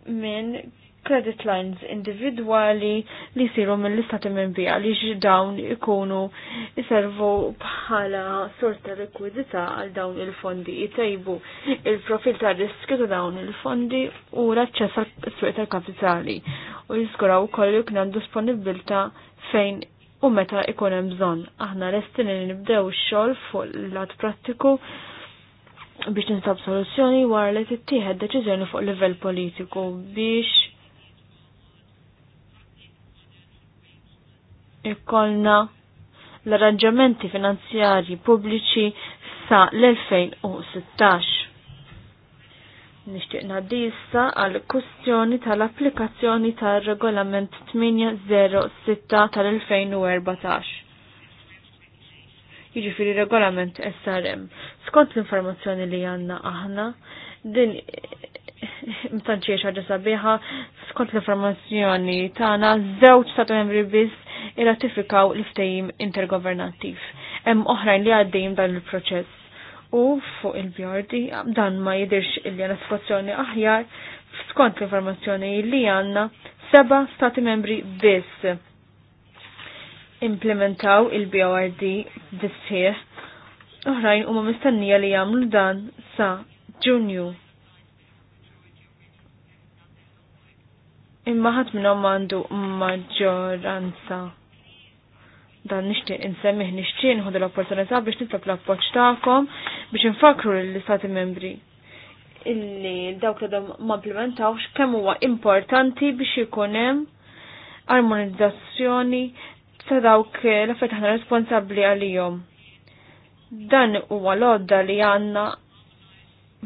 minn credit lines individuali li siru mill istati membri għaliex dawn ikunu iservu bħala sorta rekwizita għal dawn il-fondi jitajbu il-profil ta' riskju ta' dawn il-fondi u l-aċċess għal s tal-kapitali u jiskuraw kollu li disponibilta fejn u meta ikun hemm bżonn. Aħna restin li nibdew x-xogħol fuq l-lat prattiku biex tinsab soluzzjoni wara li tittieħed deċiżjoni fuq livell politiku biex ikollna l-arranġamenti finanzjarji pubbliċi sa l-2016. Nishtiq nadissa għal kustjoni tal-applikazzjoni tal-regolament 806 tal-2014 jiġifieri regolament SRM. Skont l-informazzjoni li għandna aħna, din mtanċie ħaġa sabiħa, skont l-informazzjoni tagħna żewġ ta' membri biss irratifikaw l-ftehim intergovernattiv. Hemm oħrajn li għaddejjin dan il-proċess. U fuq il brd dan ma jidirx illi għana situazzjoni aħjar skont l-informazzjoni li għanna seba stati membri biss implementaw il-BORD bissieħ, oħrajn huma mistennija li jagħmlu dan sa Ġunju. Imma ħadd minnhom għandu maġġoranza. Dan nixtieq insemmih nixtieq nħodu l-opportunità biex nitlob l-appoġġ tagħkom biex infakru lill-Istati Membri illi dawk li ma implementawx kemm huwa importanti biex ikun hemm armonizzazzjoni sa dawk l-affet ħana responsabli għal-jom. Dan huwa għal odda li għanna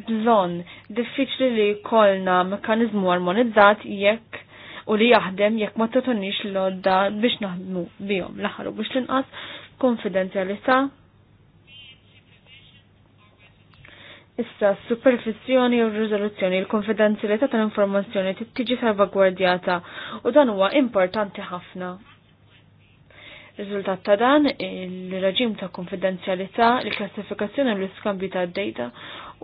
bżon diffiċli li kolna mekanizmu armonizzat jekk u li jaħdem jekk ma totonix l-odda biex naħdmu bihom l-aħħar biex tinqas konfidenzjalità. Issa supervizjoni u riżoluzzjoni l-konfidenzjalità tal-informazzjoni tiġi salvagwardjata u dan huwa importanti ħafna Riżultat ta' dan il-reġim ta' konfidenzjalità, il-klassifikazzjoni u l-iskambju ta' data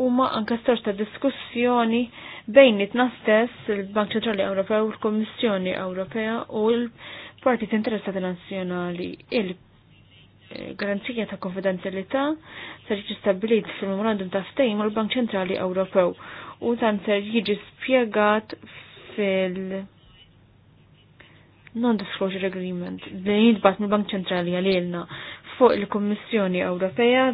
huma anke sor ta' diskussjoni bejn itna stess il-Bank Ċentrali Ewropew u l-Kommissjoni Ewropea u l-Partit Interessati Nazzjonali. Il-garanzija ta' konfidenzjalità ser jiġi stabbilit fil-memorandum ta' ftehim mal bank Ċentrali Ewropew u dan ser jiġi spjegat fil- non-disclosure agreement li jidbat mill bank ċentrali għalilna fuq il-Kommissjoni Ewropea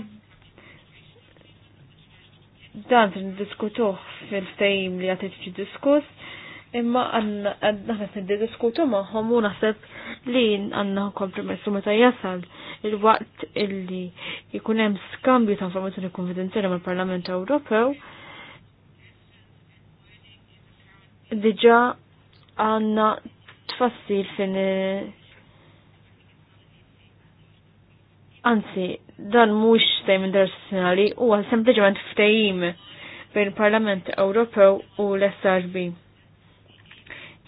dan diskutuħ fil-fejm li għatit ġi diskuss imma għanna għanna diskutu maħom u naħseb li għanna kompromessu meta jasal il-waqt illi jkun hemm skambju ta' informazzjoni konfidenzjali mal-Parlament Ewropew diġa għanna tfassil fin eh, Anzi, dan tajm tejm u huwa sempliċement ftehim bejn il-Parlament Ewropew u l-SRB.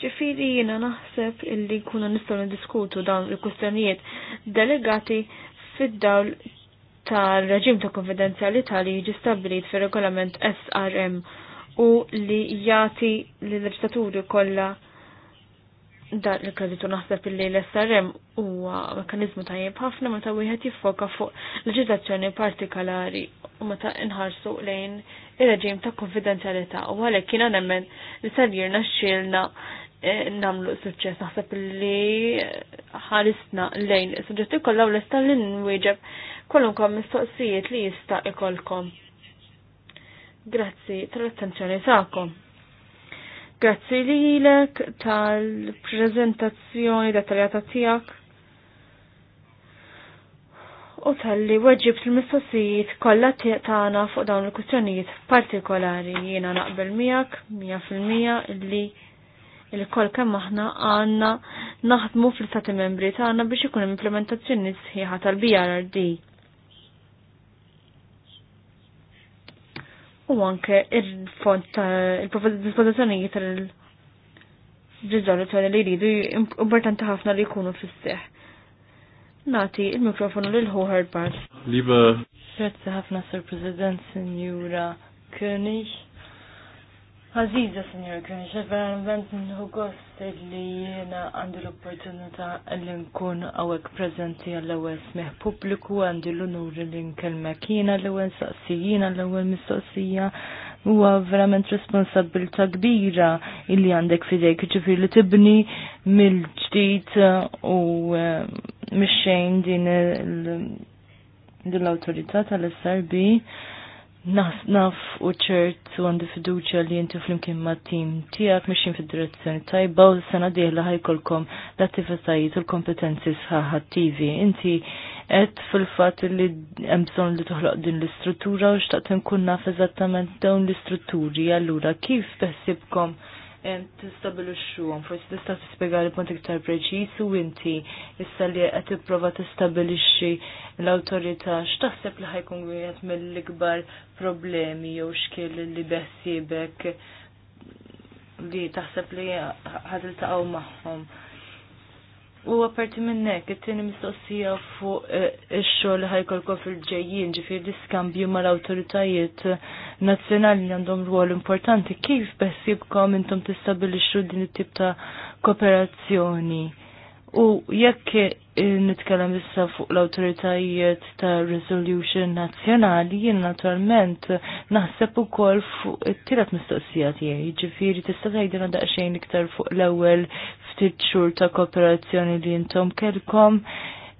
Ġifiri jiena naħseb illi kuna nistgħu nidiskutu dawn il-kustjonijiet delegati fid-dawl tal-reġim ta' konfidenzjalità li jiġi stabbilit fir-regolament SRM u li jagħti l-leġislaturi kollha Da il-kreditu naħseb illi l-SRM huwa mekanizmu tajjeb ħafna meta wieħed jiffoka fuq leġiżlazzjoni partikolari u meta inħarsu lejn ir-reġim ta' konfidenzjalità u għalhekk jiena nemmen li sar jirna xxielna eh, namlu suċċess naħseb li ħarisna lejn suġġetti kollha u l-istan li nwieġeb kollunkom mistoqsijiet li jista' ikolkom. Grazzi tal-attenzjoni tagħkom. Grazzi lilek tal-prezentazzjoni dettaljata tiegħek u tal-li weġib il-mistoqsijiet kollha tagħna fuq dawn il-kwistjonijiet partikolari jiena naqbel miegħek mija li il-koll kemm aħna għandna naħdmu fl-istati membri tagħna biex ikun implementazzjoni sħiħa tal-BRD. u anke il-fond ta' il-dispozizjonijiet tal-rizoluzzjoni li jridu importanti ħafna li jkunu fis-seħ. Nati il-mikrofonu lil Hoher Bart. Liba. Grazzi ħafna Sir President, Signora König. Għaziza, Signor Grinxa, verament nħu gost li jena għandu l-opportunità li nkun għawek prezenti għall-ewel smeħ publiku, għandu l-unur li nkelmek jena l-ewel saqsijina l-ewel mistoqsija huwa verament responsabilta kbira illi għandek fidejk ġifir li tibni mill-ġdid uh, u uh, mixxejn din l autorita tal-SRB naf naf u ċert u għandu fiduċa li jinti flimkien ma' tim tijak mxin fil-direzzjoni tajba u s sena diħla ħajkolkom l-attivitajiet u l-kompetenzi sħaħattivi. Inti għed fil-fat li jemson li tuħloq din l-istruttura u xtaqt nkun naf eżattament dawn l-istrutturi. Allura, kif beħsibkom? tistabilixxuhom. Forsi tista' tispjega li punt iktar preċiż u inti issa li qed tipprova tistabilixxi l-awtorità x'taħseb li ħajkun wieħed mill-ikbar problemi jew xkiel li beħsiebek li taħseb li ħadiltaqgħu magħhom U għaparti minnek, it-tini mistoqsija fuq eh, il-xol ħajkolkom fil-ġejjien, ġifir diskambju mal autoritajiet nazzjonali li għandhom rwol importanti, kif besibkom intom tistabilixu din it-tip ta' kooperazzjoni? U jekk nitkellem issa fuq l awtoritajiet ta' resolution nazzjonali, jien naturalment naħseb ukoll fuq it-tielet mistoqsija tiegħi, Ġifieri tista' tgħidilna daqsxejn iktar fuq l-ewwel ftit xhur ta' kooperazzjoni li intom kelkom.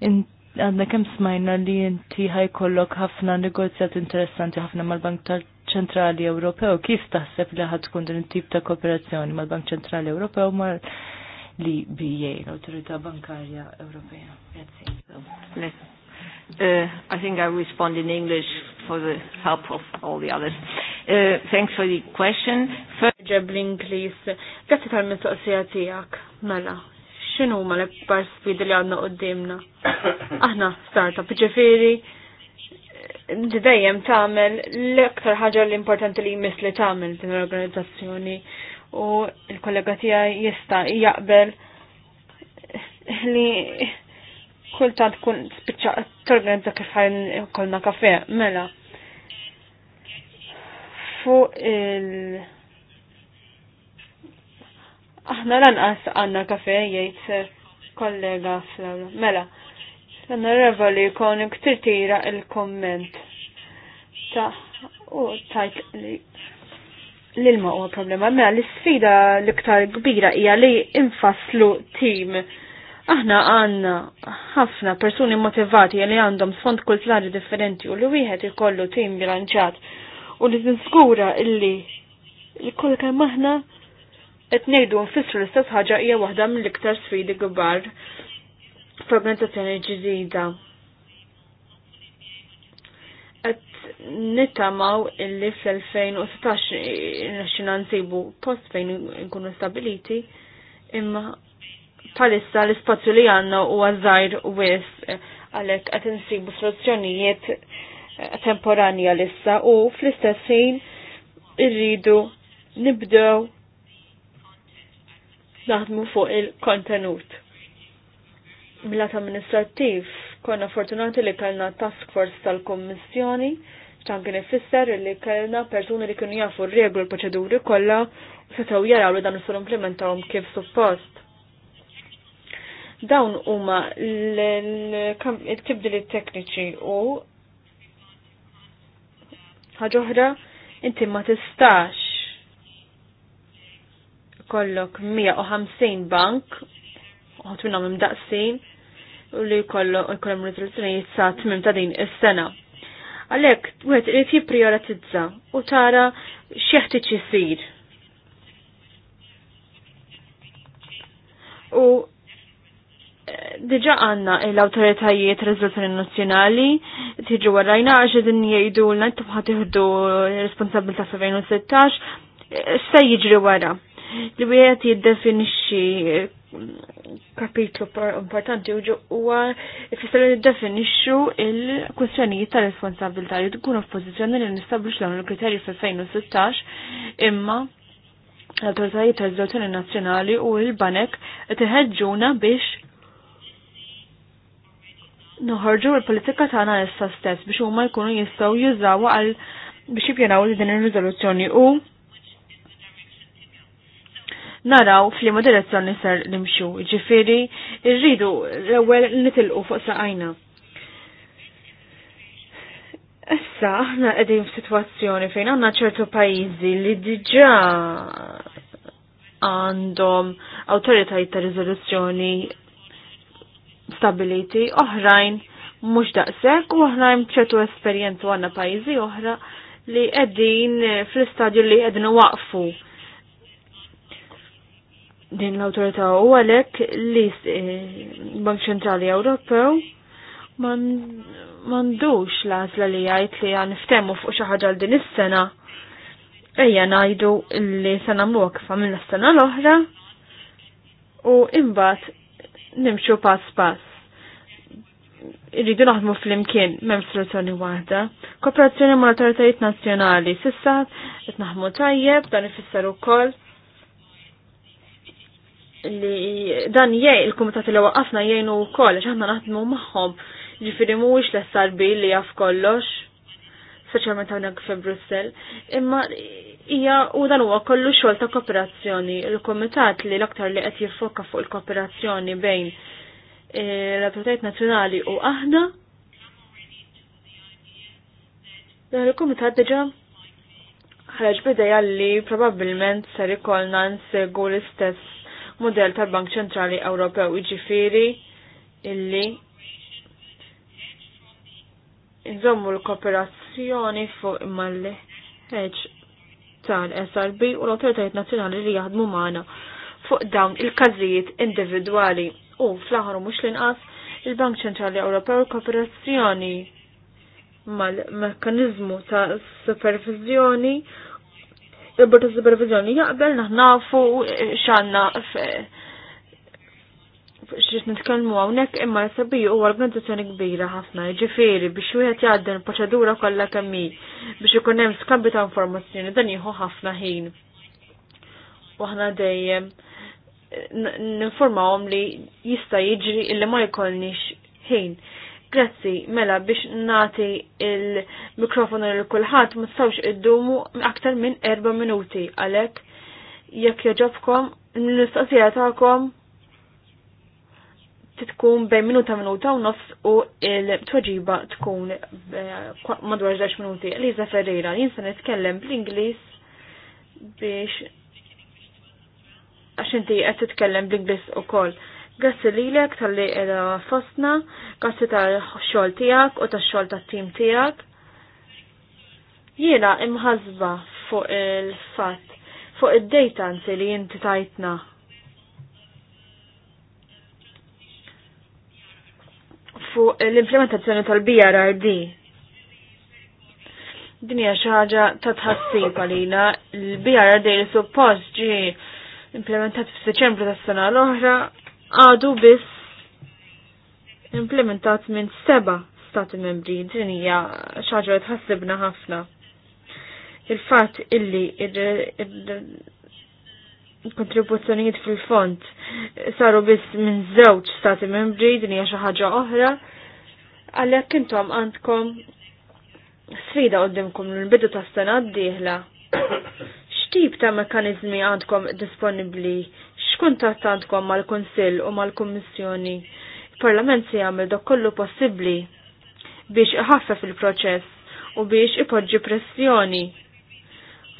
Għadna kemm smajna li inti ħajkollok ħafna negozjat interessanti ħafna mal-Bank tal-Ċentrali Ewropew. Kif taħseb li ħad tkun din it-tip ta' kooperazzjoni mal-Bank Ċentrali Ewropew mal li bie l-Autorità Bankarja Ewropea. Grazie. Uh, I think I respond in English for the help of all the others. Uh, thanks for the question. Ġeb l-Inglis, grazzi tal-mistoqsija tijak, mela, xinu ma l-ekbar sfidi li għanna qoddimna? Aħna startup, ġifiri, dejjem tagħmel l ektar ħaġa l-importanti li jmiss li din l-organizzazzjoni u il-kollega tiegħi jista' jaqbel li kultant kun spiċċa organizza kif ħajn kolna kafe, mela. Fu il- Aħna lanqas għanna kafe jgħid kollega fl Mela, l-onorevoli kon ktir tira il-komment ta' u tajt li l-ilma huwa problema, mela l-sfida l-iktar kbira hija li infaslu tim. Aħna għanna ħafna persuni motivati li għandhom sfond kulturali differenti u li wieħed ikollu tim bilanċat u li zinskura illi l-kull kemm aħna qed ngħidu nfissru l-istess ħaġa hija waħda mill-iktar sfidi kbar f'organizzazzjoni ġdida qed nittamaw illi fl-2016 nixxina nsibu post fejn nkunu stabiliti imma palissa l-ispazju li għanna u għazzajr wis għalek qed nsibu soluzzjonijiet eh, temporani għalissa u fl-istess irridu nibdew naħdmu fuq il-kontenut. Mill-att amministrattiv Konna fortunati li kellna task force tal-Kommissjoni ċan kien ifisser li kellna persuni li kienu jafu r-reglu l-proċeduri kollha u setgħu jaraw li dan isul implementawhom kif suppost. Dawn huma l-tibdili tekniċi u ħaġa oħra inti ma tistax kollok 150 bank, uħat minnhom imdaqsin, u li jkollhom riżoluzzjonijiet sa minn ta' din is-sena. Għalhekk wieħed irid jipprioritizza u tara xieħti isir. U eh, diġa għanna l-autoritajiet rezoluzzjoni nazjonali tiġu għarrajna għax din jgħidu l-najt tibħat jihdu responsabilta 2016 se eh, jiġri wara li wieħed jiddefinixxi kapitlu importanti huwa ifisser li definixxu il-kwistjonijiet tal responsabilità li tkunu f'pożizzjoni li nistabbilx dawn il-kriterji fil-2016 imma l-autoritajiet tal żolazzjoni nazzjonali u l-banek tiħeġġuna biex noħorġu l-politika tagħna issa stess biex huma jkunu jistgħu jużawha għal biex jippjanaw din ir-riżoluzzjoni u naraw fl-ma direzzjoni ser nimxu, ġifiri rridu l-ewel nitilqu fuq saqajna. Issa, aħna qegħdin f'sitwazzjoni fejn għandna ċertu pajjiżi li diġà għandhom awtoritajiet ta' riżoluzzjoni stabiliti, oħrajn mhux daqshekk u oħrajn ċertu esperienzu għandna pajjiżi oħra li qegħdin fl-istadju li qegħdin waqfu din l-autorità u għalhekk li eh, Bank Ċentrali Ewropew mandux l-għażla li jgħid li għan niftehmu fuq xi ħaġa din is-sena. Ejja ngħidu li sena nagħmluha kif għamilna s-sena l-oħra u imbagħad nimxu pass pass. Irridu naħdmu fl-imkien m'hemm soluzzjoni waħda. Kooperazzjoni mal-autoritajiet nazzjonali sissa qed tajjeb dan ifisser ukoll li dan jgħi il-komitat li waqqafna jgħinu u koll, ċaħna naħdmu maħħom, ġifiri ix l sarbi li jaf kollox, specialment għonek fe Brussel, imma ija u dan huwa kollu xogħol ta' kooperazzjoni, il-komitat li l-aktar li qed jiffoka fuq il-kooperazzjoni bejn l autoritajt nazzjonali u aħna. Dan il-komitat deġa ħareġ bideja li probabbilment ser ikollna nsegu l-istess model tal-Bank Ċentrali Ewropew iġifiri illi nżommu l-kooperazzjoni fuq mal-ħeġ tal-SRB u l-autoritajiet nazzjonali li jaħdmu magħna fuq dawn il-każijiet individwali u fl-aħħar mhux l-inqas il-Bank Ċentrali Ewropew kooperazzjoni mal-mekkanizmu ta' supervizjoni il-Bord ta' Supervizjoni jaqbel naħnafu xanna xiex nitkellmu hawnhekk imma sabi huwa organizzazzjoni kbira ħafna, jiġifieri biex wieħed jgħaddi l-proċedura kollha kemm biex ikun hemm skambju ta' informazzjoni dan jieħu ħafna ħin. U aħna dejjem ninformawhom li jista' jiġri illi ma jkollniex ħin. Grazzi, mela biex nati il-mikrofonu l kulħadd ma tistgħux iddumu aktar minn erba' minuti għalhekk jekk joġobkom l-istoqsija tagħkom tkun bejn minuta minuta u nofs u l-tweġiba tkun eh, madwar 10 minuti. Liza Ferreira, jien se nitkellem bl-Ingliż biex għax inti qed titkellem bl-Ingliż ukoll. Grazzi lilek tal-li edha fostna, grazzi tal-xol tijak u tal-xol tal-tim tijak. Jiena imħazba fuq il-fat, fuq id-dejta il li jinti tajtna. Fuq l-implementazzjoni tal-BRRD. Dinja xaġa ta' tħassib għalina, l-BRRD li suppost ġi implementat f-Seċembru tas-sena l-oħra għadu biss implementat minn seba stati membri din hija xaġa tħassibna ħafna. Il-fatt illi il kontribuzzjonijiet fil-fond saru biss minn żewġ stati membri din hija xi ħaġa oħra għalhekk intom għandkom sfida qoddimkom l-bidu tas-sena d-dieħla x'tip ta' mekkaniżmi għandkom disponibbli x'kuntatt mal-Kunsill u mal-Kummissjoni? Il-Parlament se jagħmel dak kollu possibbli biex iħaffef il-proċess u biex ipoġġi pressjoni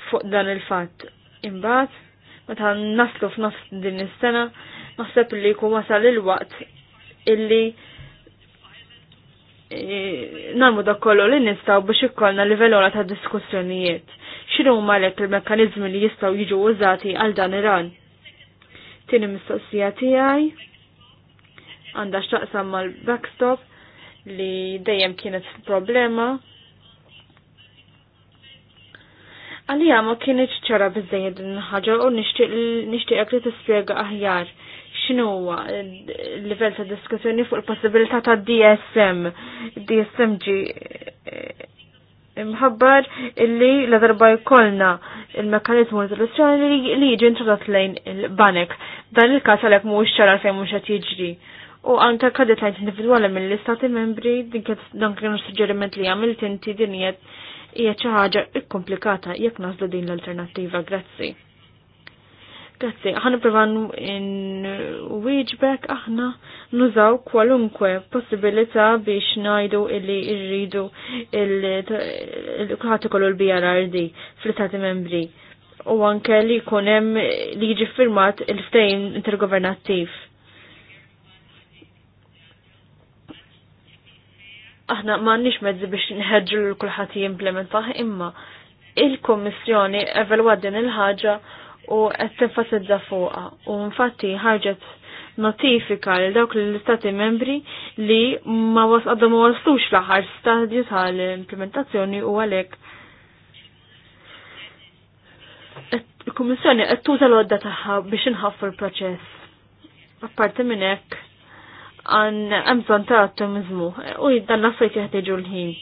fuq dan il-fatt. Imbagħad, meta naslu f'nofs din is-sena, naħseb li jkun wasal il-waqt illi eh, namlu dak kollu li nistaw biex ikkolna livellora ta' diskussjonijiet. X'inhu malek il-mekkaniżmi li jistgħu jiġu użati għal dan ir-ran? Tieni mistoqsija tiegħi għandha x'taqsam mal-backstop li dejjem kienet problema. Għalija ma kienieċ ċara bizzejed ħaġa u nishtiqek li tispjega aħjar x'inhu huwa l-livell ta' diskussjoni fuq il-possibilità ta' DSM. DSM ġi imħabbar illi la darba jkollna il-mekkanizmu li jiġi introdott lejn il-banek. Dan il-kas għalek mux ċara fejn mux għat jiġri. U anka kadetajt individuali mill-istati membri, dan kienu suġġeriment li għamilt inti dinjet hija xi ħaġa ikkomplikata jekk nażlu din l-alternattiva, grazzi. Grazzi, provan prova wieġbek aħna nużaw kwalunkwe possibilita biex ngħidu illi rridu il-kulħadd l-BRRD fl-istati membri u anke li kunem li jiġi firmat il-ftejn intergovernattiv. Aħna ma nix mezzi biex nħedġu l kulħati implementaħ imma il komissjoni evalwad din il-ħaġa u qed tinfasizza fuqha u infatti ħarġet notifika l dawk l-istati membri li ma wasqadhom ma waslux l-aħħar stadju tal-implementazzjoni u għalhekk il-Kummissjoni qed tuża l-għodda tagħha biex inħaffu l-proċess. Apparti minn hekk hemm bżonn ta' ottimizmu u dan l-affarijiet jeħtieġu l-ħin.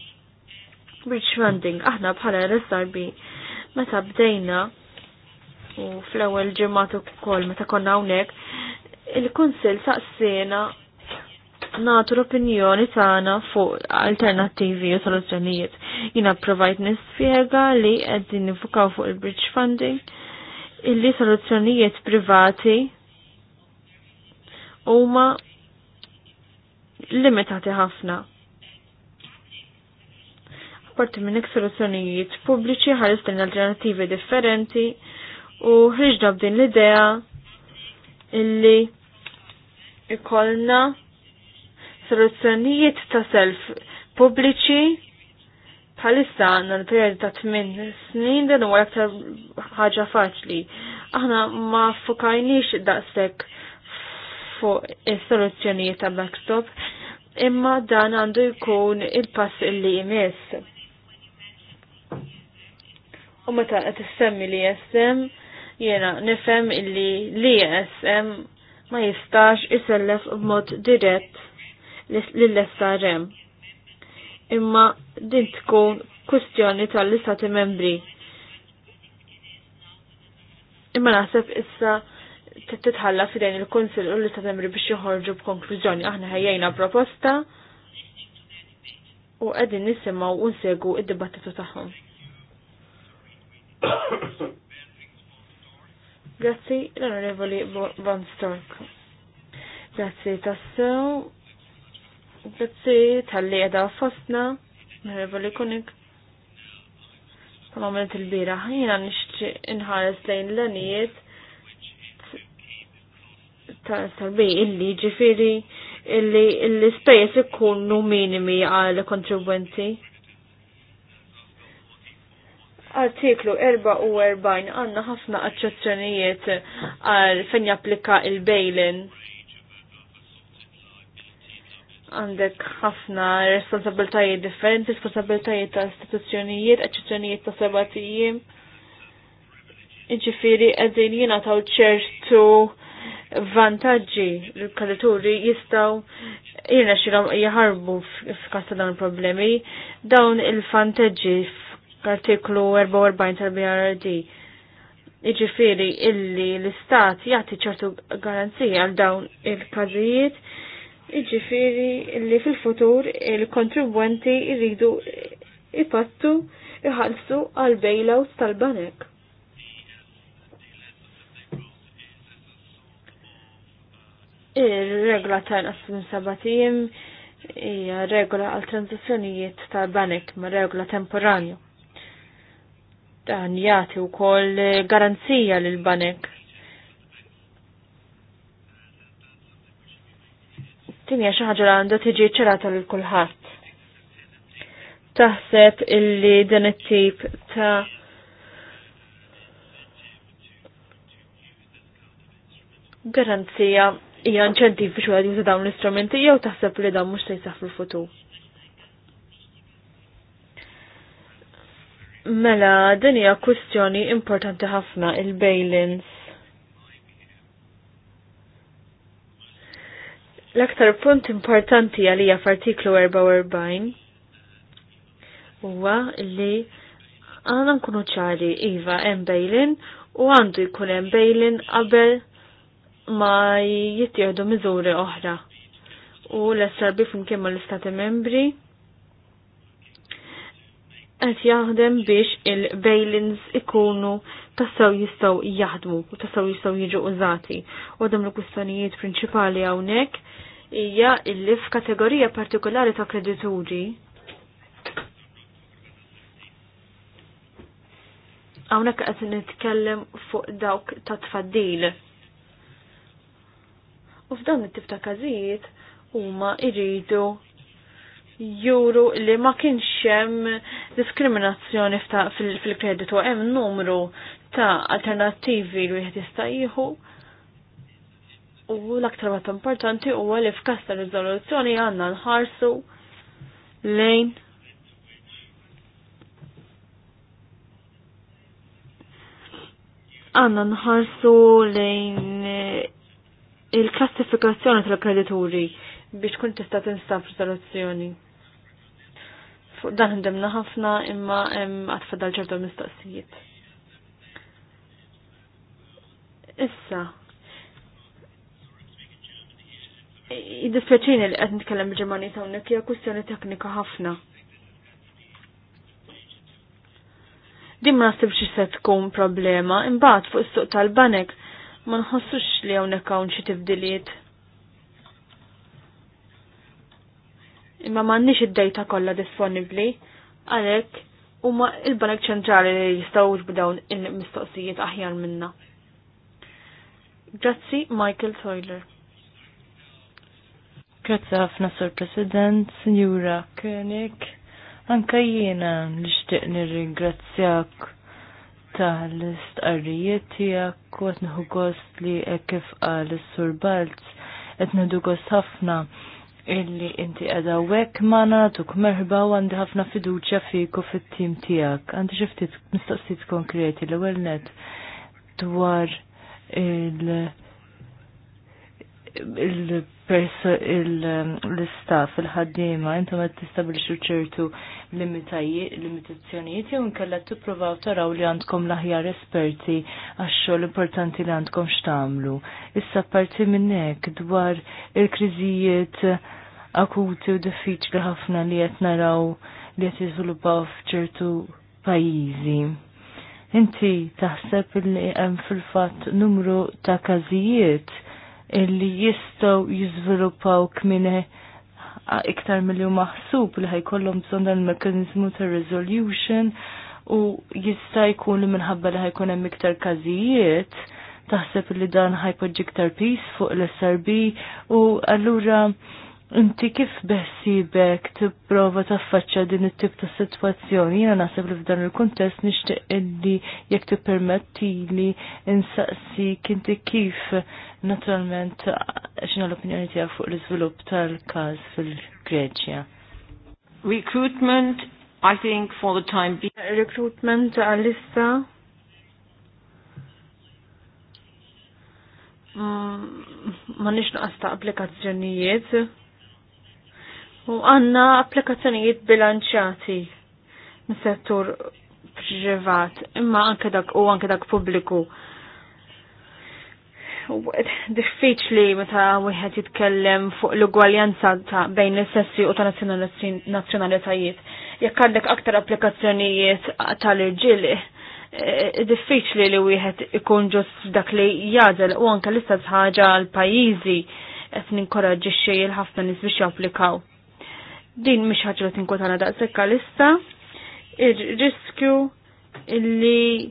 Bridge funding, aħna bħala RSRB, meta bdejna u fl-ewwel ġimgħat ukoll meta konna hawnhekk, il-Kunsill saqsiena natu l-opinjoni tagħna fuq alternattivi u soluzzjonijiet. Jina provajt nispjega li qegħdin nifukaw fuq il-bridge funding illi soluzzjonijiet privati huma limitati ħafna. Apparti minn soluzzjonijiet pubbliċi ħares din alternattivi differenti u ħriġna b'din l-idea illi ikollna soluzzjonijiet ta' self pubbliċi Bħalissa għanna l-periodi ta' 8 snin dan huwa aktar ħaġa faċli. Aħna ma fokajniex daqshekk fuq is-soluzzjonijiet ta' backstop, imma dan għandu jkun il-pass illi jmiss. U meta qed issemmi li jessem, jiena nifhem illi li jessem ma jistax isellef b'mod dirett lill-SRM imma din tkun kwistjoni tal-istati membri. Imma naħseb issa titħalla fidejn il konsil u l istati Membri biex joħorġu b'konklużjoni. Aħna ħejjajna proposta u qegħdin nisimaw u nsegu id-dibattitu tagħhom. Grazzi l-Onorevoli Van Stork. Grazzi tassew. Grazzi tal-li għada fostna, onorevoli kunik. Għamilt il-bira, jina nishtri inħares lejn l-anijiet tal-bi illi ġifiri illi l-spejjeż ikunu minimi għal kontribwenti. Artiklu 44 għanna ħafna aċċezzjonijiet għal fejn japplika il-bejlin għandek ħafna responsabiltajiet differenti, responsabiltajiet ta' istituzzjonijiet, eċċezzjonijiet ta' sebatijiem. Iġifiri, għedin jina ta' ċertu vantaġġi l-kalituri jistaw jirna xilom jaharbu f'kasta dawn il-problemi, dawn il-fantaġġi f'artiklu 44 tal-BRD. Iġifiri, illi l-istat jgħati ċertu garanzija għal dawn il-kazijiet Iġifiri li fil-futur il-kontribwenti jridu ipattu iħalsu għal bailout tal-banek. Il-regla ta' naqsim sabatijem hija regola għal tranzazzjonijiet tal-banek ma' regola temporanju. Dan jagħti wkoll garanzija lil banek Tinja xi ħaġa għandha tiġi ċerata lil kulħadd. Taħseb illi din it-tip ta' garanzija hija inċentiv biex wieħed juża dawn l-istrumenti jew taħseb li dan mhux se jsaħ fil-futur. Mela, din hija kwistjoni importanti ħafna il-bailins. L-aktar punt importanti għalija f'artiklu 44 huwa li għana nkunu ċari iva hemm bejlin u għandu jkun hemm bejlin qabel ma jittieħdu miżuri oħra. U l-SRB flimkien mal-Istati Membri qed jaħdem biex il bejlins ikunu tassaw jistgħu jaħdmu u tassaw jistgħu jiġu użati. U dam l-kustanijiet prinċipali hawnhekk hija illi f'kategorija partikolari ta' kredituri hawnhekk qed nitkellem fuq dawk ta' tfaddil. U f'dawn it-tip ta' każijiet huma jridu juru li ma kienx hemm diskriminazzjoni fil-kreditu hemm numru ta' alternattivi li wieħed jista' jieħu u l-aktar mat importanti huwa li kasta ta' riżoluzzjoni għandna nħarsu lejn għandna nħarsu lejn il-klassifikazzjoni tal-kredituri biex kun tista' tinsab rizoluzzjoni. Fuq dan ndemna ħafna imma hemm għatfadal ċertu mistaqsijiet. Issa, Jiddispjaċini li qed nitkellem bil-Ġermani hawnhekk hija kwistjoni teknika ħafna. Din ma nasibx se tkun problema, imbagħad fuq is-suq tal-banek ma nħossux li hawnhekk hawn xi tibdiliet. Imma m'għandniex id-dejta kollha disponibbli għalhekk huma il-banek ċentrali li jistgħu b'dawn il-mistoqsijiet aħjar minna. Grazzi Michael Toiler. Grazzi ħafna Sur President, Sinjura Koenig. Anka jiena nixtieq nirringrazzjak tal-istqarrijiet tiegħek u qed għost gost li kif qal is-Sur Balz qed għost gost ħafna illi inti għada wek mana tuk merħba u għandi ħafna fiduċa fiku fit-tim tijak. Għandi xiftit mistaqsit konkreti l ewwel dwar il- l-istaff, il-ħaddima, ma t tistabilixu ċertu limitazzjonijiet, jew nkella t-provaw taraw li għandkom laħjar esperti għaxxo l-importanti li għandkom xtamlu. Issa parti minnek dwar il-kriżijiet akuti u diffiċli ħafna li qed naraw li qed jiżviluppaw f'ċertu pajjiżi. Inti taħseb li hemm fil-fatt numru ta' każijiet illi jistaw jizviluppaw kmini iktar mill maħsub li ħajkollhom bżonn dal-mekanizmu ta' resolution u jista' jkun li minħabba li ħajkun hemm iktar każijiet taħseb li dan ħajpoġġi iktar peace fuq l-SRB u allura Inti kif beħsibek tipprova taffaċċa din it-tip ta' sitwazzjoni? Jiena naħseb li f'dan il-kuntest nixtieq illi jekk tippermettili insaqsik inti kif naturalment x'inha l-opinjoni tiegħek fuq l-iżvilupp tal-każ fil-Greċja. Recruitment, I think for the time being. Recruitment għalissa mm, ma nix naqas ta' applikazzjonijiet u għanna applikazzjonijiet bilanċati mis-settur privat, imma anke dak u anke dak pubbliku. Diffiċli meta wieħed jitkellem fuq l-ugwaljanza ta' bejn l sessi u ta' nazzjonalitajiet. Jekk għandek aktar applikazzjonijiet tal irġiel eh, diffiċli li wieħed ikun ġust dak li jagħmel u anke l-istess ħaġa għal pajjiżi qed ninkoraġġi l ħafna nies biex japplikaw. Din mish ħaġa li tinkwetana daqshekk għalissa. il riskju illi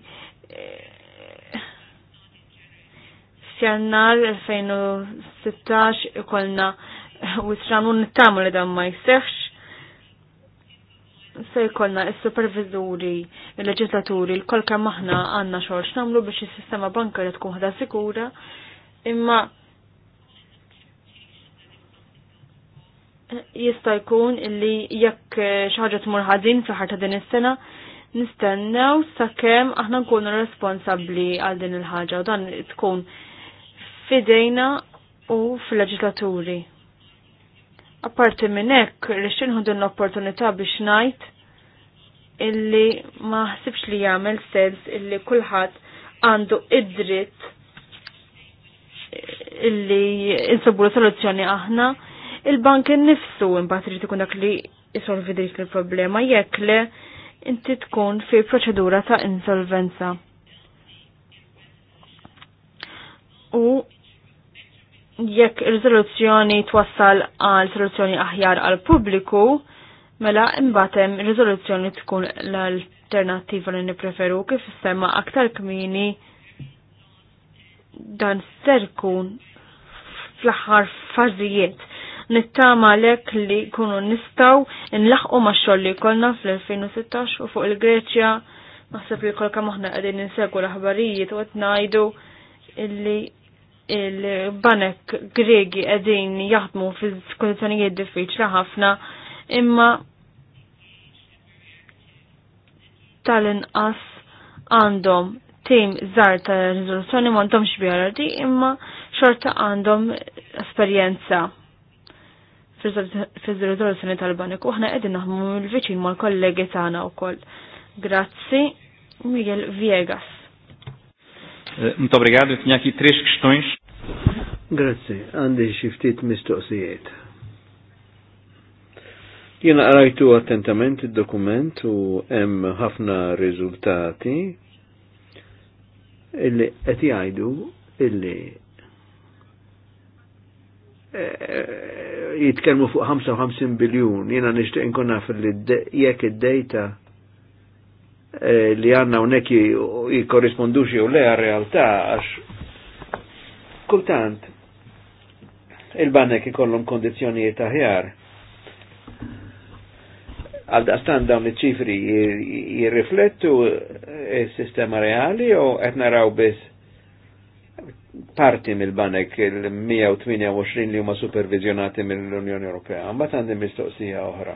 s-jannar 2016 ikolna n-tamu li dan ma jsefx se jkollna il-supervizuri, il-leġislaturi, il-kolka maħna għanna xorx namlu biex il-sistema bankarja tkun ħada sikura, imma jista' jkun illi jekk eh, xi ħaġa tmur ħażin fl-ħar ta' din is-sena, nistennew sakemm aħna nkunu responsabbli għal din il-ħaġa u dan tkun fidejna u fil-leġislaturi. Apparti minn hekk, rixtinħu din l-opportunità biex ngħid illi ma ħsibx li jagħmel sens illi kulħadd għandu id-dritt illi insabu soluzzjoni aħna il-bank nifsu imbagħad irid ikun dak li isolvi dik il-problema jekk le inti tkun fi proċedura ta' insolvenza. U jekk il riżoluzzjoni twassal għal soluzzjoni aħjar għal pubbliku, mela imbatem ir-riżoluzzjoni tkun l alternattiva li nipreferu kif sistema aktar kmini dan serkun fl-aħħar fażijiet nittama lek li kunu nistaw nlaħqu ma xoll li kolna fl-2016 u fuq il-Greċja naħseb li kolka maħna għedin ninsegu l-ħbarijiet u għetnajdu illi il-banek gregi għedin jaħdmu fi kondizjonijiet diffiċli ħafna imma tal-inqas għandhom tim zar ta' riżoluzzjoni m'għandhomx BRD imma xorta għandhom esperjenza fil-rizoluzzjoni tal-banik u ħna għedin naħmu l vicin ma l kollegi tħana u koll. Grazzi, Miguel Viegas. Muito obrigado, eu tinha aqui três Grazzi, għandi xiftit mistoqsijiet. Jena għarajtu attentament il dokument u hemm ħafna rizultati illi għeti għajdu illi Eh, jitkelmu fuq 55 biljun, jina nishtiq nkunna naf li jekk id-dejta eh, li għanna unek jikorrispondux u leja realtà għax kultant il-banek ikollhom kondizzjonijiet aħjar. Għal daqstan dawn iċ-ċifri jirriflettu s-sistema eh, reali u qed naraw biss parti mill-banek il-128 li huma supervizjonati mill-Unjoni Ewropea. Mbagħad għandi mistoqsija oħra.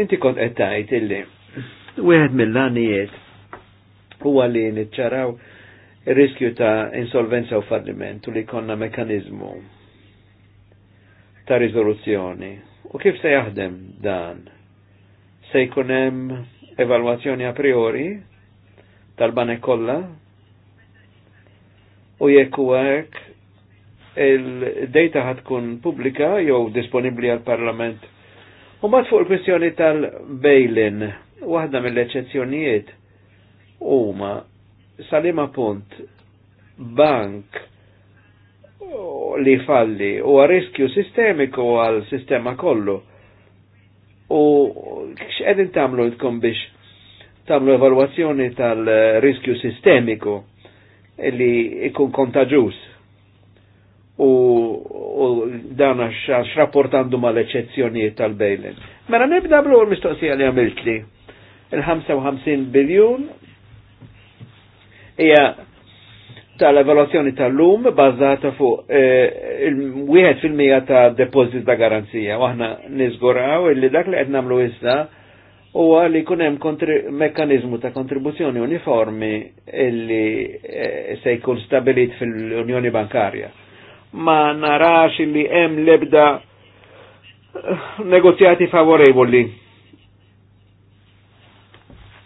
Inti kont qed tgħid illi wieħed mill-għanijiet huwa li niċċaraw ir-riskju ta' insolvenza u falliment u li konna mekanizmu ta' riżoluzzjoni. U kif se jaħdem dan? Se jkun hemm evalwazzjoni a priori tal-banek kollha u jekk u għek il-data ħatkun publika jew disponibli għal-parlament. U mat fuq il-kwestjoni tal-bejlin, waħda mill-eċezzjonijiet huma salima punt bank li falli u riskju sistemiku għal sistema kollu. U x'edin tagħmlu jitkom biex tagħmlu evalwazzjoni tal-riskju sistemiku li ikun kontaġus. U, u dan għax rapportandu ma l-eċezzjonijiet tal-bejlin. Mela nibda bl mistoqsija li għamiltli li il-55 biljun hija tal-evaluazzjoni tal-lum bazzata fuq eh, il-1% ta' deposit ta' garanzija. Waħna nizguraw illi dak li qed nagħmlu issa u li kunem mekkanizmu ta' kontribuzzjoni uniformi illi eh, se jkun stabilit fil-Unjoni Bankarja. Ma narax illi hemm lebda eh, negozjati favorevoli.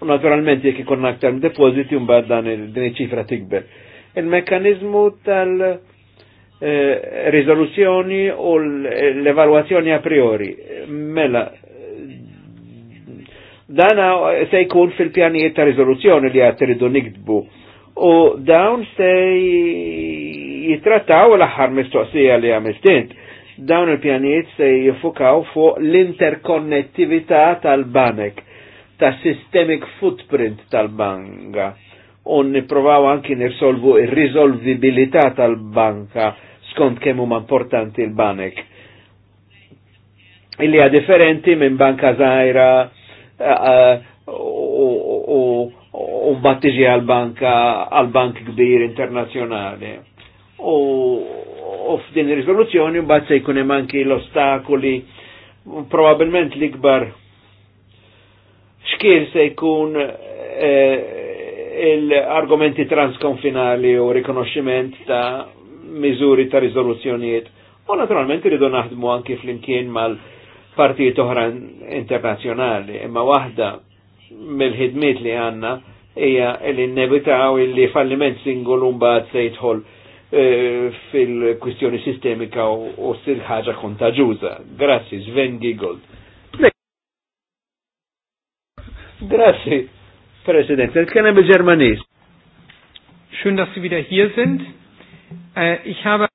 Naturalment jekk ikun aktar depositi mbagħad dan din ċifra tikber. Il-mekkanizmu tal- eh, rizoluzzjoni u l-evaluazzjoni a priori. Mela, Dana eh, se jkun fil-pjanijiet ta' rizoluzzjoni li għat rridu nikdbu. U dawn se jitrattaw l-aħħar mistoqsija li għamiltint. Dawn il-pjanijiet se jifukaw fuq l-interkonnettività tal-banek, ta' systemic footprint tal-banga. U niprovaw anki nirsolvu ir-risolvibilità tal-banka skont kemm huma importanti l-banek illi għad differenti minn banka zaħira u mbagħad tiġi għall-banka għal bank kbir internazjonali. U f'din ir-riżoluzzjoni mbagħad se jkun hemm anki l-ostakoli probabbilment l-ikbar xkien se jkun e, l-argumenti transkonfinali u rikonoxximent ta' mizuri ta' riżoluzzjonijiet. U naturalment irridu naħdmu anki fl-imkien mal- partijiet oħra internazjonali, imma waħda mill-ħidmiet li għanna hija li nevitaw li falliment singol mbagħad se jidħol e, fil-kwistjoni sistemika u sir ħaġa kontaġuża. Grazzi, Sven Giegold. Grazzi, President. Il-kena il ġermanis Schön, dass Sie wieder hier sind. Äh, ich habe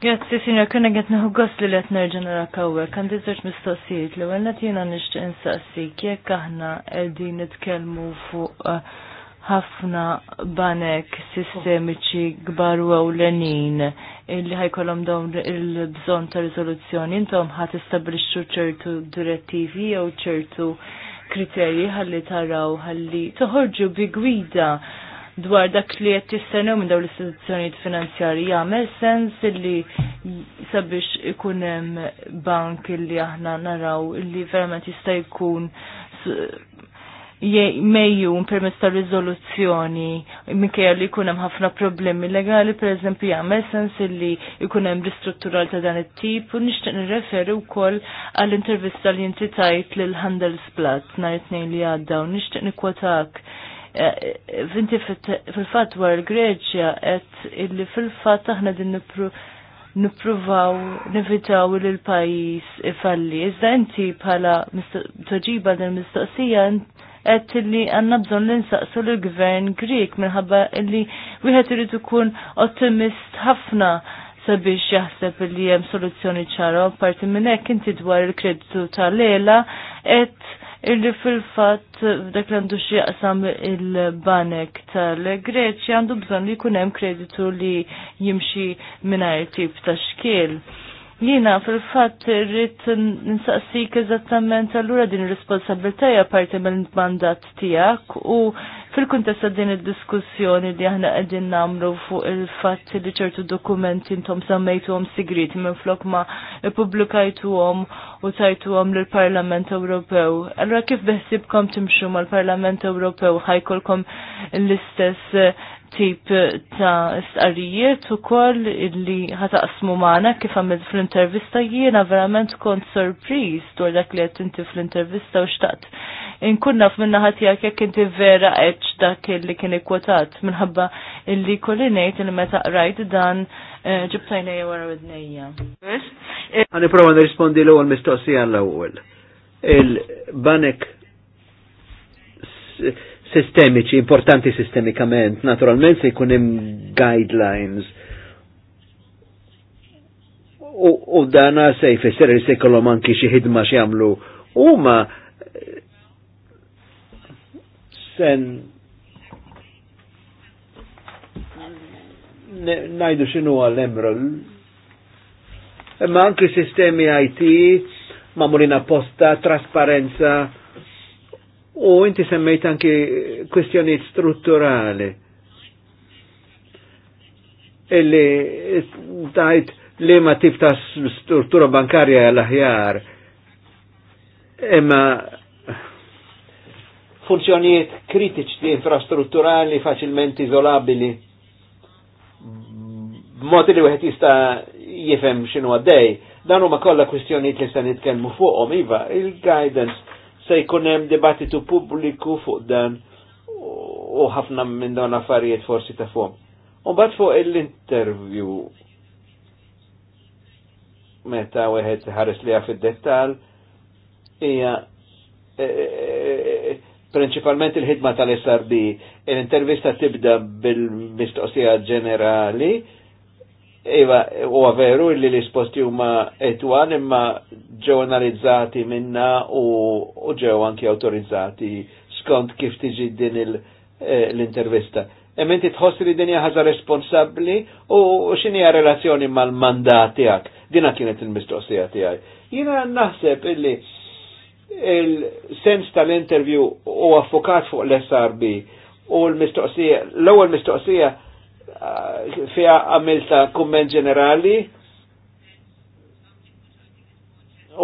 Grazzi, signor, kuna għet naħu għos li għet nerġan rakawwe, kan dizzert mistoqsijiet li għanna tjena nishtiq insaqsi, kjek aħna għedin nitkelmu fuq eh, ħafna banek sistemiċi gbar u lenin illi ħajkolom dawn il-bżon ta' rizoluzzjoni, intom ħat istabrixxu ċertu direttivi jew ċertu kriterji ħalli taraw ħalli toħorġu bi gwida dwar dak li qed jistennew minn dawn l-istituzzjonijiet finanzjarji jagħmel sens li sabiex ikun hemm bank li aħna naraw li verament jista' jkun mejju permezz ta' riżoluzzjoni minkejja li jkun hemm ħafna problemi legali pereżempju jagħmel sens li jkun hemm ristruttural ta' dan it-tip u nixtieq nirreferi wkoll għall-intervista li inti tajt lil Handelsblatt nhar it-tnejn li għadda u nixtieq nikkwotak. Vinti eh, fil-fat war il-Greċja et illi fil-fat aħna din nipruvaw nivitaw li l-pajis falli. Iżda inti bħala toġiba din mistoqsija et illi għanna bżon li nsaqsu l-gvern Grek minħabba illi wieħed irid ikun ottimist ħafna sabiex jaħseb li hemm soluzzjoni ċara, parti minn hekk inti dwar il-kreditu tal-lela et illi fil-fatt dak li għandu xieqsam il-banek tal-Greċja għandu bżon li kunem kreditu li jimxi minnajr tip ta' xkiel. Jina fil-fatt rrit nsaqsik eżattament allura din responsabiltajja parti mill-mandat tijak u fil-kuntest din id-diskussjoni li aħna qegħdin nagħmlu fuq il fat li ċertu dokumenti intom għom sigriti minn flok ma għom u tajtuhom lill-Parlament Ewropew. Allora kif beħsibkom timxu mal-Parlament Ewropew ħajkolkom l-istess eh, tip ta' starijiet u koll illi ħataqsmu maħna kif għamil fl-intervista jiena verament kont sorpriz dwar dak li għattinti fl-intervista u xtaqt inkun naf minna ħatijak jekk inti vera eċ dak li kien ikkwotat minħabba illi kolli ngħid li meta qrajt dan eh, ġibtajna wara widnejja. Għani prova nirrispondi l-ewwel mistoqsija l-ewwel. Il-banek sistemiċi, importanti sistemikament, naturalment se jkun hemm guidelines. U, dana se jfisser li se jkollhom anki xi ħidma xi jagħmlu huma sen najdu xinu għal emrol Ma anki sistemi IT, ma mulina posta, trasparenza, u inti semmejt anki kwestjoni strutturali. Illi tajt li ma tip struttura bankarja l-aħjar. Imma funzjonijiet kritiċi infrastrutturali faċilment izolabili b'mod li wieħed jista' jifhem x'inhu għaddej. Dan huma kollha kwistjonijiet li se nitkellmu fuqhom iva, il-guidance se jkun hemm dibattitu pubbliku fuq dan u ħafna minn dawn affarijiet forsi ta' fuq. U bad fuq l-intervju meta wieħed ħares liha fid-dettall hija eh, Principalment il-ħidma tal-SRB, l-intervista tibda bil-mistoqsija ġenerali, Iva, u veru li l-isposti huma etwan imma ġew analizzati minna u ġew anki autorizzati skont kif tiġi din eh, l-intervista. E inti tħoss li din ħaġa responsabbli u x'inhi relazzjoni mal-mandat tiegħek. Dina kienet il-mistoqsija tiegħi. Jiena naħseb illi il-sens tal-interview u affokat fuq l-SRB u l-mistoqsija, l-ewwel mistoqsija uh, fija għamilta kumment ġenerali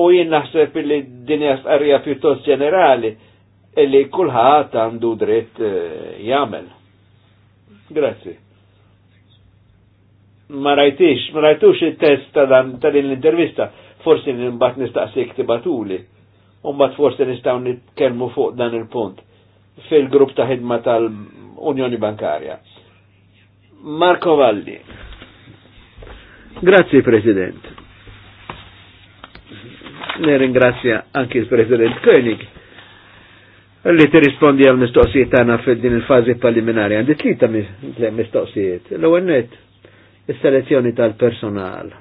u jien naħseb li din hija pjuttost ġenerali illi kulħadd għandu dritt uh, jagħmel. Grazzi. Ma rajtix, ma rajtux it-test ta' din l-intervista, forsi nimbat nistaqsi ktibatuli. Umbat forse nistaw nitkelmu fuq dan il-punt fil-grupp ta' ħidma tal-Unjoni Bankarja. Marco Valli. Grazie President. Ne ringrazja anki il-President Koenig li ti rispondi għal mistoqsijiet tagħna fil-din il-fażi preliminari. Għandi tlita mistoqsijiet. L-ewwel il is-selezzjoni tal-personal.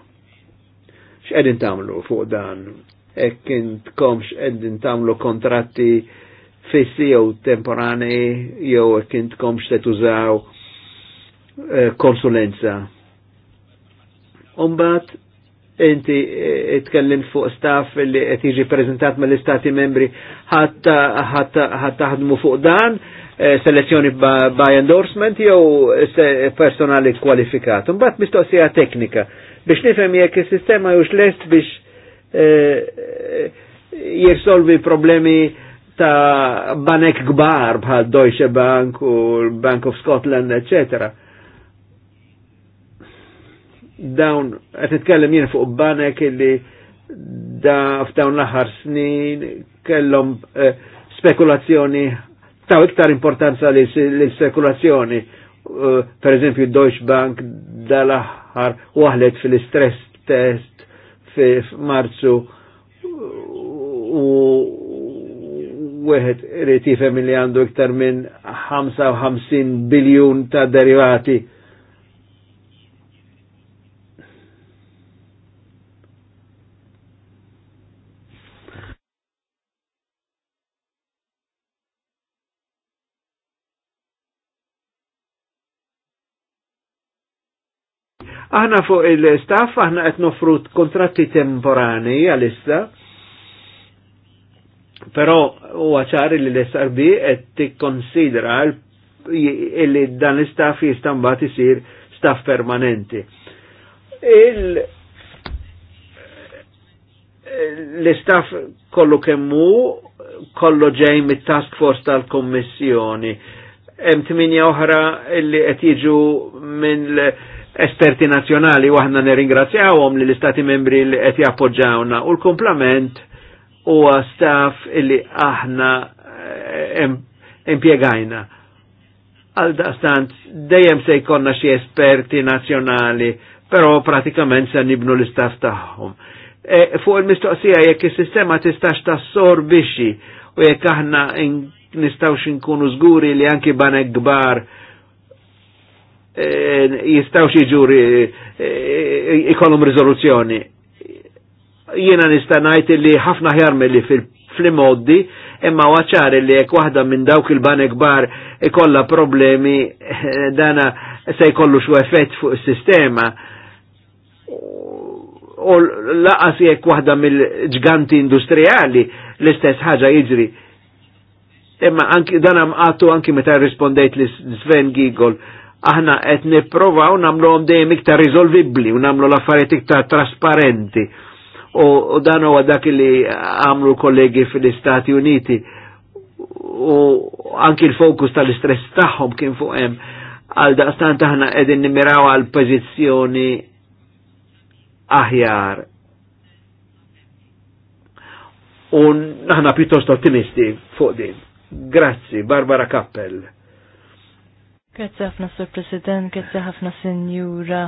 X'qegħdin tagħmlu fuq dan? E kien tkomx eddin tamlu kontratti fissi jew temporani jew e kien tkomx se tużaw e, konsulenza. Umbat, inti itkellim fuq staff li qed jiġi preżentat mill-istati membri ħadd taħdmu fuq dan, selezzjoni by endorsement jew personali kwalifikat. Umbat mistoqsija teknika biex nifhem jekk is-sistema jux lest biex jirsolvi problemi ta' banek gbar bħal Deutsche Bank u Bank of Scotland, etc. Dawn, għet nitkellem jien fuq banek illi da f'dawn l-aħħar snin kellom eh, spekulazzjoni taw iktar importanza li spekulazzjoni Uh, eh, per eżempju, Deutsche Bank dal Wahlet waħlet fil-stress test f-marzu u wieħed irid jifhem li għandu iktar minn 55 biljon ta' derivati Aħna fuq il-staff aħna qed nofru kontratti temporani għal-issa, però huwa ċari li l-SRB qed tikkonsidra li dan l-istaff jistambat isir staff permanenti. Il l-istaff kollu kemmu kollu ġej mit-task force tal-kommissjoni hemm tminja oħra li qed jiġu minn esperti nazzjonali u aħna nirringrazzjawhom li l-istati membri li qed jappoġġawna u l-komplament huwa staff illi aħna eh, impiegajna. Għal daqstant dejjem se jkollna xi esperti nazzjonali, però pratikament se nibnu l-istaff tagħhom. E, fuq il-mistoqsija jekk is-sistema tistax tassorbixxi u jekk aħna nistawx nkunu zguri li anki banek gbar e, jistawx iġuri eh, ikollhom rizoluzzjoni. Jiena nista' ngħid li ħafna ħjar li fil-modi imma waċar li jekk waħda minn dawk il-banek gbar ikolla problemi eh, dana se jkollu xu effett fuq is-sistema u laqas jekk waħda mill-ġganti industriali l-istess ħaġa jiġri Imma anki dan għattu anki meta rispondejt li Sven Gigol, aħna qed nipprovaw nagħmluhom dejjem iktar riżolvibbli u nagħmlu l-affarijiet iktar trasparenti. U dan huwa dak li għamlu kollegi fil-Istati Uniti u anki l-fokus tal-istress tagħhom kien fuq hemm għal daqstant aħna qegħdin nimiraw għal pożizzjoni aħjar. U aħna pjuttost ottimisti fuq din. Grazzi, Barbara Kappel. Grazzi ħafna, Sur President, grazzi ħafna, Sinjura.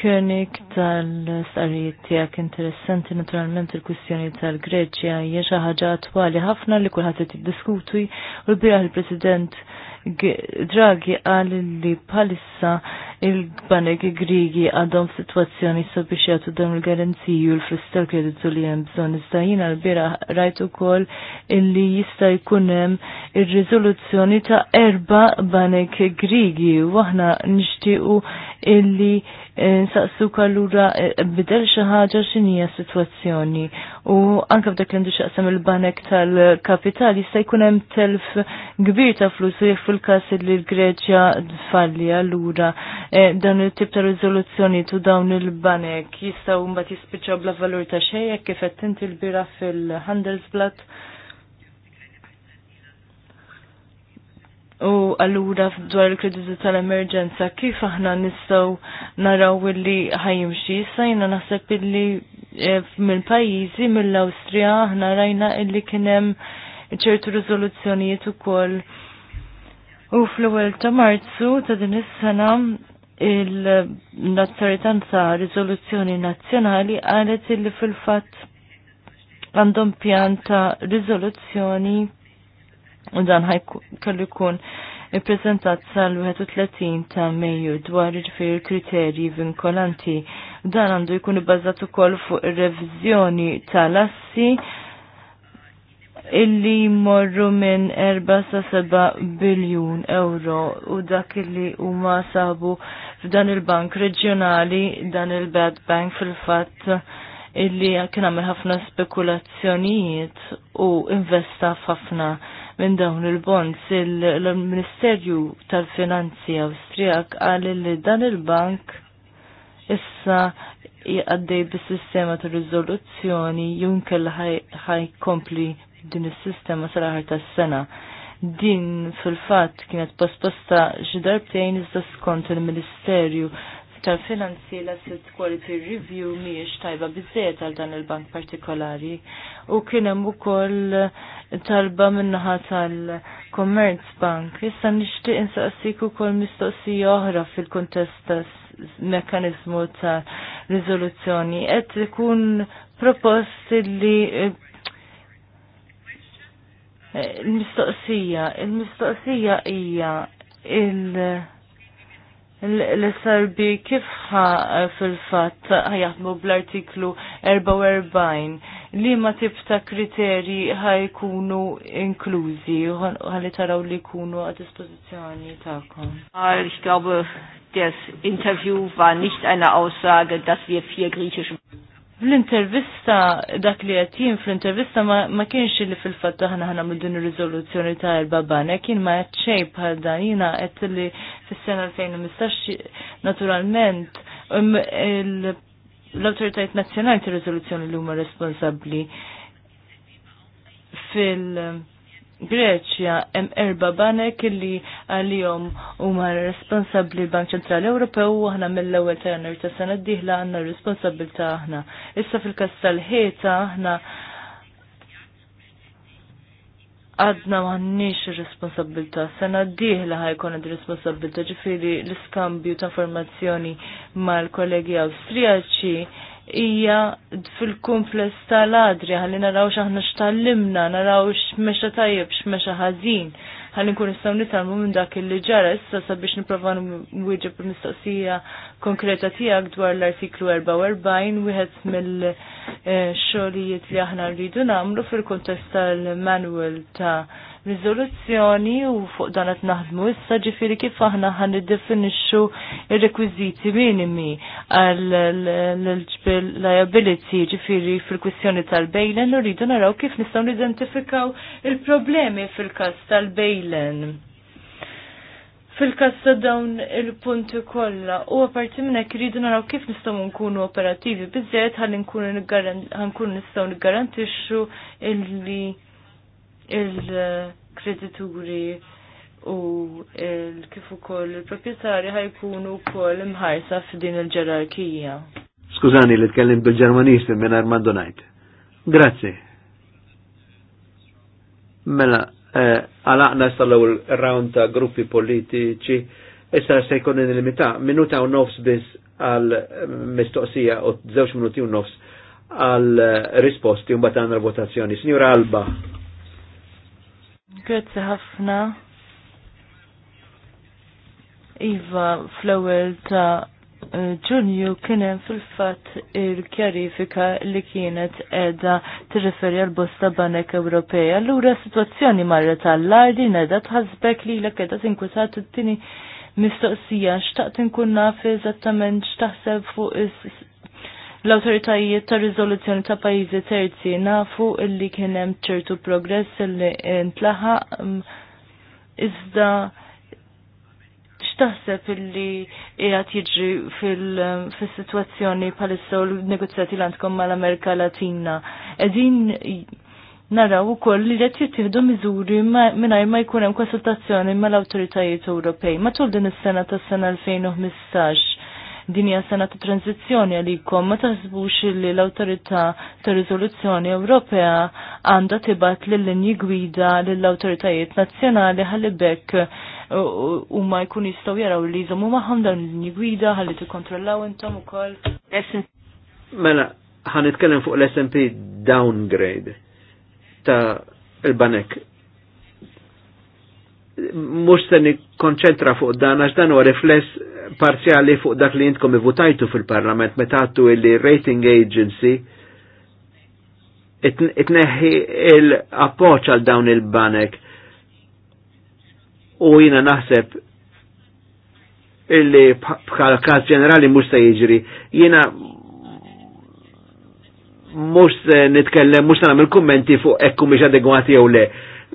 König tal-sarijiet tiegħek interessanti naturalment il-kwistjoni tal-Greċja hija xi ħaġa attwali ħafna li kulħadd qed u l-bieraħ il-President Draghi għal li bħalissa il-banek grigi għadhom situazzjoni sabiex jagħtu dawn il-garanziju l fristal kreditu li jem bżonn. Iżda għal l-bira rajt ukoll illi jista' jkun hemm ir-riżoluzzjoni ta' erba' banek grigi u aħna nixtiequ illi nsaqsu allura eh, bidel xi ħaġa situazzjoni sitwazzjoni U anke f'dak li għandu xaqsam il-banek tal-kapital jista' jkun hemm telf kbir ta' flus u jekk fil-każ li l-Greċja tfalli allura eh, dan il-tip ta' riżoluzzjoni tu dawn il-banek jistgħu mbagħad jispiċċaw bla valur ta' xejn kif qed tinti l-bira fil-Handelsblatt U allura dwar il-kreditu tal-emerġenza kif aħna nistgħu naraw illi ħajimxi? Sajna jiena naħseb illi eh, mill-pajjiżi mill-Awstrija aħna rajna illi kien hemm ċertu u ukoll. U fl-ewwel ta' Marzu ta' din is-sena il-nazzaritanza Rizoluzzjoni nazzjonali qalet illi fil-fatt għandhom pjan ta' riżoluzzjoni u dan kellu jkun ippreżentat sal-31 ta' Mejju dwar il kriterji vinkolanti. Dan għandu jkun ibbażat ukoll fuq ir-reviżjoni tal-assi illi morru minn 4 sa 7 biljun euro u dak illi huma sabu f'dan il-bank reġjonali dan il-bad bank fil-fatt illi kien għamil ħafna spekulazzjonijiet u investa f'ħafna minn dawn il-bonds. Il-Ministerju tal-Finanzi Awstrijak qal li dan il-bank issa jgħaddej bis-sistema ta' riżoluzzjoni junkel ħaj kompli din is-sistema sal-aħar tas-sena. Din fil-fatt kienet pospasta xi darbtejn iżda skont il-Ministerju tal-finanzi l-asset quality review miex tajba bizzejet għal dan il-bank partikolari u kienem u koll talba minnaħa tal-Commerce Bank. Issa nishtiq insaqsik u koll mistoqsija oħra fil-kontest ta' mekanizmu ta' rizoluzzjoni. Et ikun propost li eh, eh, il-mistoqsija, il-mistoqsija ija il-, -mistoqsija, il l sarbi kif ħa eh, fil-fat ħajatmu bl-artiklu 44 li ma tip ta' kriteri ħajkunu inklużi ħalli taraw li kunu a dispozizjoni ta'kom. Äh, ich glaube, das Interview war nicht eine Aussage, dass wir vier griechische Fl-intervista, dak li għattin fl-intervista ma kienx li fil-fat taħna ħana mill din il-rizoluzzjoni ta' il-babana, kien ma ċej bħal dan jina għet li fil-sena 2015 naturalment um, l-autoritajt nazjonali ta' rizoluzzjoni li huma responsabli fil- Greċja hemm erba banek illi għalihom huma responsabbli l-Bank Ċentrali Ewropew u aħna mill-ewwel ta' ta' sena d-dieħla għandna responsabilità aħna. Issa fil-każ tal-ħieta aħna għadna maħnix responsabilta, sena diħla ħajkon għad responsabilta ġifiri l-skambju ta' informazzjoni mal kollegi Awstrijaċi hija fil-kumpless tal-adri, ħalli naraw x'aħna x'tallimna, naraw x'mexa tajjeb, x'mexa ħażin. Ħalli nkun nistgħu nitalmu minn dak li ġara issa sabiex nipprova nwieġeb mistoqsija konkreta tiegħek dwar l-artiklu 44 wieħed mill-xogħlijiet eh, li aħna rridu nagħmlu fil kontest tal manual ta' Rizoluzzjoni u fuq dan qed naħdmu issa ġifieri kif aħna ħan niddefinixxu ir-rekwiżiti minimi għal ġbel liability ġifieri fil-kwistjoni tal-bejlen u rridu naraw kif nistgħu nidentifikaw il-problemi fil-każ tal-bejlen fil kassa ta' dawn il-punti kollha u għaparti minn hekk naraw kif nistgħu nkunu operattivi bizzet ħalli nkunu nistgħu niggarantixxu illi il-kredituri u il kif ukoll il-proprjetari ħajkunu wkoll imħajsa f'din il-ġerarkija. Skużani li tkellim bil-Ġermaniż minn Armando Knight. Grazzi. Mela, eh, għalaqna eh, sallaw il-round ta' gruppi politiċi, issa se jkun il-limita, minuta u nofs biss għal eh, mistoqsija u zewx minuti u nofs għal eh, risposti un batanra votazzjoni. Signora Alba. Grazzi ħafna. Iva, fl-ewwel ta' ġunju hemm fil fatt il-kjarifika li kienet qiegħda tirreferi għal-bosta banek Ewropea. Allura situazzjoni marret tal-lardi din tħasbek li l qiegħda edha tinkwetat mistoqsija xtaqt inkun naf eżattament x'taħseb fuq l-autoritajiet ta' rizoluzzjoni ta' pajizi terzi nafu illi kienem ċertu progress illi intlaħa mm, iżda x'taħseb illi jgħat jiġri fil-sitwazzjoni palissa u l-negozjati l-antkom ma mal-Amerika Latina. Qegħdin naraw ukoll li qed jittihdu miżuri mingħajr ma jkun hemm konsultazzjoni mal-awtoritajiet Ewropej. Matul din is-sena tas-sena 2015 dinja sena ta' tranzizjoni għalikom, ma taħsbux li l awtorità ta' riżoluzzjoni Ewropea għanda tibat l-linji gwida l awtoritajiet nazjonali għalli bekk u ma jkun jistaw jaraw li jżommu maħam dawn l-linji gwida għalli tikkontrollaw kontrollaw intom u Mela, għan itkellem fuq l-SMP downgrade ta' il-banek mux se nikkonċentra fuq dan għax dan huwa rifless parzjali fuq dak li jintkom votajtu fil-parlament meta għattu illi rating agency itneħi il-appoċ għal dawn il-banek u jina naħseb illi bħal kas ġenerali mux se jiġri. Jina mux nitkellem, mux namil kommenti fuq ekku miex adegwati jew le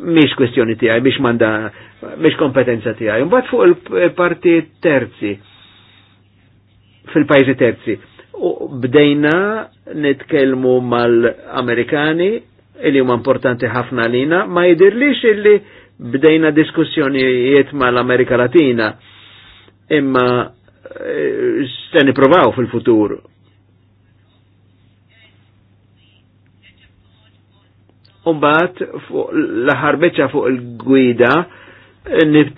miex kwestjoni tiegħi, miex manda, miex kompetenza tiegħi. Mbagħad fuq il-parti terzi, fil-pajzi terzi. U bdejna nitkellmu mal-Amerikani, illi huma importanti ħafna lina, ma jidirlix illi bdejna diskussjonijiet mal-Amerika Latina. Imma eh, se niprovaw fil-futur Umbat, l-ħarbeċa fuq il-gwida,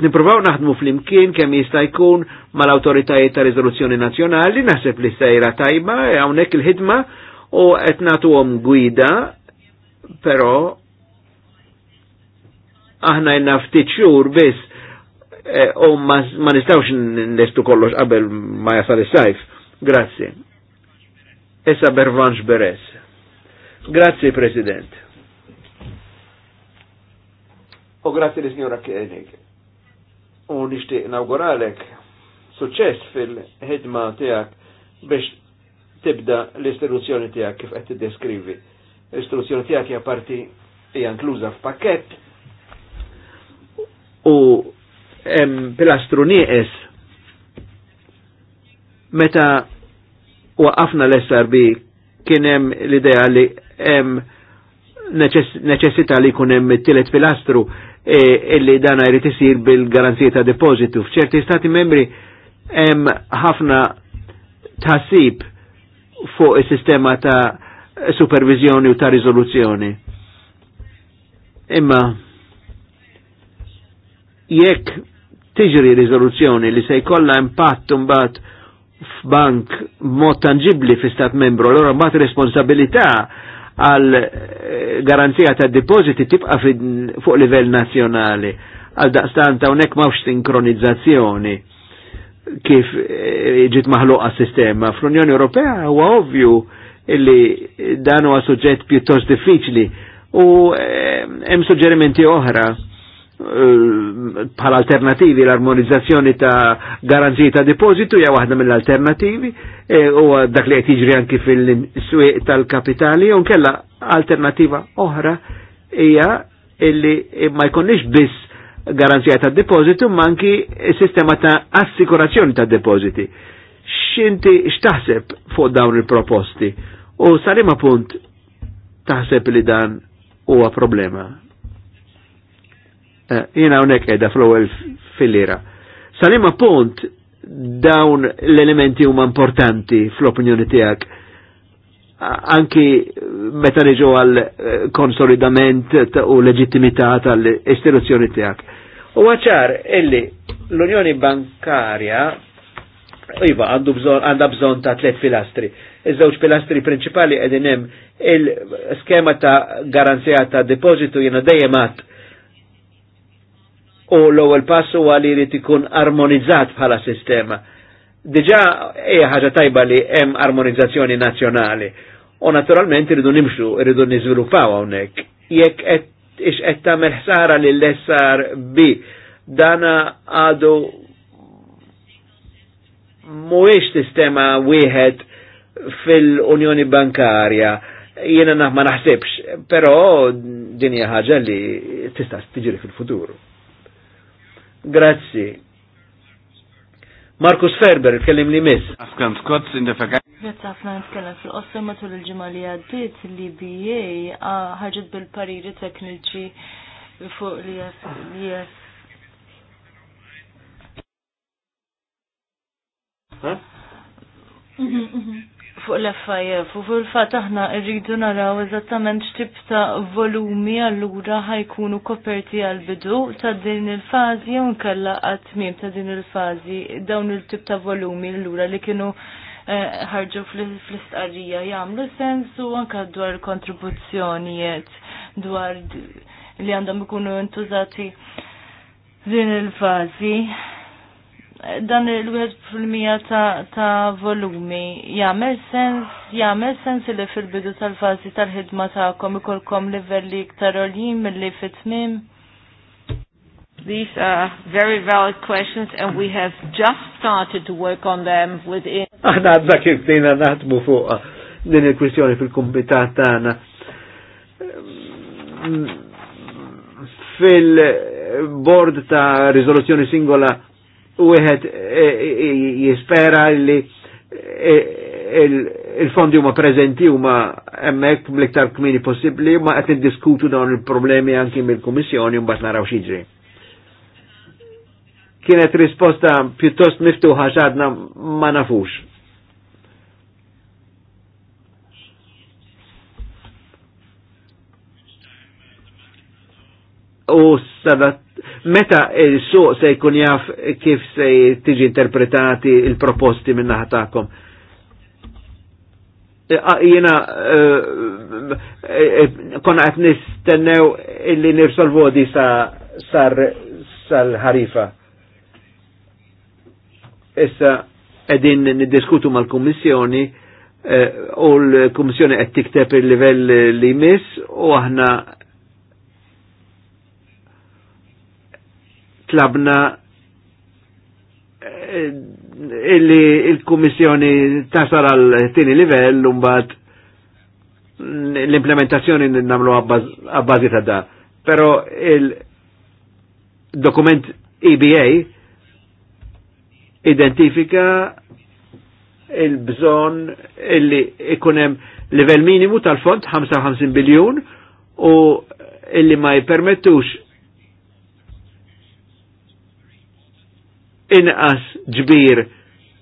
niprovaw naħdmu fl-imkien kemm jista' jkun mal-awtoritajiet ta' riżoluzzjoni nazzjonali, naħseb li sejra tajba, hawnhekk il-ħidma u qed nagħtuhom gwida, però aħna jna ftit xhur biss e, u ma nistgħux nestu kollox qabel ma jasal is-sajf. Grazzi. Issa Bervanx Beres. Grazzi President. U grazzi li signora Kienik. U nishtiq inauguralek suċċess fil-ħidma tiegħek biex tibda l istruzzjoni tiegħek kif qed tiddeskrivi. l istruzzjoni tiegħek hija parti hija inkluża f'pakkett u hemm pilastru nieqes meta waqafna l-SRB kien hemm l-idea li hemm neċessita li jkun hemm it-tielet pilastru E, illi dana jrid isir bil-garanzija ta' depositu. F'ċerti stati membri hemm ħafna tasib fuq is-sistema ta' supervizjoni u ta' riżoluzzjoni. Imma jekk tiġri riżoluzzjoni li se jkollha impatt mbagħad f'bank mod tangibli fi stat membru, allora mbagħad responsabilità għal eh, garanzija ta' depositi tibqa fuq livell nazjonali għal daqstan ta' unek mawx sinkronizzazzjoni kif eh, ġit maħluqa sistema. Fl-Unjoni Ewropea huwa ovvju illi dan huwa suġġett pjuttost diffiċli u eh, hemm suġġerimenti oħra pal eh, alternativi l-armonizzazzjoni ta' garanzija ta' depositu ja waħda mill-alternativi eh, u dak li qed jiġri anki fil-swieq tal-kapitali un kella alternativa oħra hija illi ma jkunniex biss garanzija ta' depositu ma anki sistema ta' assikurazzjoni ta' depositi. X'inti x'taħseb fuq dawn il-proposti u salima punt taħseb li dan huwa problema Eh, jina unek edha fl-ewel fil-lira. Salima punt dawn l-elementi huma importanti fl-opinjoni tiegħek anki meta niġu għal eh, konsolidament u leġittimità tal-istituzzjoni tiegħek. U għacċar, illi l-Unjoni Bankarja Iva, għandu bżon, għanda bżon ta' tlet pilastri. Iż-żewġ pilastri principali edin il-skema ta' garanzija ta' depozitu jena dejjem għat u l-ewwel pass huwa li jrid ikun armonizzat bħala sistema. Diġà hija ħaġa tajba li hemm armonizzazzjoni nazzjonali. U naturalment irridu nimxu, irridu niżviluppaw hawnhekk. Jekk qed ix qed tagħmel ħsara lil SRB dana għadu mhuwiex sistema wieħed fil-Unjoni Bankarja jiena naħma naħsibx, però din hija ħaġa li tista' tiġri fil-futur. Grazzi. Markus Ferber, kellim li mis. Afgan Scott, in the fakat. Grazie għafna nitkellem fil-qosser matul il-ġimma li għaddit li BA ħagġet bil-pariri tekniċi fuq li jes. Huh? fuq l-FIF u l fat aħna rridu naraw eżattament x'tip ta' volumi allura ħajkunu koperti għal bidu ta' din il-fażi u nkella għat-tmiem ta' din il-fażi dawn il-tip ta' volumi allura li kienu eh, ħarġu fl-istqarrija jagħmlu sens u anke dwar kontribuzzjonijiet dwar li għandhom ikunu intużati din il-fażi dan il-1% wet ta', ta volumi jagħmel sens jagħmel sens li fil-bidu tal-fażi tal-ħidma tagħkom ikolkom livelli iktar għoljin milli fit-tmiem? These are very valid questions and we have just started to work on them within. Aħna għadna kif dina naħdmu fuq din il-kwistjoni fil-kumbitat tagħna. Fil-bord ta' riżoluzzjoni singola wieħed eh, eh, jispera li eh, il-fondi huma prezenti huma hemmhekk mliktar iktar kmini possibbli ma qed diskutu dawn il-problemi anki mill-Kummissjoni un mbagħad naraw x'jiġri. Kienet risposta pjuttost miftuħa x'għadna ma nafux. U sadat Meta il-suq se jkun jaf kif se tiġi interpretati il-proposti minna ħatakom? E, jena e, e, konna għet nistennew illi nirsolvu di sal-ħarifa. Issa edin niddiskutu mal kummissjoni u l kummissjoni għed tikteb il-livell li mis u aħna tlabna eh, illi il-Kummissjoni tasar għal tini livell umbat l-implementazzjoni namlu għabbażi ta' da. Pero il-dokument EBA identifika il-bżon illi ikunem livell minimu tal-fond 55 biljun u illi ma jipermettux inqas ġbir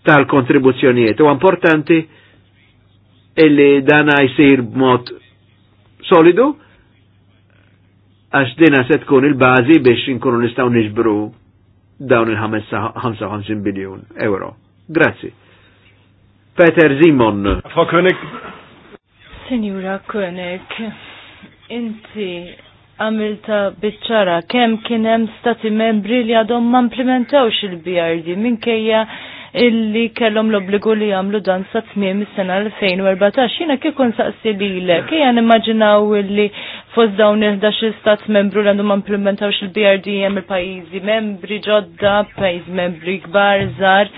tal-kontribuzzjonijiet. U importanti illi dana jisir b'mod solidu għax dina se tkun il-bazi biex inkunu nistaw niġbru dawn il-55 biljun euro. Grazzi. Peter Zimon. Frau König. Signora König, inti għamilta bitċara kemm kien hemm stati membri li għadhom ma implementawx il-BRD minkejja illi kellhom l-obbligu li jagħmlu dan sa tmiem is-sena 2014. Jiena kif kun saqsi lilek, kejja nimmaġinaw illi fost dawn 11 stat membru li għandhom implementawx il-BRD hemm il-pajjiżi membri ġodda, pajjiż membri kbar, żgħar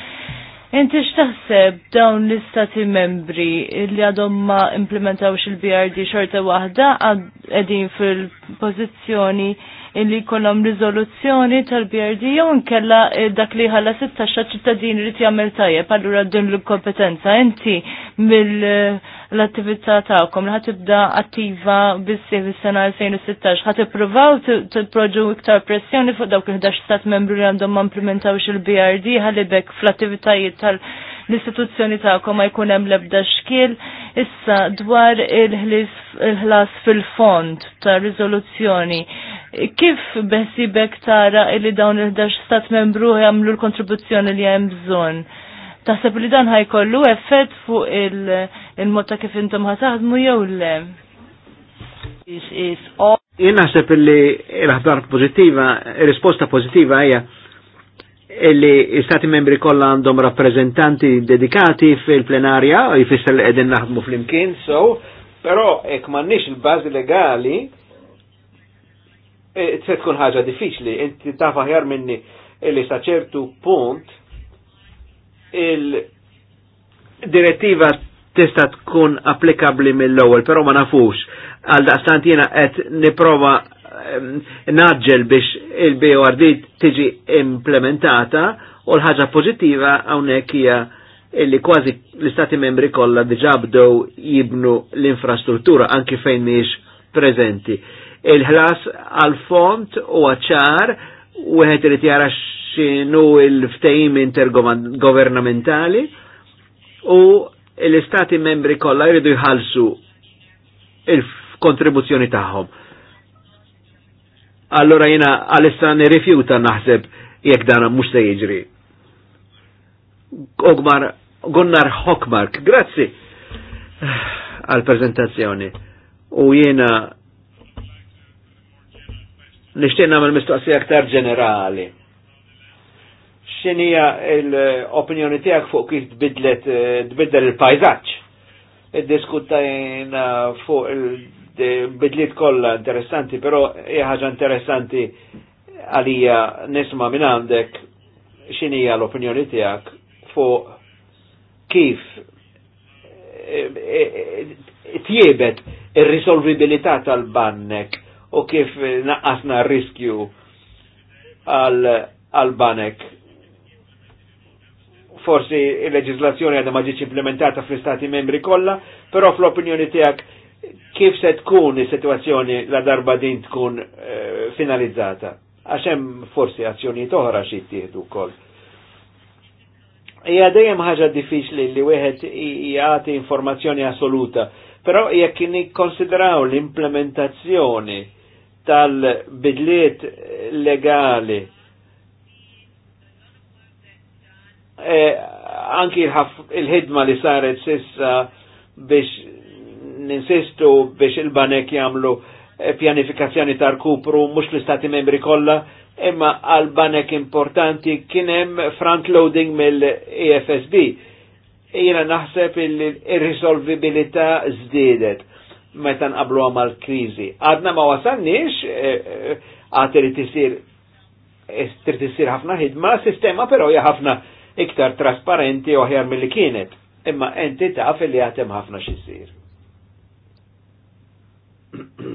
Inti x'taħseb dawn l-istati membri li għadhom ma implementawx il-BRD xorta waħda għedin fil-pożizzjoni illi kollom rizoluzzjoni tal-BRD jew nkella eh, dak li ħalla 16 ċittadini li jagħmel tajjeb allura din l-kompetenza inti mill-attività tagħkom li ħatibda attiva bissieħ is-sena 2016 ħad ippruvaw tipproġu iktar pressjoni fuq dawk il-11 stat membru li għandhom ma implementawx il-BRD ħalibek fl-attivitajiet tal- l-istituzzjoni ta'kom ma jkun hemm l-ebda xkiel issa dwar il-ħlas fil-fond ta' riżoluzzjoni. Kif besibek tara illi dawn il-11 stat membru jagħmlu l-kontribuzzjoni li hemm bżonn? Taħseb li dan ħajkollu effett fuq il motta kif intom ħataħdmu jew le? Jien naħseb illi l-ħdar pożittiva, risposta pożittiva hija illi stati membri kollha għandhom rappresentanti dedikati fil-plenarja, jfisser li qegħdin naħdmu fl-imkien, so, però ek m'għandniex il-bażi legali E, se tkun ħaġa diffiċli, inti taf aħjar minni li saċertu punt il-direttiva tista tkun applikabli mill-ewwel, però ma nafux għal daqstant jiena qed niprova naġġel biex il-BORD tiġi implementata u l-ħaġa pożittiva hawnhekk hija illi kważi l-istati membri kollha diġà bdew jibnu l-infrastruttura anki fejn miex preżenti il-ħlas għal-font u għacċar u għed irid jara xinu il-ftejim intergovernamentali u l-istati membri kollha jridu jħalsu il-kontribuzzjoni tagħhom. Allora jena għalissa rifjuta naħseb jekk dan mhux se jiġri. Ogmar, Gunnar Hockmark, grazzi għal prezentazzjoni. U jiena nishtiqna nagħmel mistoqsija aktar ġenerali. X'inhija l-opinjoni tiegħek fuq kif tbidlet eh, tbiddel il Id-diskutajna fuq il-bidliet kollha interessanti, però hija ħaġa interessanti għalija nisma' minn għandek x'inhija l-opinjoni tiegħek fuq kif eh, eh, tjiebet ir-risolvibilità tal-bannek u kif naqqasna riskju għal-banek. Forsi il-leġizlazzjoni għadha ma ġietx implementata fl-istati membri kollha, però fl-opinjoni tiegħek kif se tkun is-sitwazzjoni la darba din tkun eh, finalizzata? Għax hemm forsi azzjoni oħra xi jittieħdu wkoll. Hija dejjem ħaġa diffiċli li wieħed jagħti informazzjoni assoluta, però jekk konsideraw l-implementazzjoni tal-bidliet legali. E, anki il-ħidma li saret sissa biex ninsistu biex il-banek jamlu e, pjanifikazzjoni tar kupru mux l-istati membri kolla imma għal-banek importanti kienem front-loading mill-EFSB jina naħseb il-irrisolvibilità zdidet meta nqablu għamal krizi. Għadna ma wasalniex, eh, eh, għad irid eh, isir ħafna ħidma, sistema però hija ħafna iktar trasparenti u mill-li kienet. Imma enti taf li għatem ħafna xisir.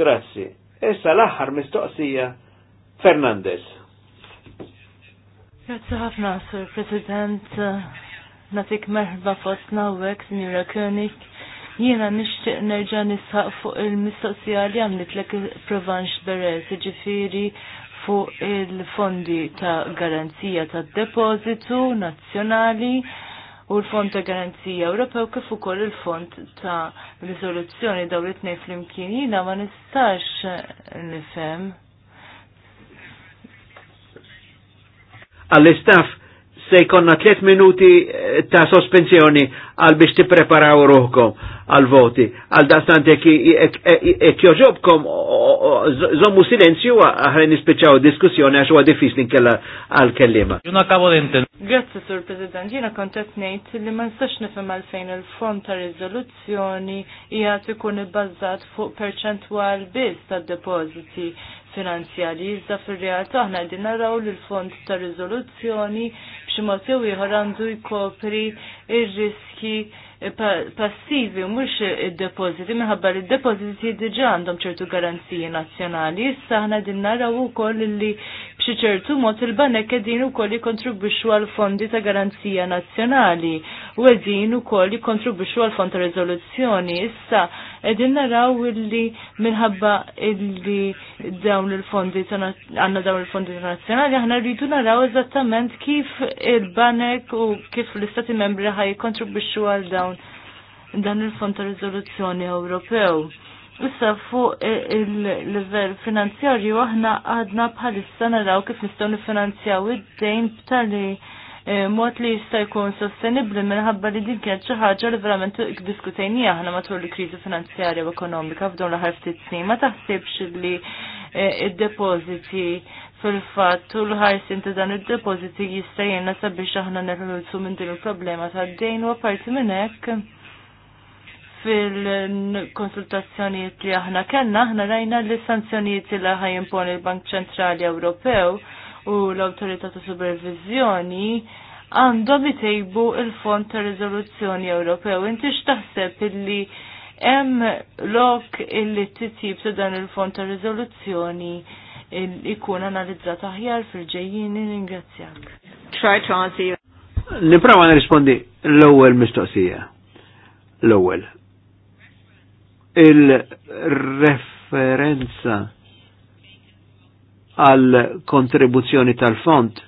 Grazzi. Issa l-aħħar mistoqsija Fernandez. Grazzi ħafna, Sir President. Natik merħba fost nawek, Sinjura Signora König Jiena nixtieq nerġa' nisħaq fuq il-mistoqsija li għamlet lek Provanx Beres, ġifiri fuq il-fondi ta' garanzija ta' depozitu nazzjonali u l-fond ta' garanzija Ewropew kif ukoll il-fond ta' riżoluzzjoni daw li tnejn flimkien jiena ma nistax nifhem. Għall-istaff se jkonna 3 minuti ta' sospensjoni għal biex tippreparaw ruħkom għal-voti. Għal dastant jek joġobkom zommu silenzju għahre nispeċaw diskussjoni għax huwa diffiċli nkella għal-kellima. Juna kabo dinten. Grazzi, Sur President. Jina kontet nejt li ma nistax nifhem għalfejn il-fond ta' rizoluzzjoni jgħat ikun ibbażat fuq perċentwal biss tad depositi finanzjali. Iżda fil-realtà aħna qegħdin naraw li l-fond ta' Rizoluzzjoni b'xi mod ieħor għandu jkopri ir-riski passivi u mhux id-depożiti minħabba li il-depositi diġà għandhom ċertu garanziji nazzjonali. Issa aħna din naraw ukoll li b'xi ċertu mod il-banek qegħdin ukoll jikontribwixxu għal fondi ta' garanzija nazzjonali u għedin u koll jikontribuxu għal fond ta' rezoluzzjoni. Issa, għedin naraw illi minħabba illi dawn il-fondi għanna dawn il-fondi internazjonali, aħna rridu naraw eżattament kif il-banek u kif l-istati membri ħaj jikontribuxu għal dawn dan il-fond ta' rezoluzzjoni Ewropew. Issa fuq il-level finanzjarju aħna għadna bħalissa naraw kif nistgħu nifinanzjaw id-dejn b'tali Eh, mod li jista' jkun sostenibbli minħabba li din kienet xi ħaġa li verament diskutejnija aħna matul il-kriżi finanzjarja u ekonomika f'dawn l-aħħar ftit snin. Ma taħsibx li eh, id-depożiti fil-fatt u l-ħarsin ta' dan id-depożiti jista' jgħinna sabiex aħna nerħulsu minn din il-problema tad-dejn u apparti minn hekk fil-konsultazzjonijiet li aħna kellna aħna rajna li sanzjonijiet li ħajimpon il-Bank Ċentrali Ewropew u l-Awtorità ta' Supervizjoni għandhom itejbu il-Fond ta' Rizoluzzjoni Ewropew. Inti x'taħseb illi hemm lok illi titjib ta' dan il-Fond ta' Riżoluzzjoni ikun analizzat aħjar fil-ġejjin ringrazzjak. Try to answer. Niprava nirrispondi l-ewwel mistoqsija. L-ewwel. Il-referenza għal kontribuzzjoni tal-fond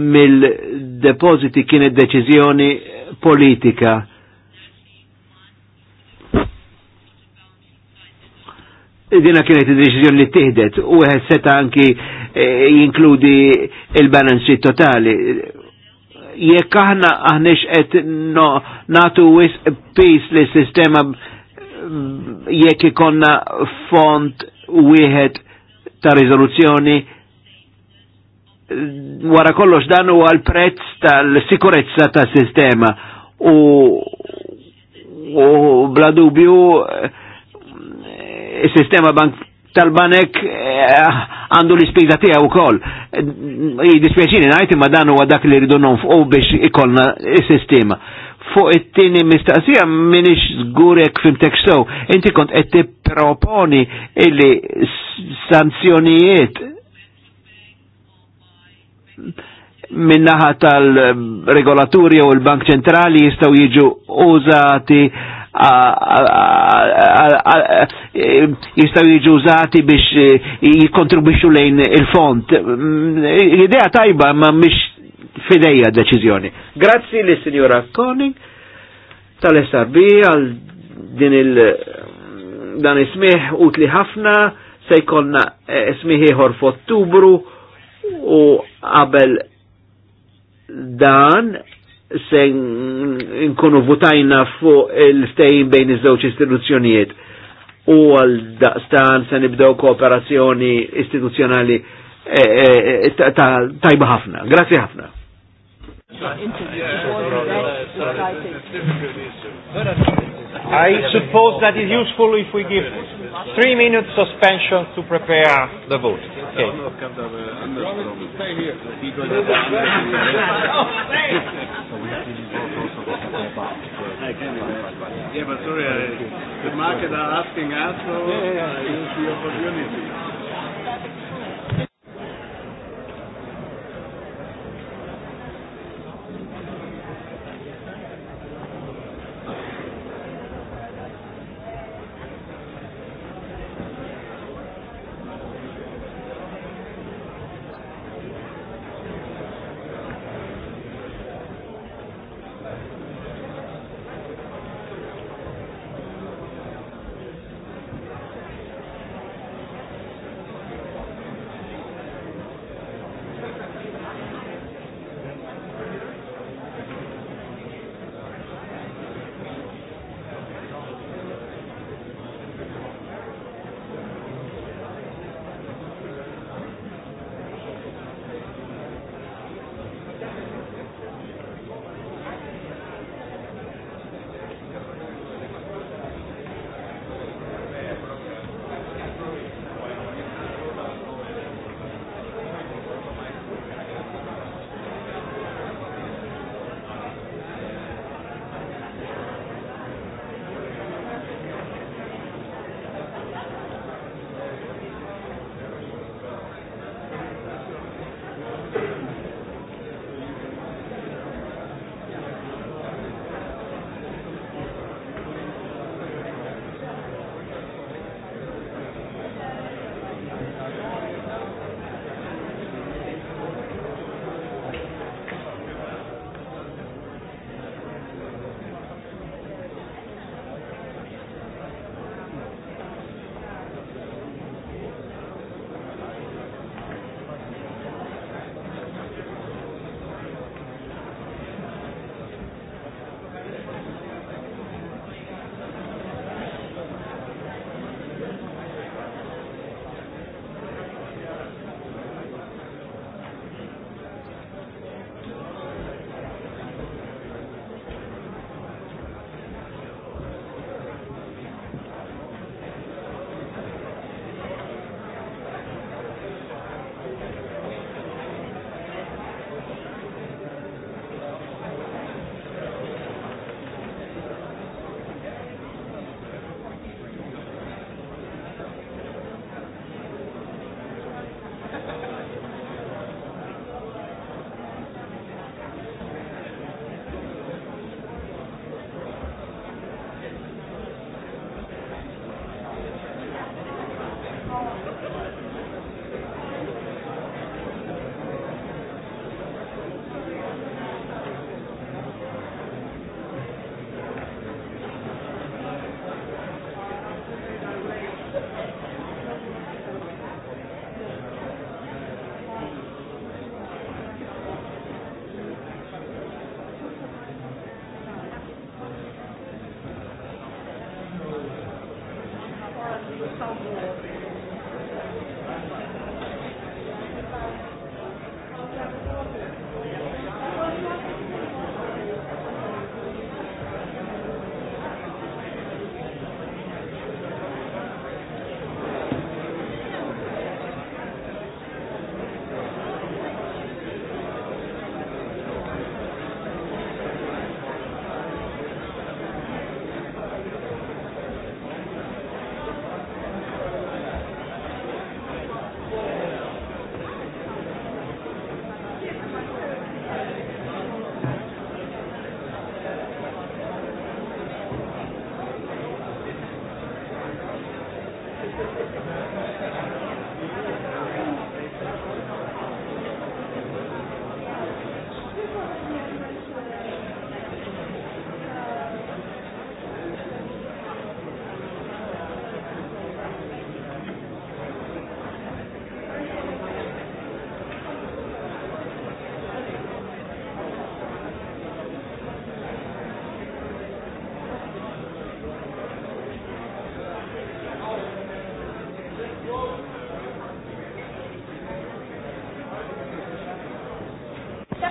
mill-depositi kienet deċiżjoni politika. Dina kienet id-deċiżjoni li tieħdet u seta anki eh, jinkludi il-balanzi totali. Jekk aħna aħnex qed no, natu wis pis li sistema mm, jekk ikonna font wieħed ta' rizoluzzjoni wara kollox dan u għal prezz tal-sikurezza ta' sistema u, u bla dubju eh, il sistema bank tal-banek eh, għandu eh, l u koll. wkoll. Dispjaċini ngħid imma dan huwa għadak li rridu nonfqu biex ikollna s-sistema. Eh, fuq it tini mistaqsija minix zgurek fimtek sew. Inti kont qed proponi illi sanzjonijiet minnaħa tal-regolaturi u l-Bank ċentrali jistaw jiġu użati jistaw jiġu użati biex jikontribuxu lejn il-font. Idea tajba ma miex Fidejja deċiżjoni. Grazzi li signora Koning tal-SRB għal din il dan ismiħ utli ħafna se jkollna eh, ismiħ ieħor f'Ottubru u qabel dan se nkunu votajna fuq il stejn bejn iż-żewġ istituzzjonijiet u għal daqstan se nibdew kooperazzjoni istituzzjonali eh, eh, tajba ħafna. Grazzi ħafna. I suppose that is useful if we give three minutes suspension to prepare the vote. Okay. yeah, but sorry, I, uh, the market are asking us, so yeah, uh, yeah, yeah. I use the opportunity.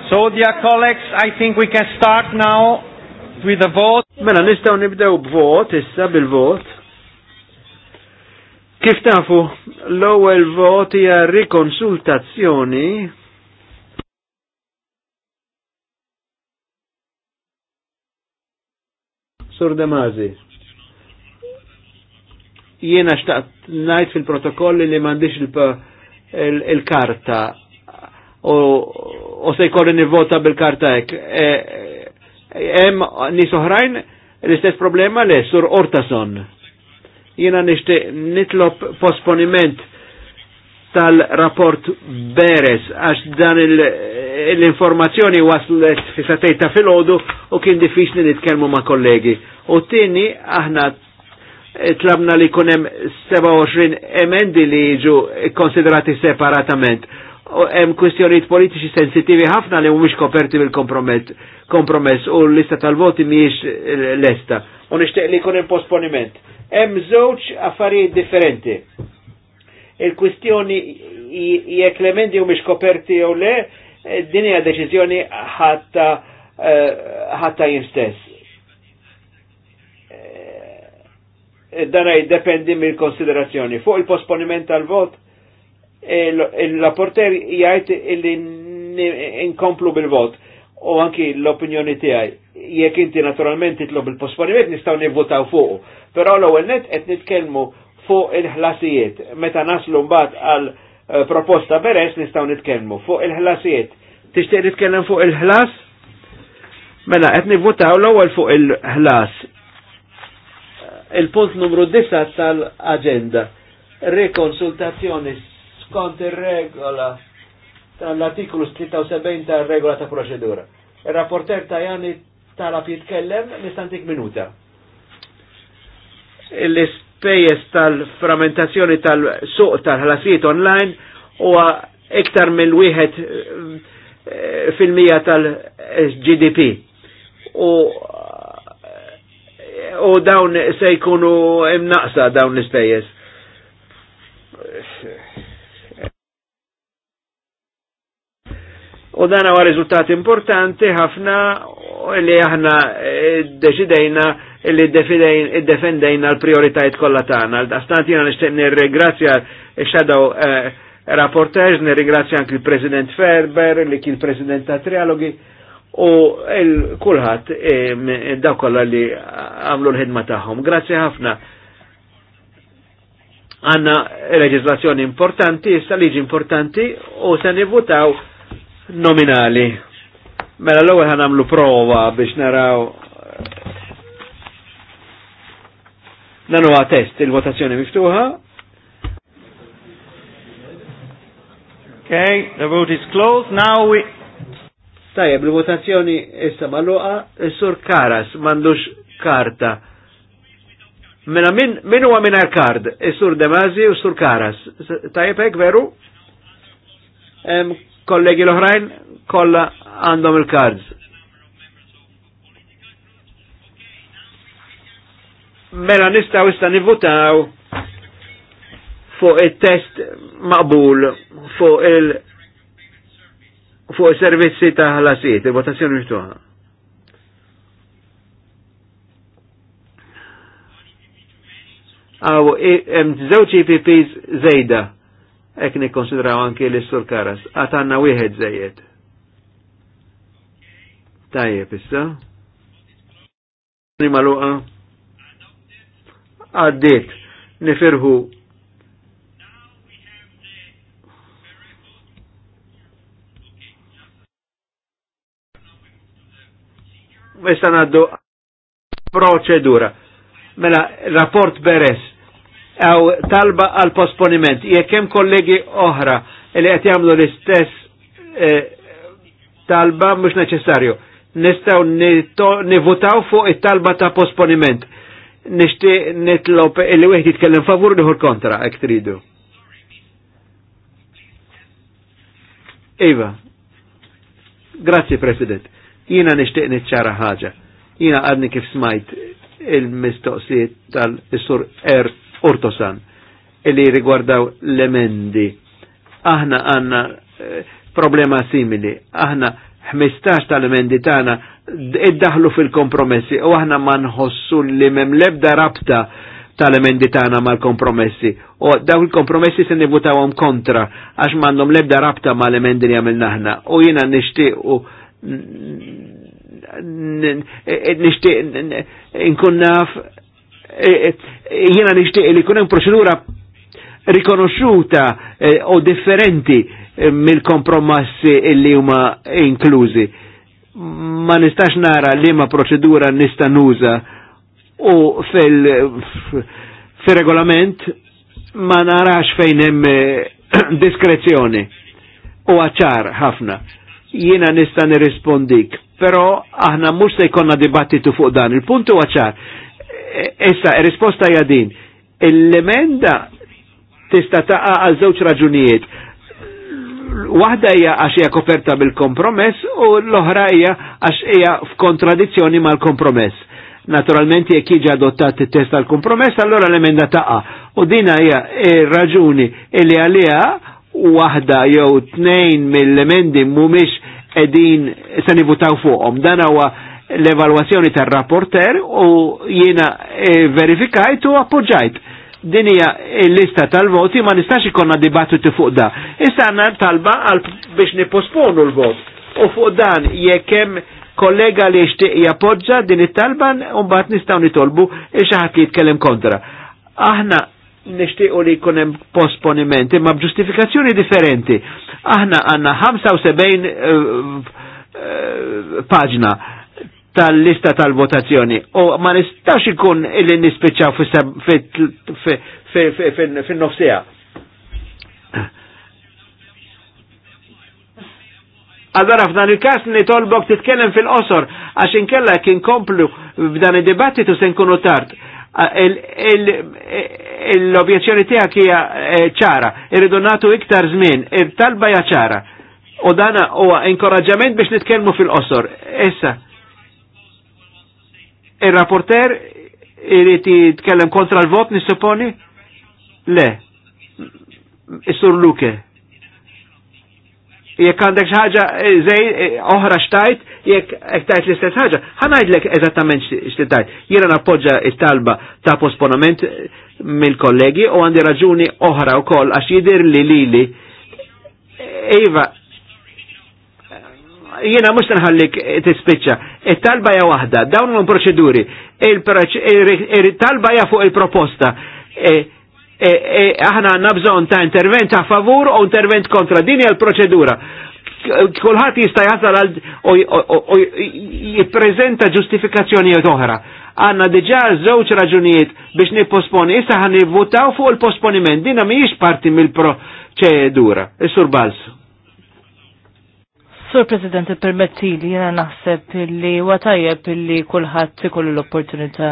So, dear colleagues, I think we can start now with the vote. Mela, nistaw nibdew b'vot, issa bil-vot. Kif tafu, l-ewwel vot hija rikonsultazzjoni Sur Demazi. Jiena xtaqt ngħid fil-protokolli li m'għandix il-karta il il karta u se jkolli nivvota bil-karta ek. E, e, hemm nies oħrajn l-istess problema le sur Ortason. Jiena nixtieq nitlob posponiment tal-rapport Beres għax dan l-informazzjoni waslet fi fil-ħodu u kien diffiċli nitkellmu ma' kollegi. U tini aħna tlabna li kunem 27 emendi li jiġu konsiderati separatament hemm kwestjonijiet politiċi sensittivi ħafna li mhumiex koperti bil-kompromess u l-lista tal-voti mhijiex eh, lesta. U nixtieq li jkun il-posponiment. Hemm żewġ affarijiet differenti. Il-kwistjoni jekk l-emendi mhumiex koperti jew le, eh, din hija deċiżjoni ħatta ħatta jien stess. Eh, dan jiddependi mill-konsiderazzjoni. Fuq il-posponiment tal-vot, il-rapporter jgħid illi inkomplu bil-vot u anki l-opinjoni tiegħi jekk inti naturalment titlob il-posponiment nistgħu nivvotaw fuq. Però l-ewwel net qed nitkellmu fuq il-ħlasijiet. Meta naslu mbagħad għal eh, proposta beres nistgħu nitkellmu fuq il-ħlasijiet. Tixtieq nitkellem fuq il-ħlas? Mela qed nivvotaw l-ewwel fuq il-ħlas. Il-punt numru 9 tal-aġenda. Rekonsultazzjoni skont ir-regola tal-artiklu 73 tal-regola ta' proċedura. Il-rapporter ta' jani talab jitkellem nistantik minuta. L-ispejjeż tal-frammentazzjoni tal-suq tal-ħlasijiet online huwa iktar mill wieħed eh, fil-mija tal-GDP. U eh, u dawn se jkunu imnaqsa dawn l-ispejjeż U dan huwa riżultat importanti ħafna li aħna eh, deċidejna li defendejna l-prioritajiet kollha tagħna. Għastant jiena nixtieq nirringrazzja x-shadow eh, rapporters, nirringrazzja anki l-President Ferber, li kien President ta' Trialogi u kulħadd eh, daw kollha li għamlu l-ħidma tagħhom. Grazzi ħafna għanna reġislazzjoni importanti, issa liġi importanti u se votaw nominali. Mela l-ewwel ħanamlu prova biex naraw dan eh, huwa test il-votazzjoni miftuħa. Okay, the vote is closed. Now we Tajjeb, il-votazzjoni issa maluqa, sur Karas mandux karta. Mela min min huwa min kard? Is-sur Demazi u sur Karas. Tajjeb hekk veru? Hemm kollegi l-oħrajn kolla għandhom il-kards. Mela nistaw issa nivutaw fuq il-test maqbul fuq il- fuq il-servizzi ta' ħlasiet, il-votazzjoni miftuħa. Għaw, jem zewċ IPPs zejda ek nikkonsidraw anki li sur karas. Għatanna wieħed zejiet. Tajjeb issa. Prima luqa. Għaddit. Nifirhu. Issa għaddu proċedura. Mela, rapport beres għaw talba għal posponiment. Jekk hemm kollegi oħra li qed jagħmlu l-istess eh, talba mhux neċessarju. Nistgħu nivutaw fuq it-talba ta' posponiment. Nixti nitlob li wieħed jitkellem favur liħor kontra jekk tridu. Iva, grazzi President, jina nishtiq nitċara ħaġa. Jina għadni kif smajt il-mistoqsijiet tal-sur Ert Ortosan li rigwardaw l-emendi. Aħna għanna problema simili. Aħna 15 tal-emendi tagħna iddaħlu fil-kompromessi u aħna ma nħossu li mem lebda rabta tal-emendi tagħna mal-kompromessi. U daw il-kompromessi se nivutawom kontra għax m'għandhom lebda rabta mal-emendi li għamilna aħna. U jiena nishti u nixtieq nkun naf Eh, eh, jiena nixtieq li kunem hemm proċedura rikonoxxuta eh, u differenti mill-kompromessi illi huma inklużi. Ma nistax nara li ma proċedura nista' nuża u fil, fil regolament ma narax fejn hemm diskrezzjoni u għacċar ħafna. Jiena nista' nirrispondik, però aħna mhux se jkollna dibattitu fuq dan. Il-punt huwa ċar Issa, risposta hija din. Il-emenda tista' taqa għal żewġ raġunijiet. Waħda hija għax hija koperta bil-kompromess u l-oħra hija għax hija f'kontradizzjoni mal-kompromess. Naturalment jekk jiġi adottat it-test tal-kompromess, allora l-emenda taqa. U dina hija raġuni li għaliha waħda jew tnejn mill-emendi mhumiex qegħdin se nivutaw fuqhom. Dan huwa l-evalwazzjoni tar-rapporter u jiena eh, verifikajt u appoġġajt din hija l-lista eh, tal-voti ma nistax ikonna dibattitu fuq da. Issa għandna talba għal biex nipposponu l-vot. U fuq dan jekk hemm kollega li jixtieq jappoġġa din it-talba u mbagħad nistgħu nitolbu xi ħadd li jitkellem kontra. Aħna nixtiequ li jkun hemm postponimenti ma b'ġustifikazzjoni differenti. Aħna għandna 75 uh, uh, paġna tal-lista tal-votazzjoni. U ma nistax ikun illi nispiċaw fil nofsija Allora f'dan il-kas li tolbok titkellem fil-qosor għax inkella kien komplu b'dan il dibattitu sen kunu tard. L-objezzjoni tiegħek hija eh, ċara, irridu natu iktar żmien, il-talba hija ċara. U dana huwa inkoraġġament biex nitkellmu fil-qosor. Issa, Il-rapporter irrit jitkellem kontra l-vot nissuponi? Le. Isur Luke. Jekk għandek xaħġa eh, zej eh, oħra xtajt, jekk tajt l-istess ħaġa, ħanajdlek eżattament xtajt. Jiena nappoġġa il talba ta' posponament eh, mill-kollegi u għandi raġuni oħra u koll għax jidir li li li. Iva, jiena mux nħallik eh, tispiċċa. Il-talba ja wahda, dawn l proċeduri. Il-talba ja fuq il-proposta. E, e, e, aħna għanna bżon ta' intervent ta' favur u intervent kontra. Dini għal-proċedura. Kulħat jista' jasal għal u jipprezenta ġustifikazzjoni oħra. Għanna diġa żewġ raġunijiet biex nipposponi. Issa ħan votaw fuq il-posponiment. Dina miex parti mill-proċedura. Is-sur Balsu. Sur President, permetti li jena naħseb li watajjeb li kullħat kull l-opportunità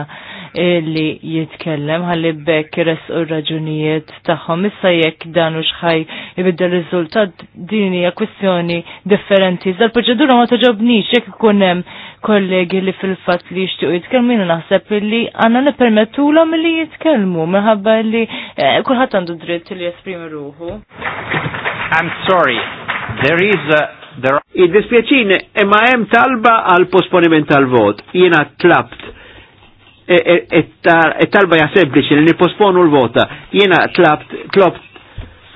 eh, li jitkellem ħalli bekk res u raġunijiet tagħhom issa jekk dan u xħaj jibidda riżultat din hija kwestjoni differenti. zal proċedura ma taġobni jekk ikun hemm kollegi li fil-fatt li jixtiequ jitkellmu jena naħseb li għandna nippermettulhom li jitkellmu minħabba li eh, kulħadd għandu dritt li jesprimi ruħu. I'm sorry, there is a Id-dispjaċin, imma hemm talba għal posponiment tal-vot. Jiena tlabt. Et-talba e, e, e ja sempliċi li posponu l-vota. Jiena tlabt, tlabt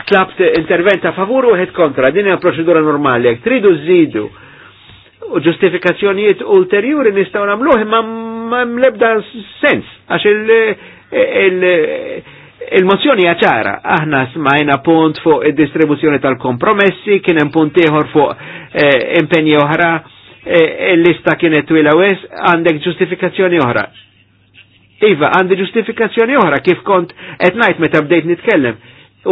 tlabt interventa favur u għed kontra, din hija proċedura normali, jek tridu zidu u ġustifikazzjonijiet ulterjuri nistaw namluħ, ma mlebda sens, għax il- Il-mozzjoni ċara, aħna smajna punt fuq id-distribuzzjoni tal-kompromessi, kien hemm punt ieħor fuq eh, impenji oħra, eh, il-lista kienet twila wes, għandek ġustifikazzjoni oħra. Iva, għandi ġustifikazzjoni oħra kif kont etnajt ngħid meta bdejt nitkellem.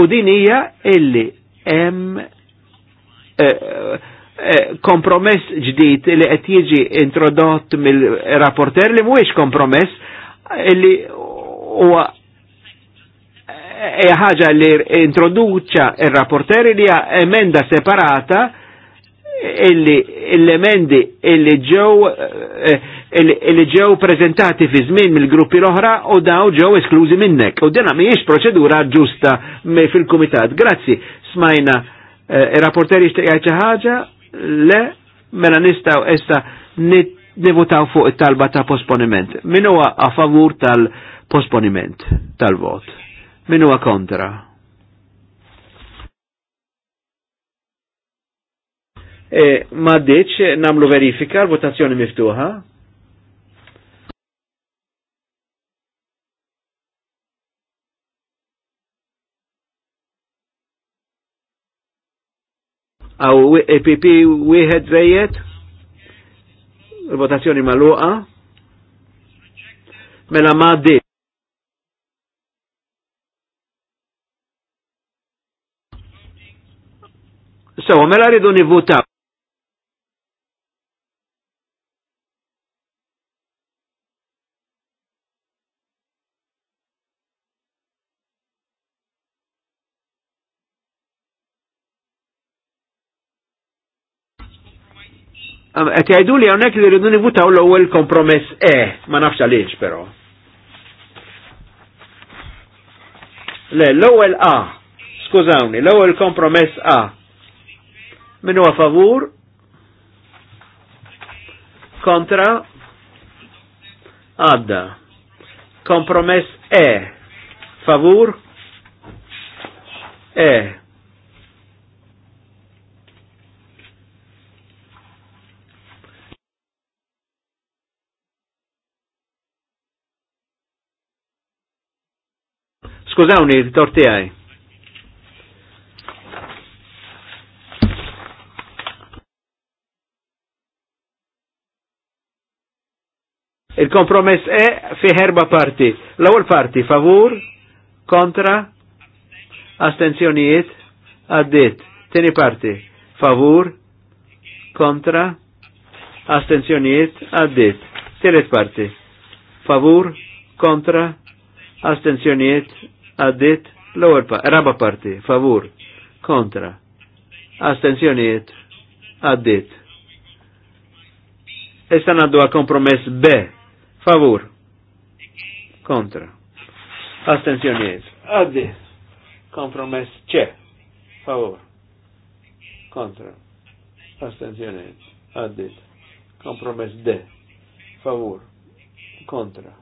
U din hija illi hemm eh, eh, kompromess ġdid li qed jiġi introdott mill-rapporter li mhuwiex kompromess illi huwa hija e ħaġa li introduċa ir-rapporteri li emenda separata illi l-emendi illi ġew eh, illi ġew prezentati fi żmien mill-gruppi l-oħra u daw ġew esklużi minnek. U dena mhijiex proċedura ġusta fil-kumitat. Grazzi, smajna eh, ir rapporteri jixtieq xi ħaġa le mela nistgħu issa nivutaw fuq it-talba ta' posponiment. Min huwa a favur tal-posponiment tal-vot? Min huwa kontra? E, ma ditx namlu verifika l-votazzjoni miftuħa. Aw EPP wieħed żejjed? Il-votazzjoni magħluqa? Mela ma ditx. sewa, mela rridu nivvutaw. Għet jajdu li għonek li rridu nivutaw l ewwel kompromess E, ma nafx għaliex pero. Le, l ewwel A, skużawni, l ewwel kompromess A. Minu a favur? Kontra? Għadda. Kompromess E. Favur? E. Skużawni, torti għaj. Il-kompromess E fi herba parti. L-ewwel parti favur, kontra, astenzjonijiet, għaddit. Tieni parti favur, kontra, astenzjonijiet, għaddit. Tielet parti favur, kontra, astenzjonijiet, għaddit. L-ewwel parti, raba parti favur, kontra, astenzjonijiet, għaddit. Issa naddu kompromess B Favur. Kontra. Astenzjoniet. Addi. Kompromess ċe. Favur. Kontra. Astenzjoniet. Addi. Kompromess de. Favur. Kontra.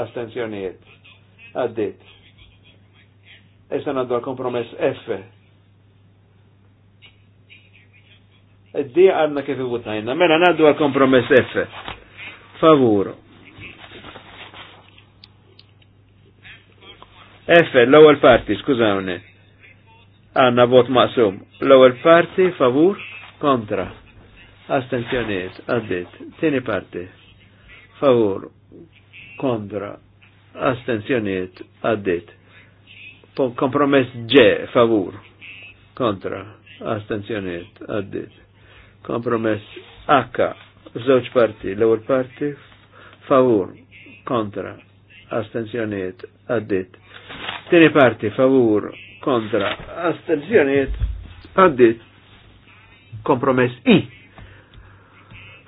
Astenzjoniet. Addi. Issa għaddu kompromess F. Di għadna kif votajna. Mela kompromess F favur. F, l-ewwel parti, skużawni. Għanna vot maqsum. L-ewwel parti favur kontra. Astenzjoniet, għaddit. Tieni parti. Favur kontra. Astenzjoniet, għaddit. Kompromess G, favur. Kontra. Astenzjoniet, għaddit. Kompromess H, żewġ parti, l-ewwel parti favur, kontra, astenzjoniet, għaddit. Tieni parti favur, kontra, astenzjoniet, għaddit. Kompromess I.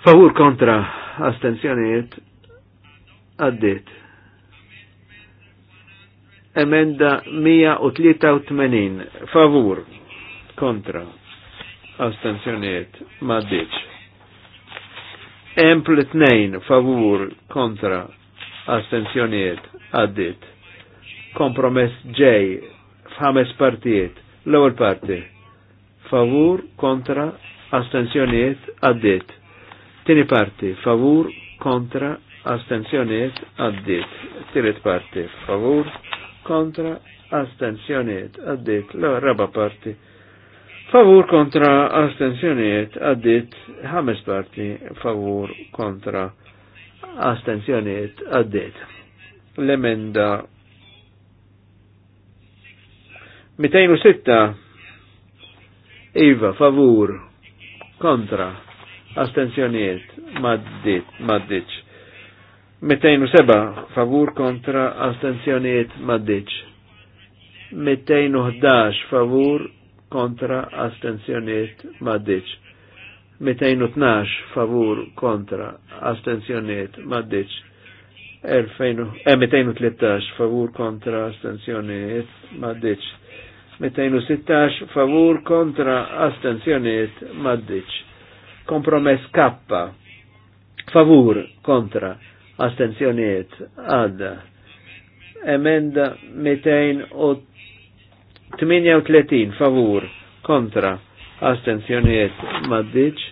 Favur kontra, astenzjoniet, għaddit. Emenda 183, favur, kontra, astenzjoniet, maddiċ. Empl 2 favur kontra astenzjoniet għaddit. Kompromess J f'ħames partijiet. L-ewwel parti. Favur kontra astenzjoniet għaddit. Tieni parti. Favur kontra astenzjoniet għaddit. Tielet parti. Favur kontra astenzjoniet għaddit. L-raba parti. Favur kontra astensjoniet għaddit ħames parti favur kontra astensjoniet għaddit. L-emenda 206 Iva favur kontra astensjoniet maddit maddiċ. 207 favur kontra astensjoniet maddiċ. 211 favur kontra astenzjoniet maddiċ. 212 favur kontra astenzjoniet maddiċ. 213 eh, favur kontra astenzjoniet maddiċ. 216 favur kontra astenzjoniet maddiċ. Kompromess K. Favur kontra astenzjoniet għadda. Emenda 208 38 favur kontra astenzjoniet maddiċ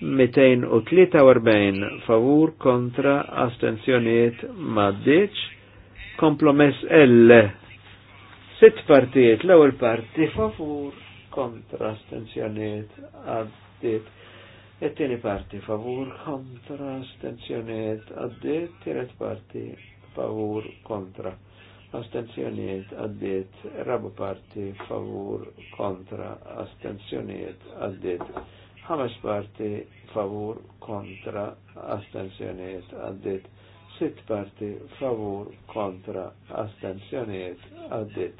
243 favur kontra astenzjoniet maddiċ kompromess L sitt partijiet l-ewwel parti favur kontra astenzjoniet għaddiet e tieni parti favur kontra astenzjoniet għaddiet tiret parti favur kontra astenzjoniet għaddiet, rabu parti favur kontra, astenzjoniet għaddiet, ħames parti favur kontra, astenzjoniet għaddiet, sitt parti favur kontra, astenzjoniet għaddiet.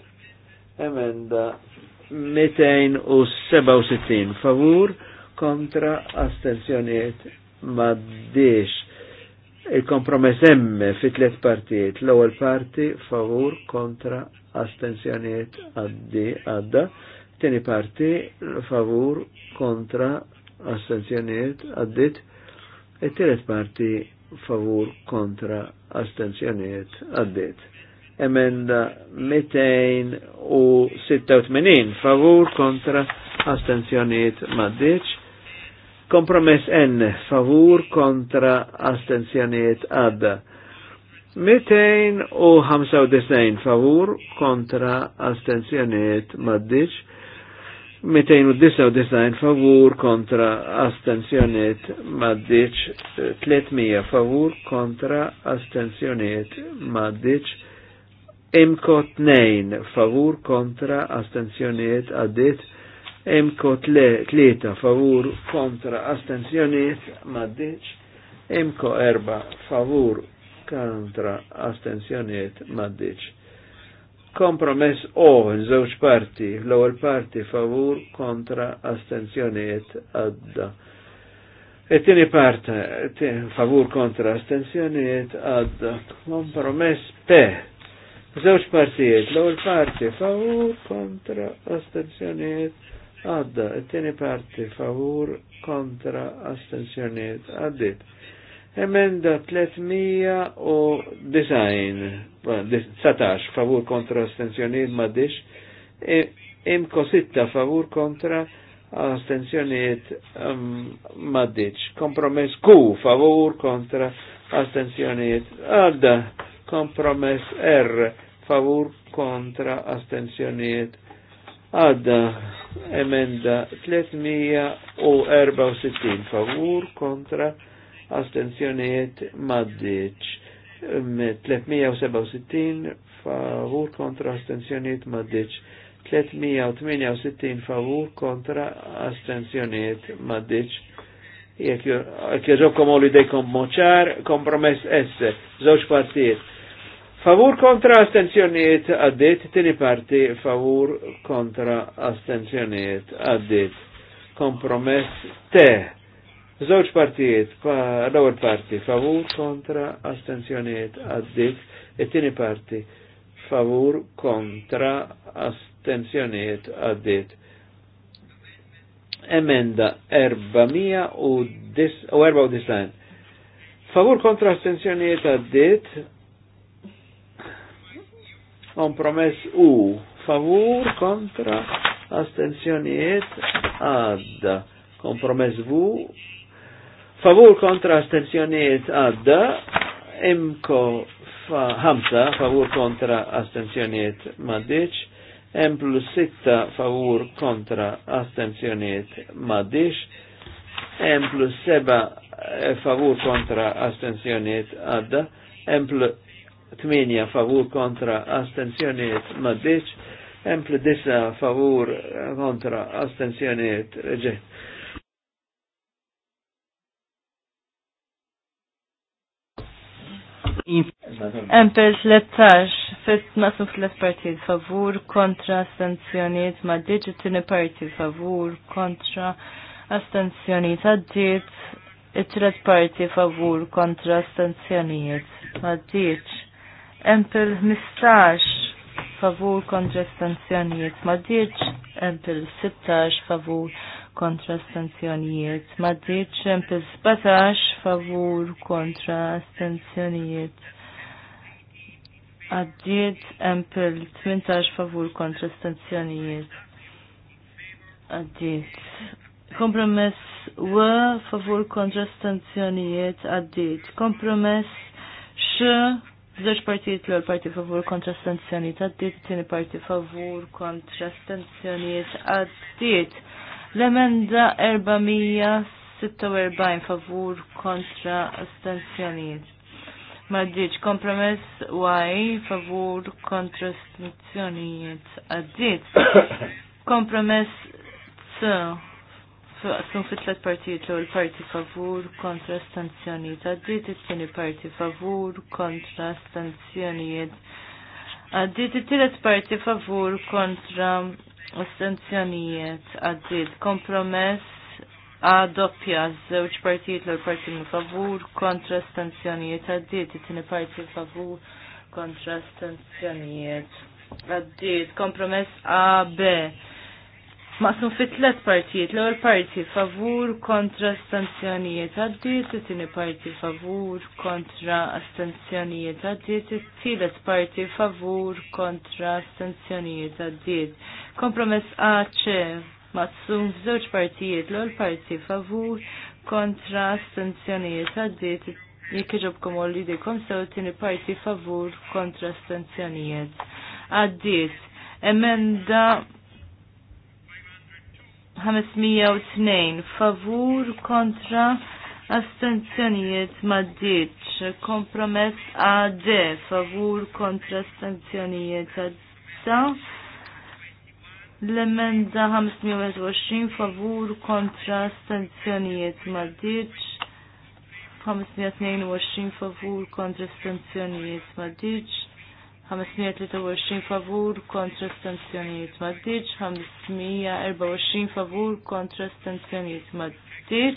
Emenda 267 favur kontra astenzjoniet maddiex Il-kompromess hemm fi tliet partijiet. L-ewwel parti favur kontra astensjonijiet għaddi għadda. Tieni parti favur kontra astensjonijiet għaddit. It-tielet parti favur kontra astensjonijiet għaddit. Emenda 286 favur kontra astensjonijiet maddiċ. Kompromess N, favur kontra astenzjoniet għadda. 295 favur kontra astenzjoniet maddiċ. 299 favur kontra astenzjoniet maddiċ. 300 favur kontra astenzjoniet maddiċ. Imkot 2 favur kontra astenzjoniet għaddit imko tlieta favur kontra astenzjoniet maddiċ, imko erba favur kontra astenzjoniet maddiċ. Kompromess o żewġ parti, l-ewwel parti favur kontra astenzjoniet għadda. Et-tieni parta favur kontra astenzjoniet għadda. Kompromess P Żewġ partijiet, l-ewwel parti favur kontra astenzjoniet għadda, t-tini parti favur kontra astensjoniet għaddit. Emenda 300 u design, 319 favur kontra astensjoniet maddix, e, imko 6, favur kontra astensjoniet um, maddix. Kompromess Q favur kontra astensjoniet għadda, kompromess R favur kontra astensjoniet Għadda emenda 364 favur kontra astenzjonijiet maddiċ. 367 favur kontra astenzjonijiet maddiċ. 368 favur kontra astenzjoniet maddiċ. Jek joġobkom u dejkom moċar, kompromess esse. zoċ partijiet, Favur kontra astenzjoniet għaddit, tini parti favur kontra astenzjoniet għaddit. Kompromess te. Zoċ partijiet, pa, l parti favur kontra astenzjoniet għaddit, it tini parti favur kontra astenzjoniet għaddit. Emenda 494. Favur kontra astenzjoniet għaddit, Kompromess U favur kontra astenzjonijiet għadda. Kompromess V favur kontra astenzjonijiet għadda. Imko fa, hamsa favur kontra astenzjonijiet maddiċ. M plus 6 favur kontra astenzjoniet maddiċ M plus 7 eh, favur kontra astenzjoniet għadda, M plus Tminja favur kontra astenzjoniet maddiċ, empli Disa favur kontra astenzjoniet reġe. Empel 13, fit nasu flet partijiet favur kontra astenzjoniet maddiċ, it-tini partijiet favur kontra astenzjoniet għaddiet, it-tret parti favur kontra astenzjoniet maddiċ. Empel mistax favur kontrastanzjonijiet ma diċ, Empel sittax favur kontrastanzjonijiet ma diċ, Empel sbatax favur kontrastanzjonijiet stanzjonijiet. Għaddiet Empel twintax favur kontrastanzjonijiet stanzjonijiet. Għaddiet. Kompromess w favur kontrastanzjonijiet stanzjonijiet għaddiet. Kompromess x Żewġ partijiet l parti favur kontra stanzjonijiet għaddiet, tieni parti favur kontra stanzjonijiet għaddiet. L-emenda 446 favur kontra stanzjonijiet. Maddiċ, kompromess waj favur kontra stanzjonijiet għaddiet. Kompromess t Faqsum fit tlet partijiet l parti favur kontra stanzjonijiet għaddit, it-tieni parti favur kontra stanzjonijiet għaddit, it-tielet parti favur kontra stanzjonijiet għaddit, kompromess għadoppja żewġ partijiet l parti favur kontra stanzjonijiet għaddit, it-tieni parti favur kontra stanzjonijiet għaddit, kompromess A, B maqsum fit tlet partijiet, l-ewwel parti favur kontra astenzjonijiet għaddiet, it tini parti favur kontra astenzjonijiet għaddiet, it-tielet parti favur kontra astenzjonijiet għaddiet. Kompromess AC maqsum f'żewġ partijiet, l-ewwel parti favur kontra astenzjonijiet għaddiet, jekk iġobkom u l-idejkom sew it tini parti favur kontra astenzjonijiet. Għaddiet, emenda 502 favur kontra astenzjonijiet maddiċ kompromess AD favur kontra astenzjonijiet adda l-emenda 520 favur kontra astenzjonijiet maddiċ 522 favur kontra astenzjonijiet maddiċ 523 favur kontra stanzjoniet maddiċ, 524 favur kontra stanzjoniet maddiċ,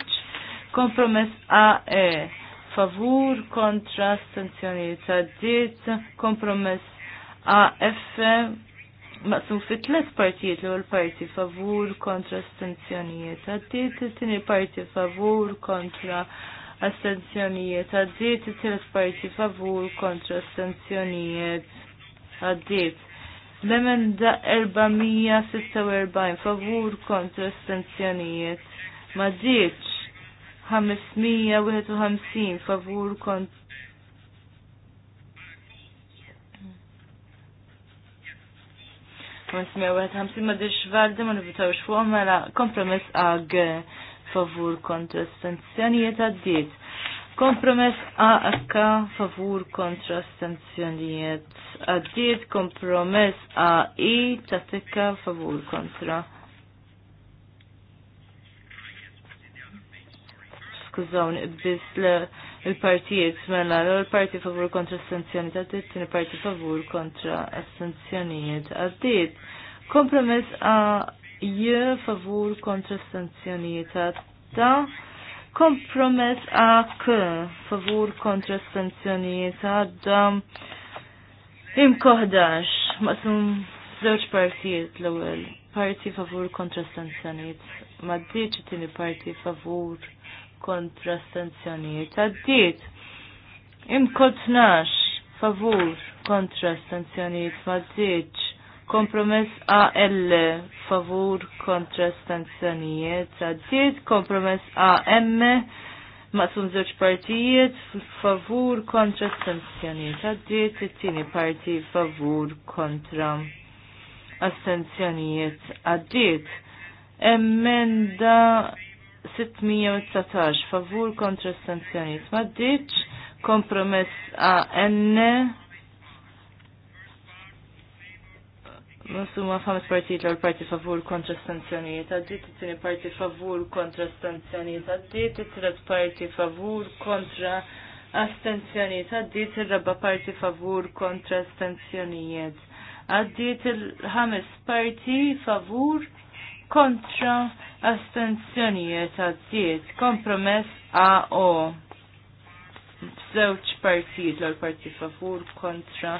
kompromess AE favur kontra stanzjoniet maddiċ, kompromess AF maqsum fit tlet partijiet l-ewwel parti favur kontra stanzjonijiet għaddit, it-tieni parti favur kontra astenzjonijiet għaddiet, it-tielet parti favur kontra astenzjonijiet għaddiet. L-emenda 446 favur kontra astenzjonijiet ma ddietx 551 favur kontra Ma għet ħamsin ma dix valde ma nivitawx fuq mela kompromess għag favur kontra stanzjonijiet għaddiet. Kompromess AHK favur kontra stanzjonijiet għaddiet. Kompromess AI tatika favur kontra. Skużawni, biss il-partijiet mela l-parti favur kontra stanzjonijiet għaddiet, il-parti favur kontra stanzjonijiet għaddiet. Kompromess A je favur kontra stanzjonijiet ta Kompromess AK favur kontra stanzjonijiet għadda. ma maqsum żewġ partijiet l-ewwel. Parti favur kontra stanzjonijiet. ma it tini parti favur kontra stanzjonijiet għaddiet. Imkotnax favur kontra stanzjonijiet maddiċ. Kompromess AL favur kontra stanzjonijiet għaddiet. Kompromess AM maqsum zoċ partijiet favur kontra stanzjonijiet għaddiet. It-tieni parti favur kontra astenzjonijiet għaddiet. Emenda 619 favur kontra stanzjonijiet ma' kompromess AN Masuma ħames partijiet l-għal parti favur kontra stanzjonijiet għaddit, it-tini parti favur kontra stanzjonijiet għaddit, it-tret parti favur kontra astenzjonijiet għaddit, t rabba parti favur kontra stanzjonijiet għaddit, il-ħames parti favur kontra astenzjonijiet għaddit, kompromess AO. Zewċ partijiet l-għal parti favur kontra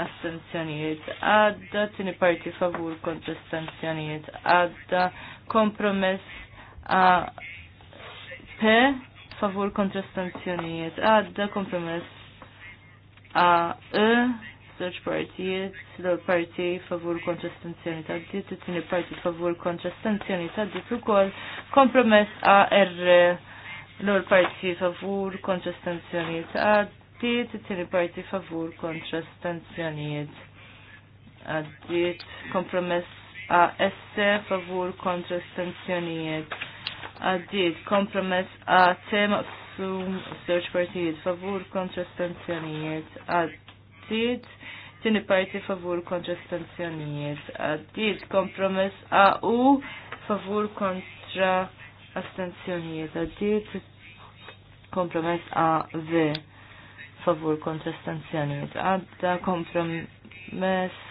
astenzjonijiet għadda, tini parti favur kontra astenzjonijiet għadda, kompromess a P favur kontra astenzjonijiet għadda, kompromess a E search partijiet, l parti favur kontra astenzjoni ta' Tini parti favur kontra astenzjoni ukoll, kompromess a R l parti favur kontra astenzjoni tiet it-tieni favur kontra stanzjoniet. għaddiet, kompromess AS favur kontra stanzjoniet. għaddiet, kompromess AT maqsum żewġ partijiet favur kontra stanzjoniet. għaddiet, tieni parti favur kontra stanzjoniet. għaddiet, kompromess AU favur kontra stanzjoniet. għaddiet, kompromess AV favur kontra stanzjoniet għadda kompromess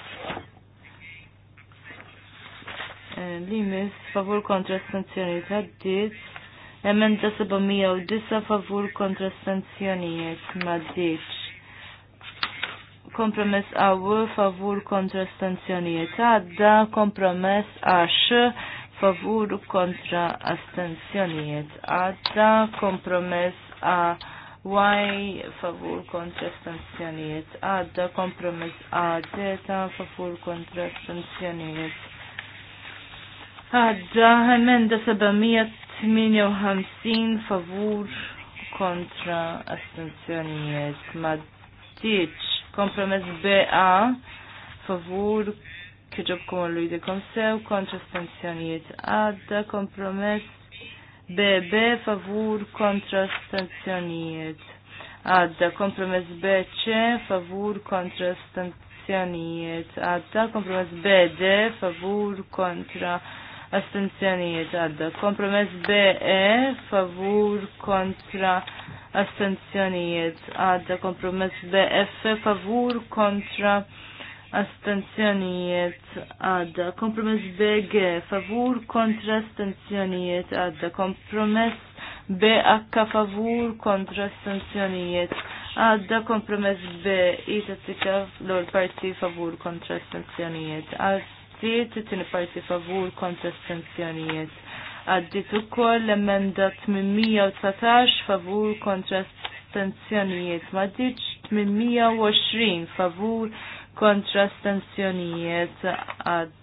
eh, Limis, favur kontra sanzjoniet għaddit. Emenda 709, favur kontra sanzjoniet maddiċ. Kompromess għaw, favur kontra sanzjoniet għadda. Kompromess għax, favur kontra astensjoniet għadda. Kompromess għaw Y favur kontra stanzjonijiet għadda kompromiss AZ favur kontra stanzjonijiet għadda emenda 758 favur kontra astenzjonijiet ma tiċ kompromess BA favur kħiġobkom għallu jidikom sew kontra stanzjonijiet għadda Compromise BB favur kontra stanzjonijiet. Għadda kompromess BC favur kontra stanzjonijiet. Għadda kompromess BD favur kontra astenzjonijiet. Għadda kompromess BE favur kontra astenzjonijiet. Għadda kompromess BF favur kontra astenzjonijiet astenzjonijiet għadda. Kompromess BG favur kontra astenzjonijiet għadda. Kompromess BH favur kontra astenzjonijiet għadda. Kompromess BI tattika l-ol parti favur kontra astenzjonijiet għaddiet, it-tini parti favur kontra astenzjonijiet. Għaddit u koll emenda 819 favur kontra astenzjonijiet. Maddiċ 820 favur kontrastanzjonijiet stanzjonijiet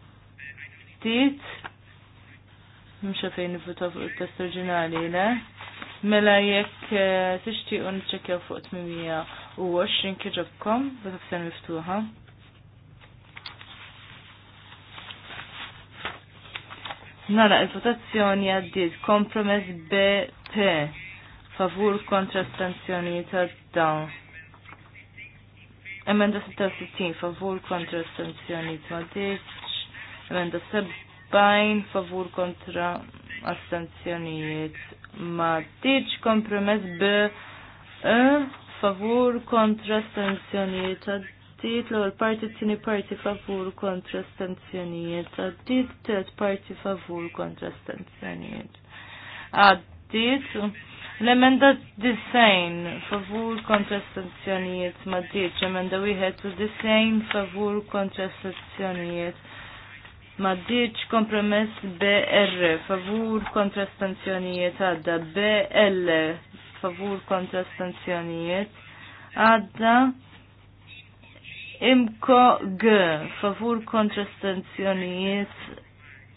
għaddit. Mxa fejn votaw fuq il-test oriġinali, le? Mela jekk eh, tixtiequ ċekja fuq 820 kieġobkom, b'ħafsen miftuħa. Nara il-votazzjoni għaddiet kompromess BP favur kontra ta' dawn. Emenda 66 favur kontra astenzjoniet ma Emenda 70 favur kontra astenzjoniet ma Kompromess B e, favur kontra astenzjoniet għaddit. l għol parti t-tini parti favur kontra astenzjoniet t Tret parti favur kontra astenzjoniet. Għaddit. L-emenda disajn favur kontra stazzjonijiet ma ddiċ, emenda wieħed u disajn favur kontra stazzjonijiet ma ddiċ kompromess BR favur kontra stazzjonijiet għadda BL favur kontra stazzjonijiet għadda imko G favur kontra stazzjonijiet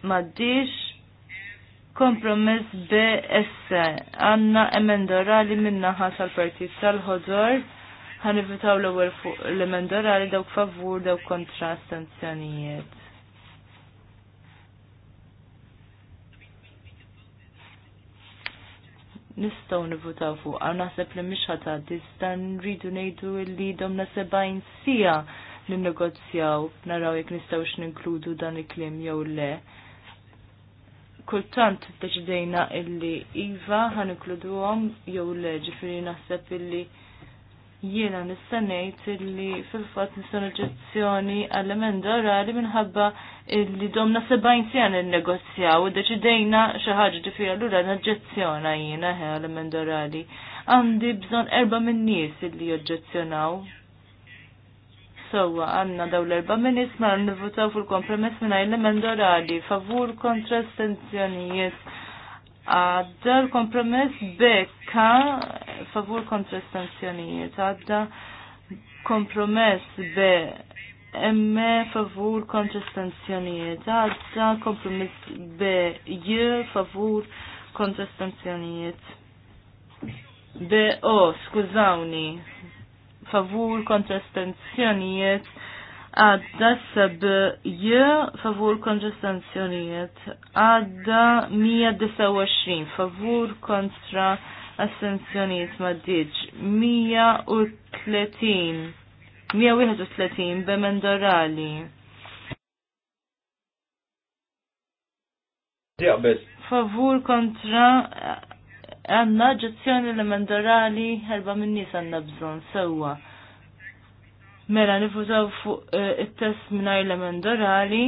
ma ddiċ Kompromess BS għanna emendorali ħas għal partit tal-ħodor ivitaw l-ewwel fuq l-emendorali dawk favur dawk kontra sanzjonijiet. Nistgħu nivutaw fuq għal naħseb li mhix distan dan rridu ngħidu li dom nasebajn sija ninnegozjaw naraw jekk nistgħux ninkludu dan il-kliem jew le kultant deċidejna illi Iva ħan ikluduhom jew leġi firri naħseb illi jiena nista' ngħid illi fil-fatt nista' oġġezzjoni għall-emenda orali minħabba illi domna 70 il nnegozjaw u deċidejna xi ħaġa ġifieri allura naġġezzjona jiena ħe għall-emenda orali. Għandi bżonn erba' minn nies illi joġġezzjonaw sowa għanna daw l-erba minis ma nivutaw fil-kompromess minna jenna orali favur kontra stenzjonijiet. Għadda l-kompromess bekka favur kontra stenzjonijiet. Għadda kompromess be emme favur kontra stenzjonijiet. Għadda kompromess be jie favur kontra stenzjonijiet. Be o, skużawni, favur kontra stanzjonijiet għadda seb j favur kontra stanzjonijiet għadda 129 favur kontra astenzjonijiet ma diġ 130 131 bemendorali Favur kontra għanna ġezzjoni elementarali erba minnis għanna bżon sewa. Mela nifużaw fuq eh, il-test minar elementarali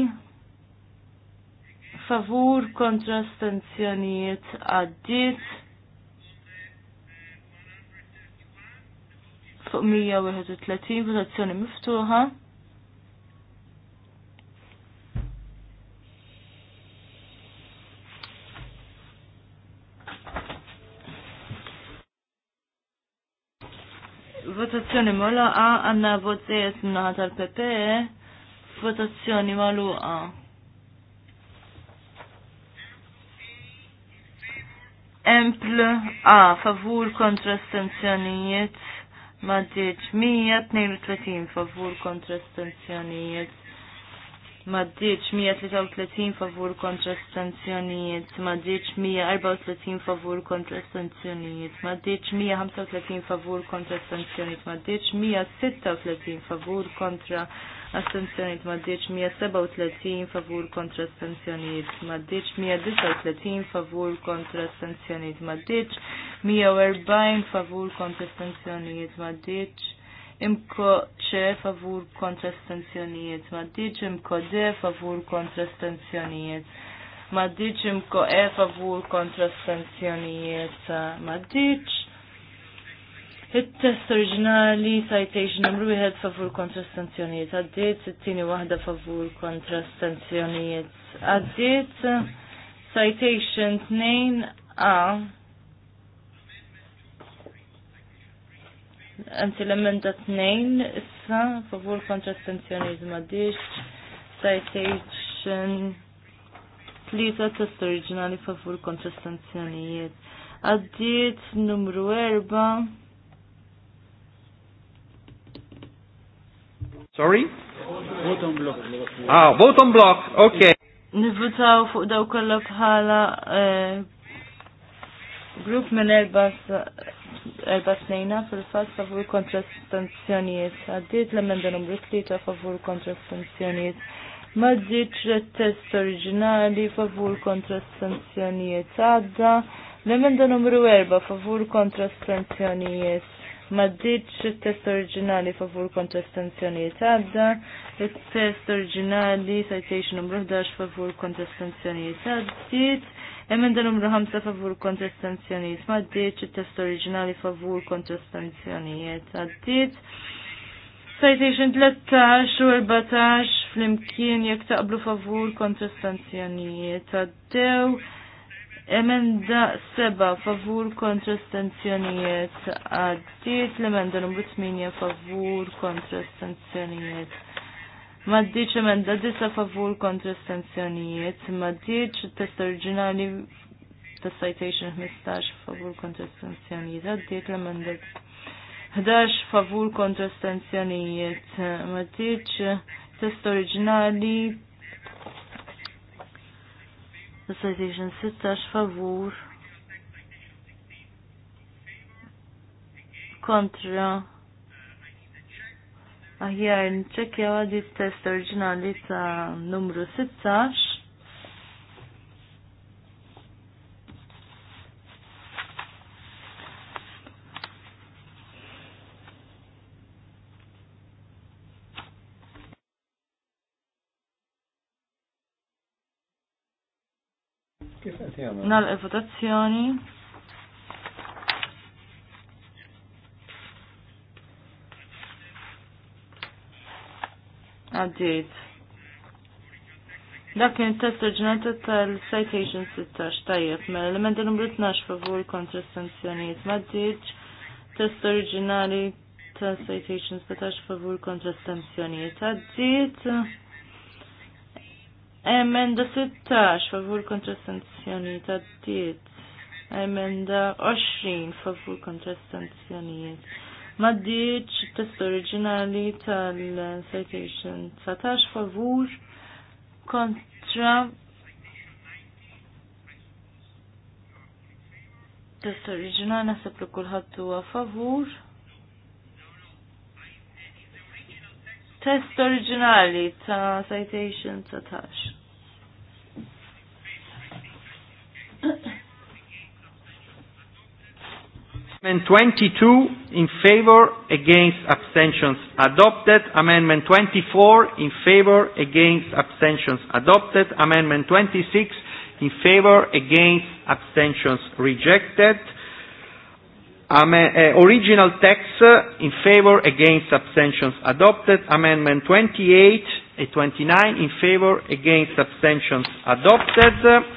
favur kontra stanzjonijiet għaddit fuq 131 votazzjoni miftuħa. votazzjoni maluqa għanna vot zejet minnaħa tal-PPE votazzjoni maluqa. Empl A favur kontra stanzjonijiet, ma' 132 favur kontra stanzjonijiet, maddiċ 133 favur kontra stanzjonijiet, maddiċ 134 favur kontra stanzjonijiet, maddiċ 135 favur kontra stanzjonijiet, maddiċ 136 favur kontra astenzjonijiet, maddiċ 137 favur kontra stanzjonijiet, maddiċ 139 favur kontra stanzjonijiet, maddiċ 140 favur kontra stanzjonijiet, maddiċ imko ċe favur kontra stenzjonijiet, ma diġ imko de favur kontra stenzjonijiet, ma diġ imko e favur kontra stenzjonijiet, ma diġ Il-test oriġinali citation numru wieħed favur kontra stenzjonijiet għaddiet, it-tieni waħda favur kontra stenzjonijiet għaddiet, citation 2 a Għanzi l-emenda t-nejn, issa, favur kontra s astenzjoniet maddiċ, citation, tlita test originali favur kontra s astenzjoniet. Għaddiet numru 4. Sorry? Vote on block. Ah, vote on block, ok. Nivutaw fuq daw kollha bħala eh, group minn erba erba snejna fil-fat favur kontra stanzjonijiet. Għaddit l-emenda numru 3 favur kontra stanzjonijiet. Ma ġiċ test oriġinali favur kontra stanzjonijiet. Għadda l-emenda numru 4 favur kontra stanzjonijiet. Ma ġiċ test oriġinali favur kontra stanzjonijiet. Għadda il-test oriġinali citation numru 11 favur kontra stanzjonijiet. Għaddit Emenda numru 5 favur kontra stanzjonijiet ma ddiet, il-test oriġinali favur kontra stanzjonijiet għaddiet. Citation 13 u 14 fl-imkien jek taqblu favur kontra stanzjonijiet għaddew. Emenda 7 favur kontra stanzjonijiet għaddiet. L-emenda numru 8 favur kontra stanzjonijiet Ma Maddiċ emenda disa favur kontra ma maddiċ test originali ta' citation 15 favur kontra estensjonijiet, għaddiet l-emenda 11 favur kontra ma maddiċ test originali ta' citation 16 favur kontra Aħjar nċekja għadi test oriġinali ta' numru 16. Nal-votazzjoni. Għaddit. Dak kien test oriġinata tal-citation 16 tajjeb me mela l-element numru 12 favur kontra sanzjoniet. maddiċ, test oriġinali tal-citation 16 favur kontra sanzjoniet. għaddit. Emenda 16 favur kontra sanzjoniet. għaddit. Emenda 20 favur kontra sanzjonijiet maddiċ test originali tal-citation 19 favur kontra test originali nasab li kullħat huwa favur test originali ta' citation satax. Amendment 22 in favor against abstentions adopted. Amendment 24 in favor against abstentions adopted. Amendment 26 in favor against abstentions rejected. Amen, uh, eh, original text uh, in favor against abstentions adopted. Amendment 28 and 29 in favor against abstentions adopted.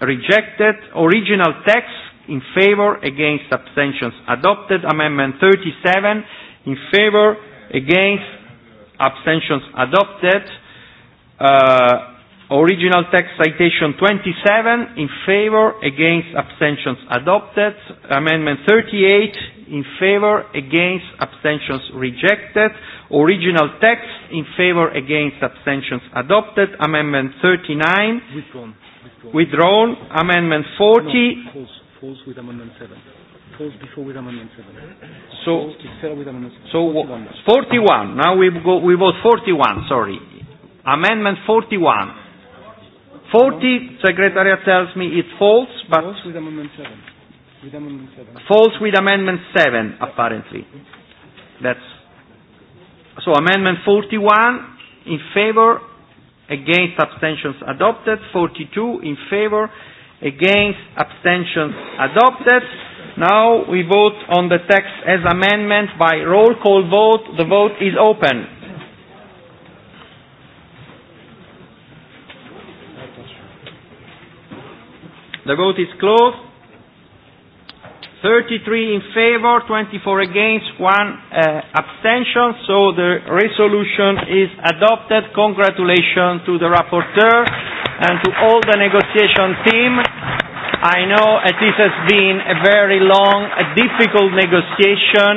rejected. Original text in favor, against abstentions adopted. Amendment 37 in favor, against abstentions adopted. Uh, original text citation 27 in favor, against abstentions adopted. Amendment 38 in favor, against abstentions rejected. Original text in favor, against abstentions adopted. Amendment 39. one? Withdrawn. Amendment 40. No, with Amendment 7. before with Amendment 7. So, with amendment 7. so 41. 41. Now we, go, we vote 41, sorry. Amendment 41. 40, Secretariat tells me it's false, but... False with Amendment 7. With amendment 7. False with Amendment 7, apparently. That's... So Amendment 41, in favor, against abstentions adopted, 42 in favor, against abstentions adopted. Now we vote on the text as amendment by roll call vote. The vote is open. The vote is closed. 33 in favor, 24 against, one uh, abstention. So the resolution is adopted. Congratulations to the rapporteur and to all the negotiation team. I know uh, this has been a very long, a difficult negotiation,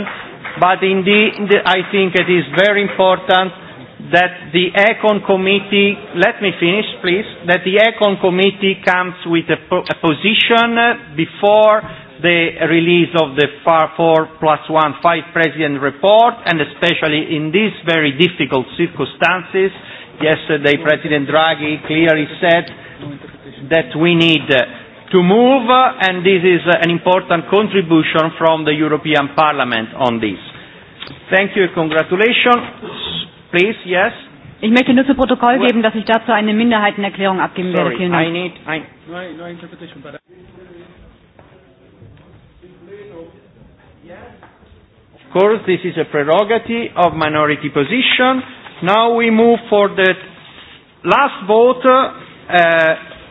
but indeed I think it is very important that the ECON committee, let me finish please, that the ECON committee comes with a, po a position before the release of the FAR 4 plus 1 5 President report, and especially in these very difficult circumstances, yesterday President Draghi clearly said that we need uh, to move, uh, and this is uh, an important contribution from the European Parliament on this. Thank you, and congratulations. Please, yes. Ich möchte nur zu Protokoll geben, dass ich dazu eine Minderheitenerklärung abgeben Sorry, werde. Vielen Dank. I need, I... No, no interpretation, but course, this is a prerogative of minority position. Now we move for the last vote, uh,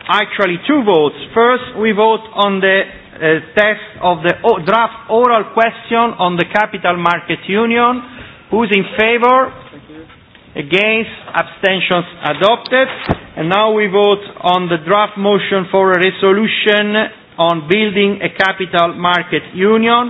actually two votes. First, we vote on the uh, test of the o draft oral question on the Capital Market Union. Who's in favor? Against? Abstentions adopted. And now we vote on the draft motion for a resolution on building a capital market union.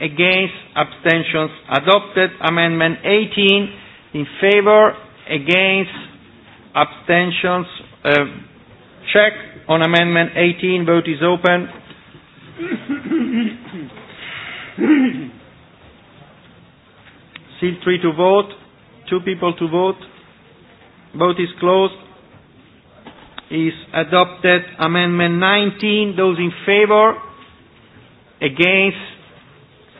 against, abstentions adopted. Amendment 18 in favor, against, abstentions. Uh, check on Amendment 18. Vote is open. Seal 3 to vote. Two people to vote. Vote is closed. Is adopted. Amendment 19. Those in favor, against,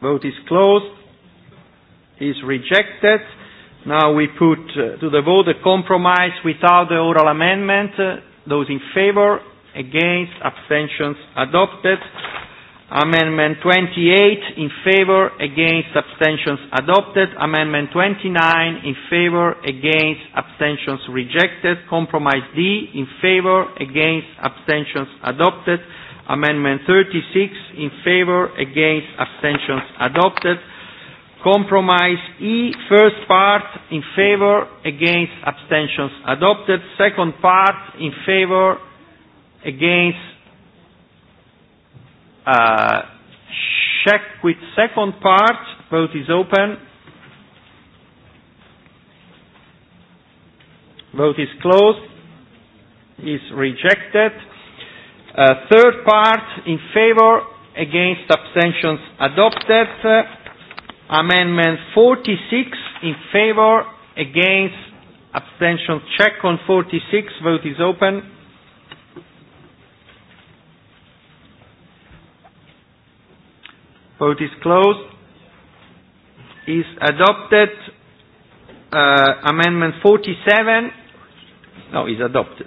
Vote is closed. Is rejected. Now we put uh, to the vote the compromise without the oral amendment. Uh, those in favor, against, abstentions adopted. Amendment 28 in favor, against, abstentions adopted. Amendment 29 in favor, against, abstentions rejected. Compromise D in favor, against, abstentions adopted. Amendment 36 in favor, against, abstentions adopted. Compromise E, first part, in favor, against, abstentions adopted. Second part, in favor, against, uh, check with second part, vote is open. Vote is closed. Is rejected. Uh, third part, in favor, against abstentions adopted. Uh, amendment 46, in favor, against abstentions check on 46, vote is open. Vote is closed. Is adopted. Uh, amendment 47. No, is adopted.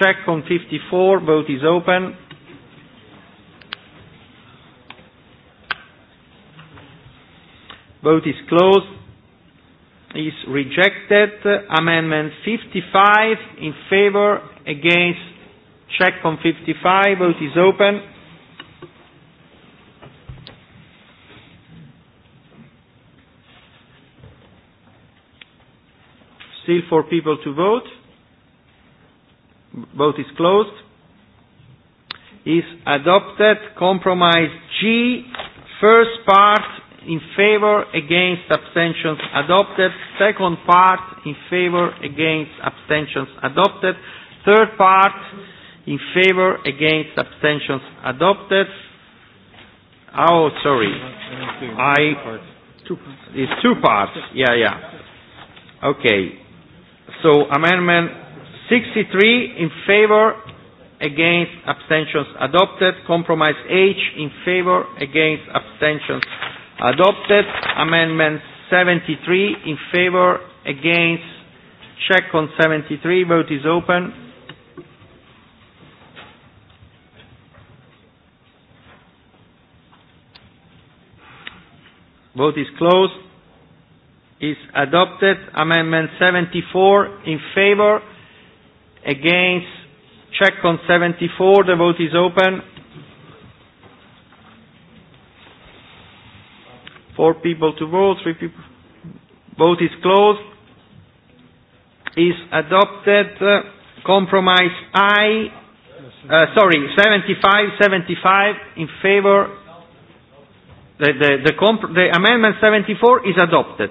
Check on 54. Vote is open. Vote is closed. Is rejected. Amendment 55 in favor, against. Check on 55. Vote is open. Still for people to vote. Vote is closed. Is adopted compromise G, first part in favor against abstentions adopted, second part in favor against abstentions adopted, third part in favor against abstentions adopted. Oh, sorry. I, it's two parts. Yeah, yeah. Okay. So amendment 63 in favor, against abstentions adopted. Compromise H in favor, against abstentions adopted. Amendment 73 in favor, against. Check on 73. Vote is open. Vote is closed. Is adopted. Amendment 74 in favor against, check on 74, the vote is open. Four people to vote, three people. Vote is closed. Is adopted. Uh, compromise I. Uh, sorry, 75, 75 in favor. The, the, the, comp the amendment 74 is adopted.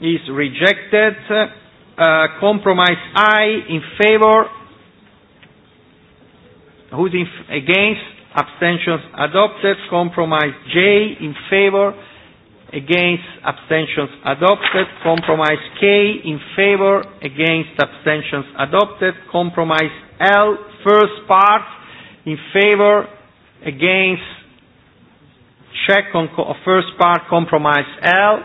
is rejected. Uh, compromise I in favor. Who's in, against? Abstentions adopted. Compromise J in favor. Against abstentions adopted. Compromise K in favor. Against abstentions adopted. Compromise L first part in favor. Against check on co first part compromise L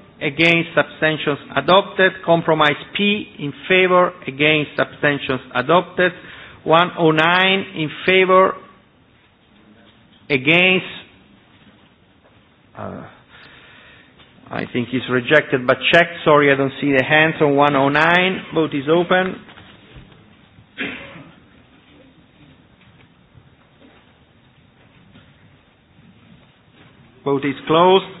against abstentions adopted. Compromise P in favor against abstentions adopted. 109 in favor against. Uh, I think it's rejected but checked. Sorry, I don't see the hands on 109. Vote is open. Vote is closed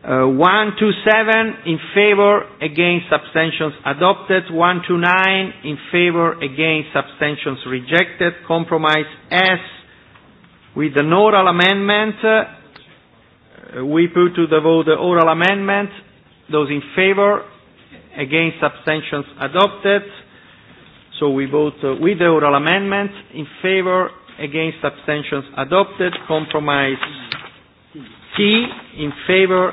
Uh, to 127 in favor against abstentions adopted 129 in favor against abstentions rejected compromise S with an oral amendment uh, we put to the vote the oral amendment those in favor against abstentions adopted so we vote uh, with the oral amendment in favor against abstentions adopted compromise T in favor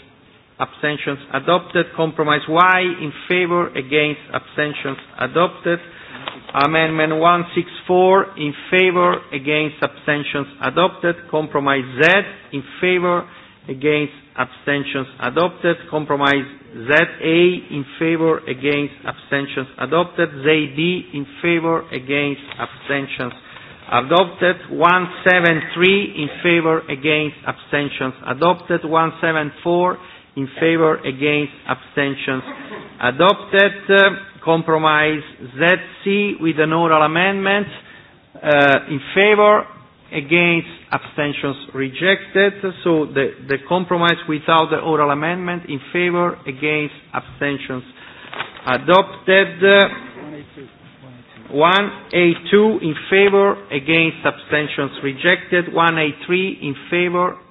abstentions adopted. Compromise Y in favor, against, abstentions adopted. Amendment 164 in favor, against, abstentions adopted. Compromise Z in favor, against, abstentions adopted. Compromise ZA in favor, against, abstentions adopted. ZD in favor, against, abstentions adopted 173 in favor against abstentions adopted 174 in favor against abstentions adopted uh, compromise ZC with an oral amendment uh, in favor against abstentions rejected so the, the compromise without the oral amendment in favor against abstentions adopted uh, 1A2 in favor against abstentions rejected 1A3 in favor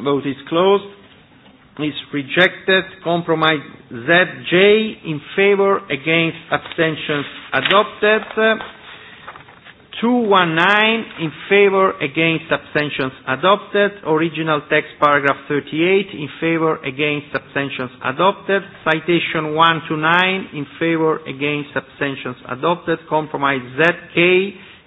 Vote is closed. Is rejected. Compromise ZJ in favor against abstentions adopted. 219 in favor against abstentions adopted. Original text paragraph 38 in favor against abstentions adopted. Citation 129 in favor against abstentions adopted. Compromise ZK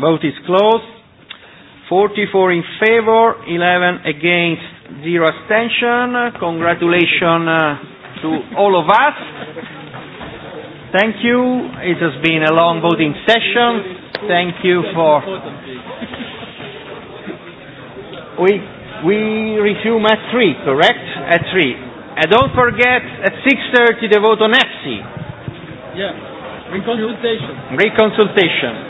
Vote is closed. 44 in favor, 11 against, zero abstention. Congratulations uh, to all of us. Thank you. It has been a long voting session. Thank you for. We, we resume at 3, correct? At 3. And don't forget, at 6.30 the vote on EPSI. Yeah, reconsultation. Reconsultation.